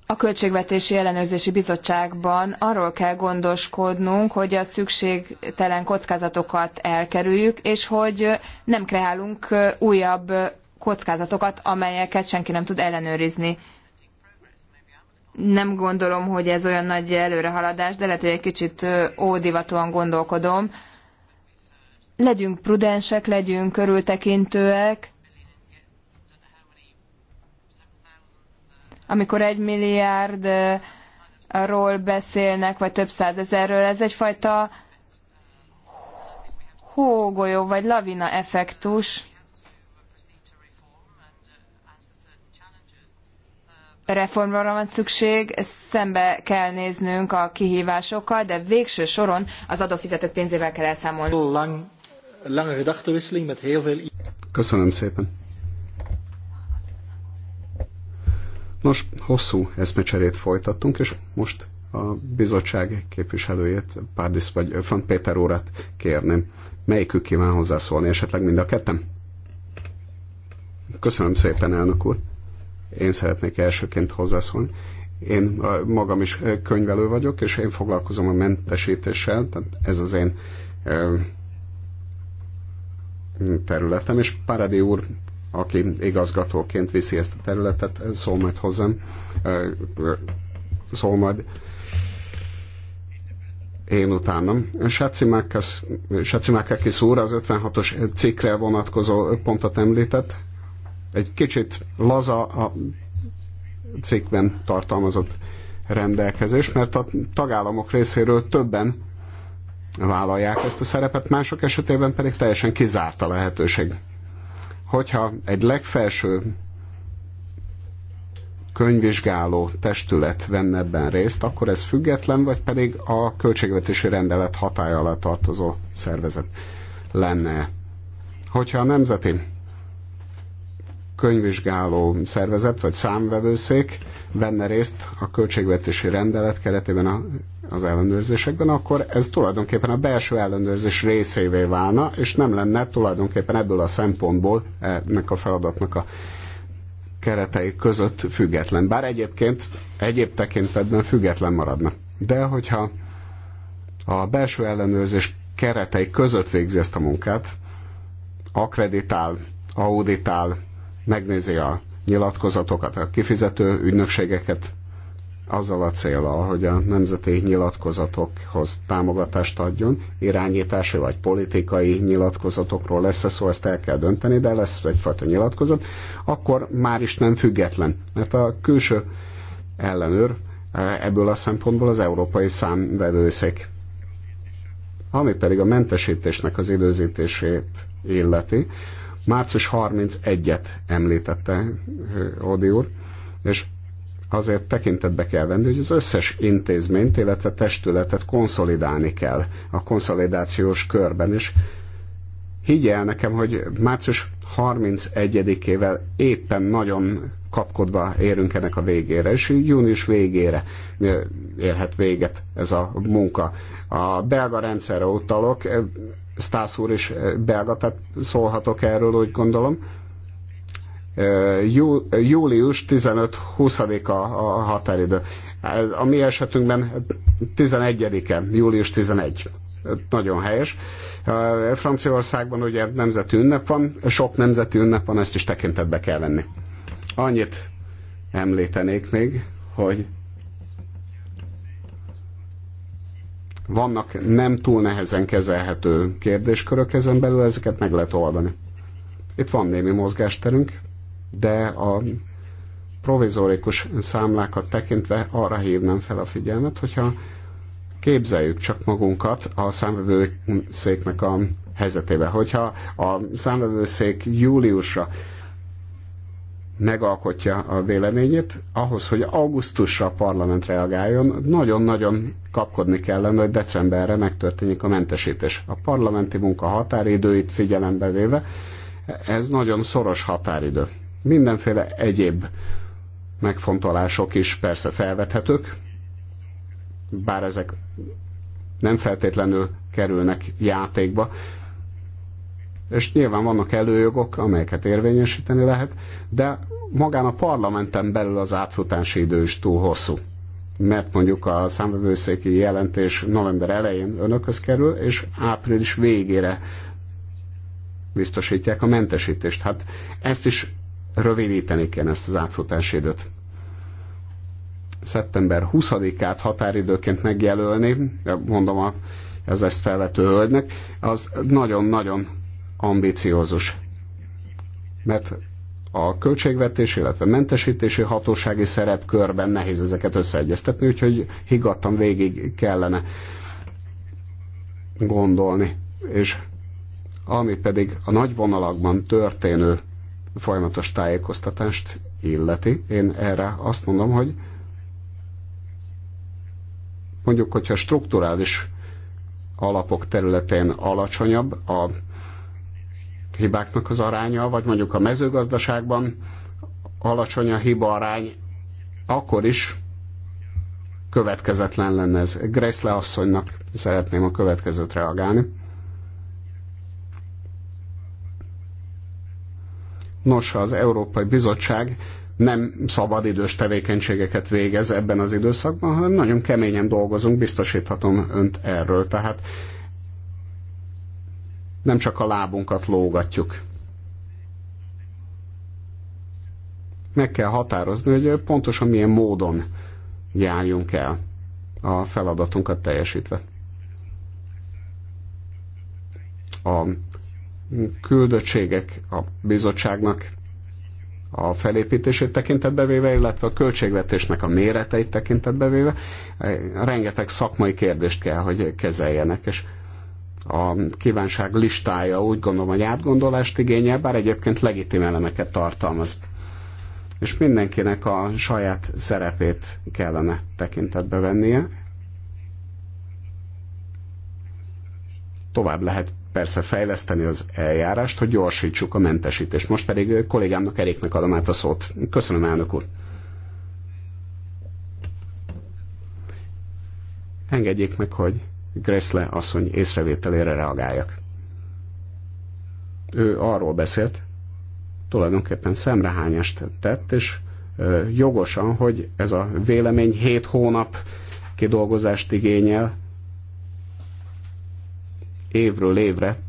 A Költségvetési Ellenőrzési Bizottságban arról kell gondoskodnunk, hogy a szükségtelen kockázatokat elkerüljük, és hogy nem kreálunk újabb kockázatokat, amelyeket senki nem tud ellenőrizni nem gondolom, hogy ez olyan nagy előrehaladás, de lehet, hogy egy kicsit ódivatóan gondolkodom. Legyünk prudensek, legyünk körültekintőek. Amikor egy milliárdról beszélnek, vagy több százezerről, ez egyfajta hógolyó vagy lavina effektus. reformra van szükség, szembe kell néznünk a kihívásokkal, de végső soron az adófizetők pénzével kell elszámolni. Köszönöm szépen. Nos, hosszú eszmecserét folytattunk, és most a bizottság képviselőjét, Párdis vagy van Péter órát kérném. Melyikük kíván hozzászólni, esetleg mind a ketten? Köszönöm szépen, elnök úr én szeretnék elsőként hozzászólni. Én magam is könyvelő vagyok, és én foglalkozom a mentesítéssel, tehát ez az én területem, és Paradi úr, aki igazgatóként viszi ezt a területet, szól majd hozzám, szól majd én utánam. Sacimákakis úr az 56-os cikkre vonatkozó pontot említett, egy kicsit laza a cikkben tartalmazott rendelkezés, mert a tagállamok részéről többen vállalják ezt a szerepet, mások esetében pedig teljesen kizárt a lehetőség. Hogyha egy legfelső könyvvizsgáló testület venne ebben részt, akkor ez független, vagy pedig a költségvetési rendelet hatája alá tartozó szervezet lenne. Hogyha a nemzeti könyvvizsgáló szervezet vagy számvevőszék venne részt a költségvetési rendelet keretében a, az ellenőrzésekben, akkor ez tulajdonképpen a belső ellenőrzés részévé válna, és nem lenne tulajdonképpen ebből a szempontból ennek a feladatnak a keretei között független. Bár egyébként egyéb tekintetben független maradna. De hogyha a belső ellenőrzés keretei között végzi ezt a munkát, akreditál, auditál, megnézi a nyilatkozatokat, a kifizető ügynökségeket azzal a célral, hogy a nemzeti nyilatkozatokhoz támogatást adjon, irányítási vagy politikai nyilatkozatokról lesz -e szó, ezt el kell dönteni, de lesz egyfajta nyilatkozat, akkor már is nem független, mert a külső ellenőr e, ebből a szempontból az európai számvevőszék. Ami pedig a mentesítésnek az időzítését illeti, Március 31-et említette Odi úr, és azért tekintetbe kell venni, hogy az összes intézményt, illetve testületet konszolidálni kell a konszolidációs körben, és higgy el nekem, hogy március 31-ével éppen nagyon kapkodva érünk ennek a végére, és június végére érhet véget ez a munka. A belga rendszerre utalok, Stász úr is eh, belga, tehát szólhatok erről, úgy gondolom. Eh, jú, július 15-20-a a határidő. A mi esetünkben 11-e, július 11 nagyon helyes. Eh, Franciaországban ugye nemzeti ünnep van, sok nemzeti ünnep van, ezt is tekintetbe kell venni. Annyit említenék még, hogy Vannak nem túl nehezen kezelhető kérdéskörök ezen belül, ezeket meg lehet oldani. Itt van némi mozgásterünk, de a provizorikus számlákat tekintve arra hívnám fel a figyelmet, hogyha képzeljük csak magunkat a számvevőszéknek a helyzetébe. Hogyha a számvevőszék júliusra megalkotja a véleményét, ahhoz, hogy augusztusra a parlament reagáljon, nagyon-nagyon kapkodni kellene, hogy decemberre megtörténik a mentesítés. A parlamenti munka határidőit figyelembe véve, ez nagyon szoros határidő. Mindenféle egyéb megfontolások is persze felvethetők, bár ezek nem feltétlenül kerülnek játékba, és nyilván vannak előjogok, amelyeket érvényesíteni lehet, de magán a parlamenten belül az átfutási idő is túl hosszú. Mert mondjuk a számvevőszéki jelentés november elején önökhöz kerül, és április végére biztosítják a mentesítést. Hát ezt is rövidíteni kell, ezt az átfutási időt. Szeptember 20-át határidőként megjelölni, mondom a ez ezt felvető hölgynek, az nagyon-nagyon ambiciózus. Mert a költségvetés, illetve mentesítési hatósági szerepkörben nehéz ezeket összeegyeztetni, úgyhogy higgadtan végig kellene gondolni. És ami pedig a nagy vonalakban történő folyamatos tájékoztatást illeti, én erre azt mondom, hogy mondjuk, hogyha strukturális alapok területén alacsonyabb a hibáknak az aránya, vagy mondjuk a mezőgazdaságban alacsony a hiba arány, akkor is következetlen lenne ez. Grace asszonynak szeretném a következőt reagálni. Nos, az Európai Bizottság nem szabadidős tevékenységeket végez ebben az időszakban, hanem nagyon keményen dolgozunk, biztosíthatom önt erről. Tehát nem csak a lábunkat lógatjuk. Meg kell határozni, hogy pontosan milyen módon járjunk el a feladatunkat teljesítve. A küldöttségek a bizottságnak a felépítését tekintetbe véve, illetve a költségvetésnek a méreteit tekintetbe véve, rengeteg szakmai kérdést kell, hogy kezeljenek, és a kívánság listája úgy gondolom, hogy átgondolást igényel, bár egyébként legitim elemeket tartalmaz. És mindenkinek a saját szerepét kellene tekintetbe vennie. Tovább lehet persze fejleszteni az eljárást, hogy gyorsítsuk a mentesítést. Most pedig kollégámnak, Eriknek adom át a szót. Köszönöm, elnök úr. Engedjék meg, hogy Gressle asszony észrevételére reagáljak. Ő arról beszélt, tulajdonképpen szemrehányást tett, és jogosan, hogy ez a vélemény hét hónap kidolgozást igényel, évről évre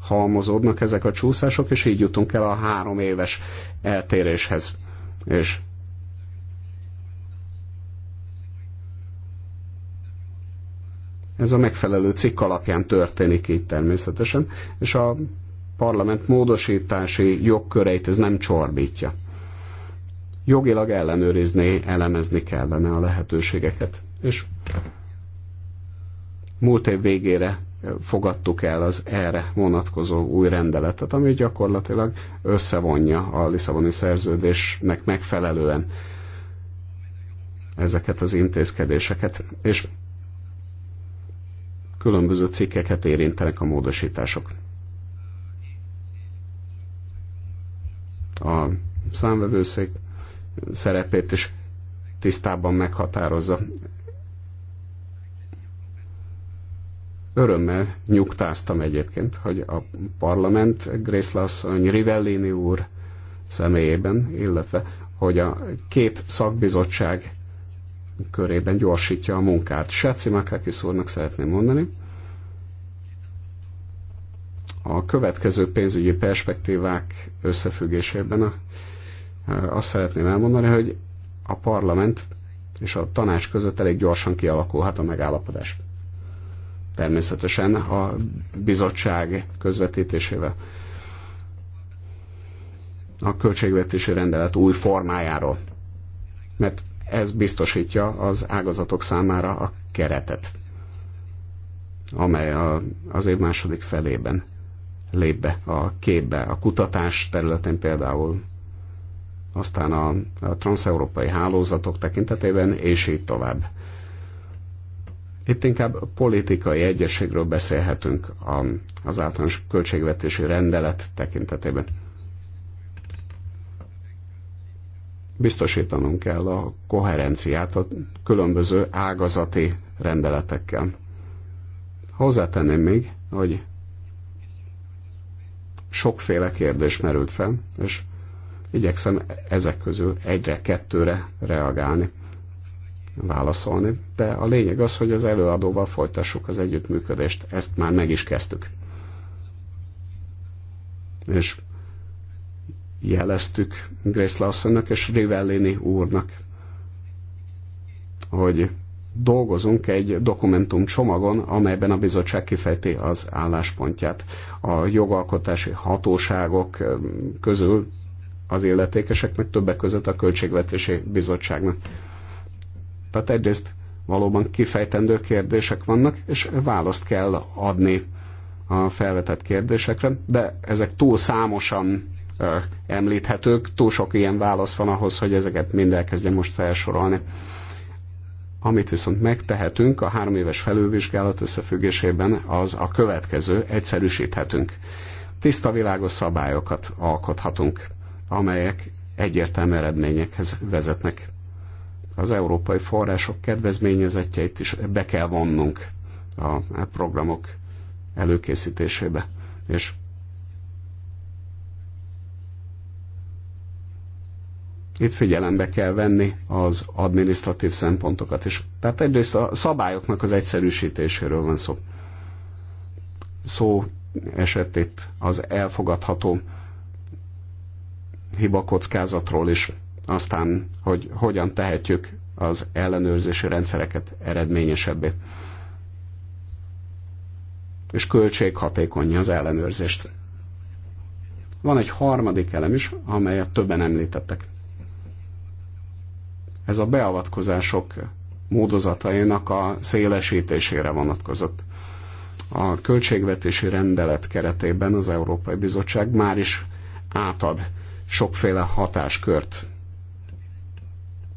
halmozódnak ezek a csúszások, és így jutunk el a három éves eltéréshez. És Ez a megfelelő cikk alapján történik így természetesen, és a parlament módosítási jogköreit ez nem csorbítja. Jogilag ellenőrizni, elemezni kellene a lehetőségeket. És múlt év végére fogadtuk el az erre vonatkozó új rendeletet, ami gyakorlatilag összevonja a Lisszaboni szerződésnek megfelelően ezeket az intézkedéseket. És különböző cikkeket érintenek a módosítások. A számvevőszék szerepét is tisztában meghatározza. Örömmel nyugtáztam egyébként, hogy a parlament Grészle asszony Rivellini úr személyében, illetve hogy a két szakbizottság körében gyorsítja a munkát. Sáci Makakis úrnak szeretném mondani, a következő pénzügyi perspektívák összefüggésében a, eh, azt szeretném elmondani, hogy a parlament és a tanács között elég gyorsan kialakulhat a megállapodás. Természetesen a bizottság közvetítésével. A költségvetési rendelet új formájáról. Mert ez biztosítja az ágazatok számára a keretet, amely a, az év második felében lép be a képbe. A kutatás területén például, aztán a, a transeurópai hálózatok tekintetében, és így tovább. Itt inkább politikai egyességről beszélhetünk az általános költségvetési rendelet tekintetében biztosítanunk kell a koherenciát a különböző ágazati rendeletekkel. Hozzátenném még, hogy sokféle kérdés merült fel, és igyekszem ezek közül egyre-kettőre reagálni, válaszolni, de a lényeg az, hogy az előadóval folytassuk az együttműködést, ezt már meg is kezdtük. És jeleztük Grace Lassennek és Rivellini úrnak, hogy dolgozunk egy dokumentum csomagon, amelyben a bizottság kifejti az álláspontját. A jogalkotási hatóságok közül az illetékeseknek, többek között a Költségvetési Bizottságnak. Tehát egyrészt valóban kifejtendő kérdések vannak, és választ kell adni a felvetett kérdésekre, de ezek túl számosan említhetők. Túl sok ilyen válasz van ahhoz, hogy ezeket mind elkezdjem most felsorolni. Amit viszont megtehetünk a három éves felülvizsgálat összefüggésében, az a következő, egyszerűsíthetünk. Tiszta világos szabályokat alkothatunk, amelyek egyértelmű eredményekhez vezetnek. Az európai források kedvezményezetjeit is be kell vonnunk a programok előkészítésébe. És itt figyelembe kell venni az administratív szempontokat is. Tehát egyrészt a szabályoknak az egyszerűsítéséről van szó. Szó esett itt az elfogadható hibakockázatról is, aztán, hogy hogyan tehetjük az ellenőrzési rendszereket eredményesebbé. És költséghatékony az ellenőrzést. Van egy harmadik elem is, amelyet többen említettek ez a beavatkozások módozatainak a szélesítésére vonatkozott. A költségvetési rendelet keretében az Európai Bizottság már is átad sokféle hatáskört.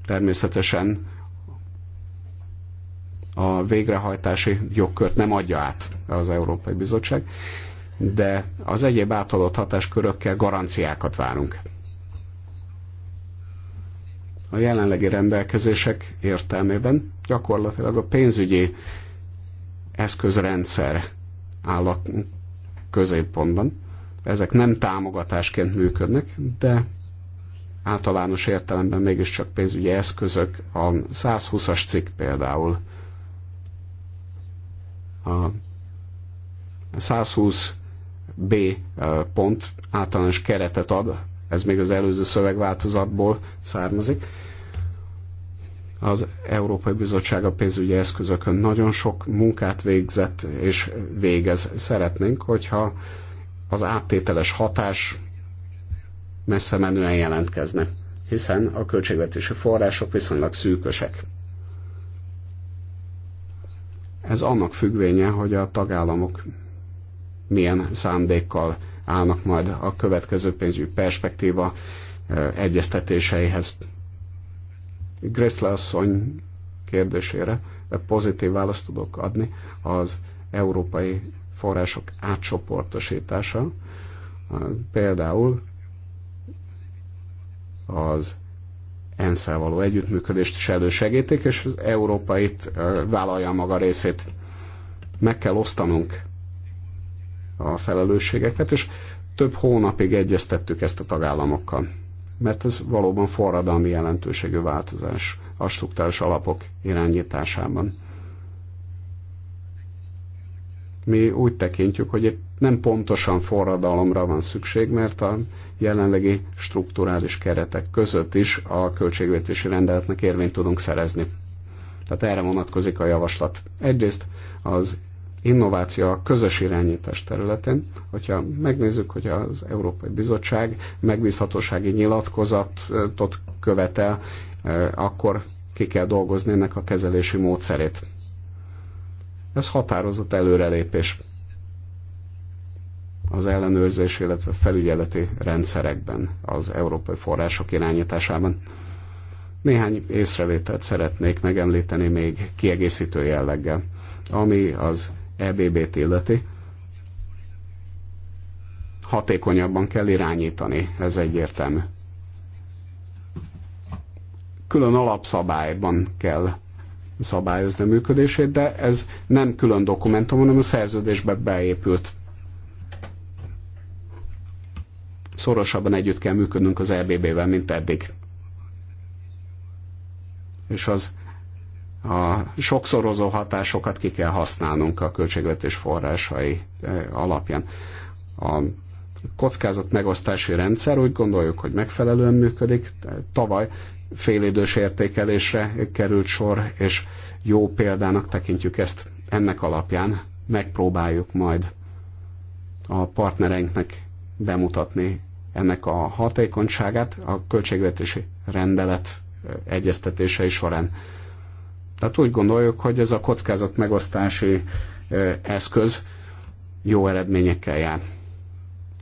Természetesen a végrehajtási jogkört nem adja át az Európai Bizottság, de az egyéb átadott hatáskörökkel garanciákat várunk a jelenlegi rendelkezések értelmében gyakorlatilag a pénzügyi eszközrendszer áll a középpontban. Ezek nem támogatásként működnek, de általános értelemben mégiscsak pénzügyi eszközök. A 120-as cikk például a 120 B eh, pont általános keretet ad ez még az előző szövegváltozatból származik. Az Európai Bizottság a pénzügyi eszközökön nagyon sok munkát végzett és végez. Szeretnénk, hogyha az áttételes hatás messze menően jelentkezne, hiszen a költségvetési források viszonylag szűkösek. Ez annak függvénye, hogy a tagállamok milyen szándékkal állnak majd a következő pénzügyi perspektíva egyeztetéseihez. Gressler asszony kérdésére pozitív választ tudok adni az európai források átcsoportosítása. Például az ensz való együttműködést is elősegítik, és az európait vállalja maga részét. Meg kell osztanunk a felelősségeket, és több hónapig egyeztettük ezt a tagállamokkal. Mert ez valóban forradalmi jelentőségű változás a struktúrás alapok irányításában. Mi úgy tekintjük, hogy itt nem pontosan forradalomra van szükség, mert a jelenlegi strukturális keretek között is a költségvetési rendeletnek érvényt tudunk szerezni. Tehát erre vonatkozik a javaslat. Egyrészt az innováció a közös irányítás területén, hogyha megnézzük, hogy az Európai Bizottság megbízhatósági nyilatkozatot követel, e, akkor ki kell dolgozni ennek a kezelési módszerét. Ez határozott előrelépés az ellenőrzés, illetve felügyeleti rendszerekben, az európai források irányításában. Néhány észrevételt szeretnék megemlíteni még kiegészítő jelleggel, ami az EBB-t illeti, hatékonyabban kell irányítani, ez egyértelmű. Külön alapszabályban kell szabályozni a működését, de ez nem külön dokumentum, hanem a szerződésbe beépült. Szorosabban együtt kell működnünk az EBB-vel, mint eddig. És az a sokszorozó hatásokat ki kell használnunk a költségvetés forrásai eh, alapján. A kockázat megosztási rendszer úgy gondoljuk, hogy megfelelően működik. Tavaly félidős értékelésre került sor, és jó példának tekintjük ezt. Ennek alapján megpróbáljuk majd a partnereinknek bemutatni ennek a hatékonyságát a költségvetési rendelet eh, egyeztetései során tehát úgy gondoljuk, hogy ez a kockázat megosztási eszköz jó eredményekkel jár.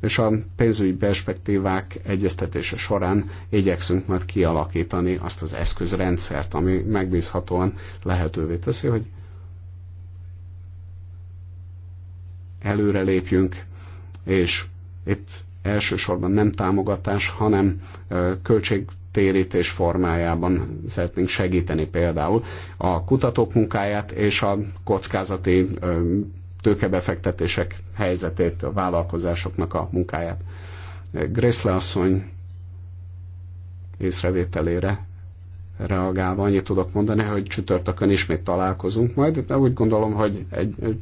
És a pénzügyi perspektívák egyeztetése során igyekszünk majd kialakítani azt az eszközrendszert, ami megbízhatóan lehetővé teszi, hogy előre lépjünk, és itt elsősorban nem támogatás, hanem költség térítés formájában szeretnénk segíteni például a kutatók munkáját és a kockázati tőkebefektetések helyzetét, a vállalkozásoknak a munkáját. Grészle asszony észrevételére reagálva annyit tudok mondani, hogy csütörtökön ismét találkozunk majd, de úgy gondolom, hogy egy, egy,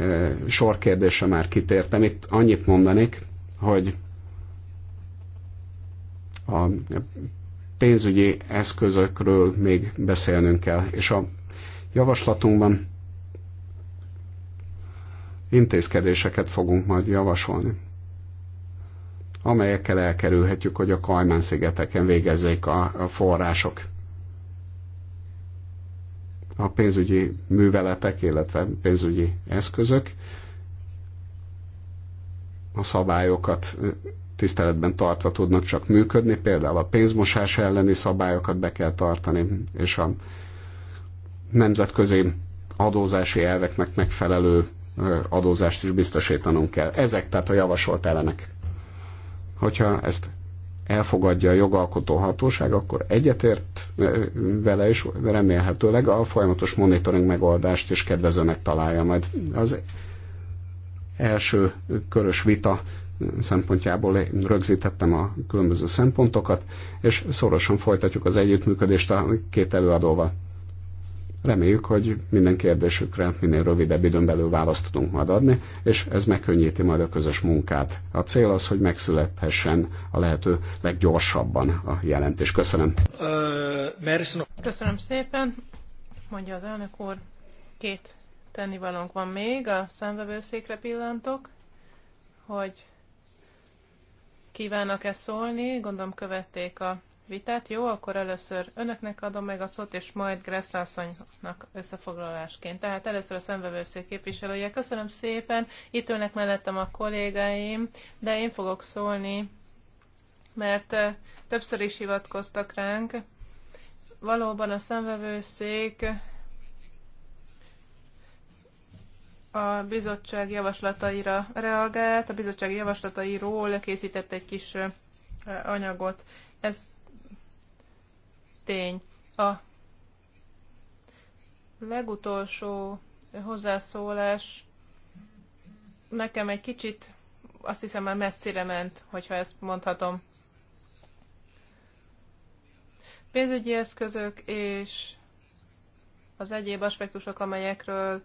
egy sor kérdése már kitértem. Itt annyit mondanék, hogy a pénzügyi eszközökről még beszélnünk kell. És a javaslatunkban intézkedéseket fogunk majd javasolni, amelyekkel elkerülhetjük, hogy a Kajmán-szigeteken végezzék a források a pénzügyi műveletek, illetve pénzügyi eszközök a szabályokat tiszteletben tartva tudnak csak működni, például a pénzmosás elleni szabályokat be kell tartani, és a nemzetközi adózási elveknek megfelelő adózást is biztosítanunk kell. Ezek tehát a javasolt elemek. Hogyha ezt elfogadja a jogalkotó hatóság, akkor egyetért vele, és remélhetőleg a folyamatos monitoring megoldást is kedvezőnek találja majd. Az első körös vita szempontjából rögzítettem a különböző szempontokat, és szorosan folytatjuk az együttműködést a két előadóval. Reméljük, hogy minden kérdésükre minél rövidebb időn belül választ tudunk majd adni, és ez megkönnyíti majd a közös munkát. A cél az, hogy megszülethessen a lehető leggyorsabban a jelentés. Köszönöm. Köszönöm szépen, mondja az elnök úr. Két tennivalónk van még, a szemvevőszékre pillantok, hogy kívánnak-e szólni? Gondolom követték a vitát. Jó, akkor először önöknek adom meg a szót, és majd Greszlászonynak összefoglalásként. Tehát először a szembevőszék képviselője. Köszönöm szépen, itt ülnek mellettem a kollégáim, de én fogok szólni, mert eh, többször is hivatkoztak ránk. Valóban a szembevőszék a bizottság javaslataira reagált, a bizottság javaslatairól készített egy kis anyagot. Ez tény. A legutolsó hozzászólás nekem egy kicsit azt hiszem már messzire ment, hogyha ezt mondhatom. Pénzügyi eszközök és az egyéb aspektusok, amelyekről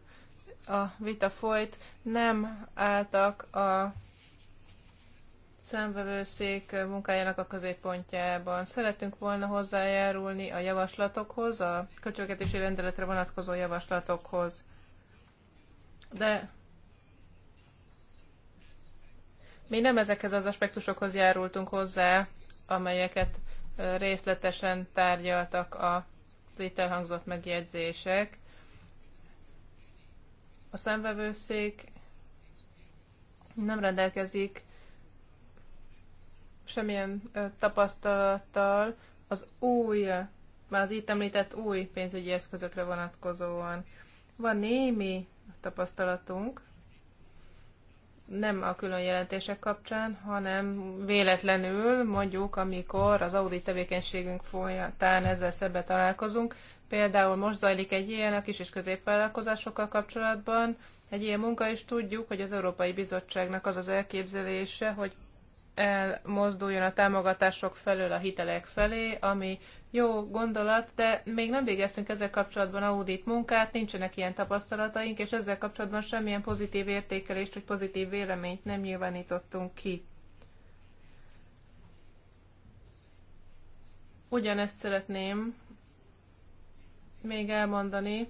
a vita folyt, nem álltak a számvevőszék munkájának a középpontjában. Szeretünk volna hozzájárulni a javaslatokhoz, a költségvetési rendeletre vonatkozó javaslatokhoz. De mi nem ezekhez az aspektusokhoz járultunk hozzá, amelyeket részletesen tárgyaltak a itt elhangzott megjegyzések. A szemvevőszék nem rendelkezik semmilyen tapasztalattal az új, már az itt említett új pénzügyi eszközökre vonatkozóan. Van némi tapasztalatunk, nem a külön jelentések kapcsán, hanem véletlenül, mondjuk, amikor az audit tevékenységünk folyatán ezzel szebbe találkozunk, Például most zajlik egy ilyen a kis és középvállalkozásokkal kapcsolatban, egy ilyen munka, és tudjuk, hogy az Európai Bizottságnak az az elképzelése, hogy elmozduljon a támogatások felől a hitelek felé, ami jó gondolat, de még nem végeztünk ezzel kapcsolatban audit munkát, nincsenek ilyen tapasztalataink, és ezzel kapcsolatban semmilyen pozitív értékelést vagy pozitív véleményt nem nyilvánítottunk ki. Ugyanezt szeretném még elmondani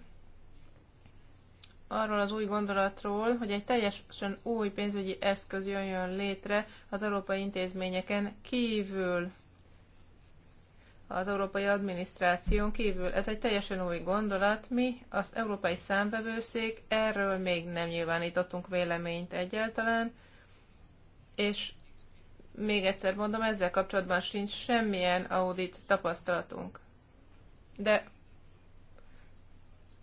arról az új gondolatról, hogy egy teljesen új pénzügyi eszköz jön létre az európai intézményeken kívül, az európai adminisztráción kívül. Ez egy teljesen új gondolat. Mi, az Európai Számbevőszék, erről még nem nyilvánítottunk véleményt egyáltalán, és még egyszer mondom, ezzel kapcsolatban sincs semmilyen audit tapasztalatunk. De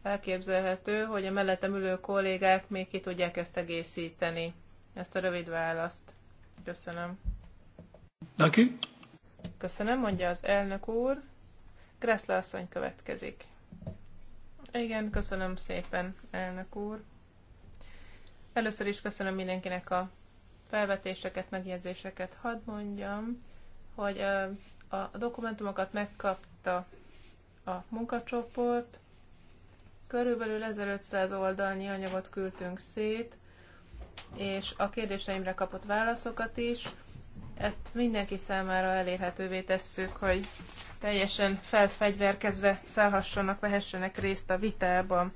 elképzelhető, hogy a mellettem ülő kollégák még ki tudják ezt egészíteni. Ezt a rövid választ. Köszönöm. Danki. Köszönöm, mondja az elnök úr. Kreszle asszony következik. Igen, köszönöm szépen, elnök úr. Először is köszönöm mindenkinek a felvetéseket, megjegyzéseket. Hadd mondjam, hogy a dokumentumokat megkapta a munkacsoport, Körülbelül 1500 oldalnyi anyagot küldtünk szét, és a kérdéseimre kapott válaszokat is. Ezt mindenki számára elérhetővé tesszük, hogy teljesen felfegyverkezve szállhassanak, vehessenek részt a vitában.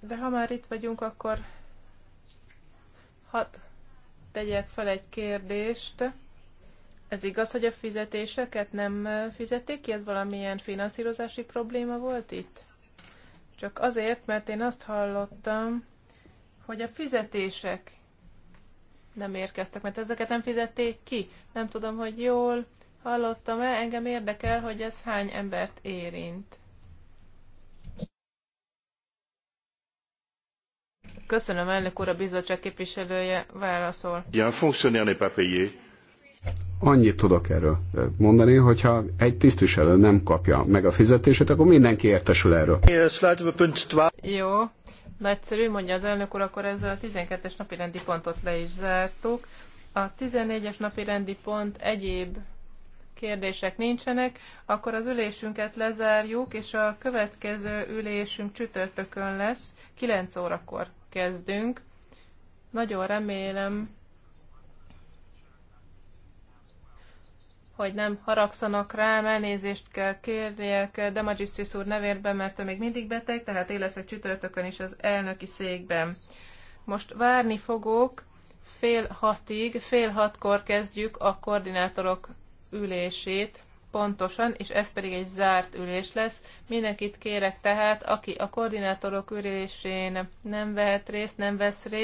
De ha már itt vagyunk, akkor hadd tegyek fel egy kérdést. Ez igaz, hogy a fizetéseket nem fizették ki? Ez valamilyen finanszírozási probléma volt itt? Csak azért, mert én azt hallottam, hogy a fizetések nem érkeztek, mert ezeket nem fizették ki. Nem tudom, hogy jól hallottam-e, engem érdekel, hogy ez hány embert érint. Köszönöm, elnök úr, a bizottság képviselője válaszol. Ja, fonctionnaire n'est pas payé annyit tudok erről mondani, hogyha egy tisztviselő nem kapja meg a fizetését, akkor mindenki értesül erről. Jó, nagyszerű, mondja az elnök úr, akkor ezzel a 12-es napi rendi pontot le is zártuk. A 14-es napi rendi pont egyéb kérdések nincsenek, akkor az ülésünket lezárjuk, és a következő ülésünk csütörtökön lesz, 9 órakor kezdünk. Nagyon remélem, hogy nem haragszanak rám, elnézést kell kérjek de Magistris úr nevérben, mert ő még mindig beteg, tehát én leszek csütörtökön is az elnöki székben. Most várni fogok fél hatig, fél hatkor kezdjük a koordinátorok ülését, pontosan, és ez pedig egy zárt ülés lesz. Mindenkit kérek tehát, aki a koordinátorok ülésén nem vehet részt, nem vesz részt,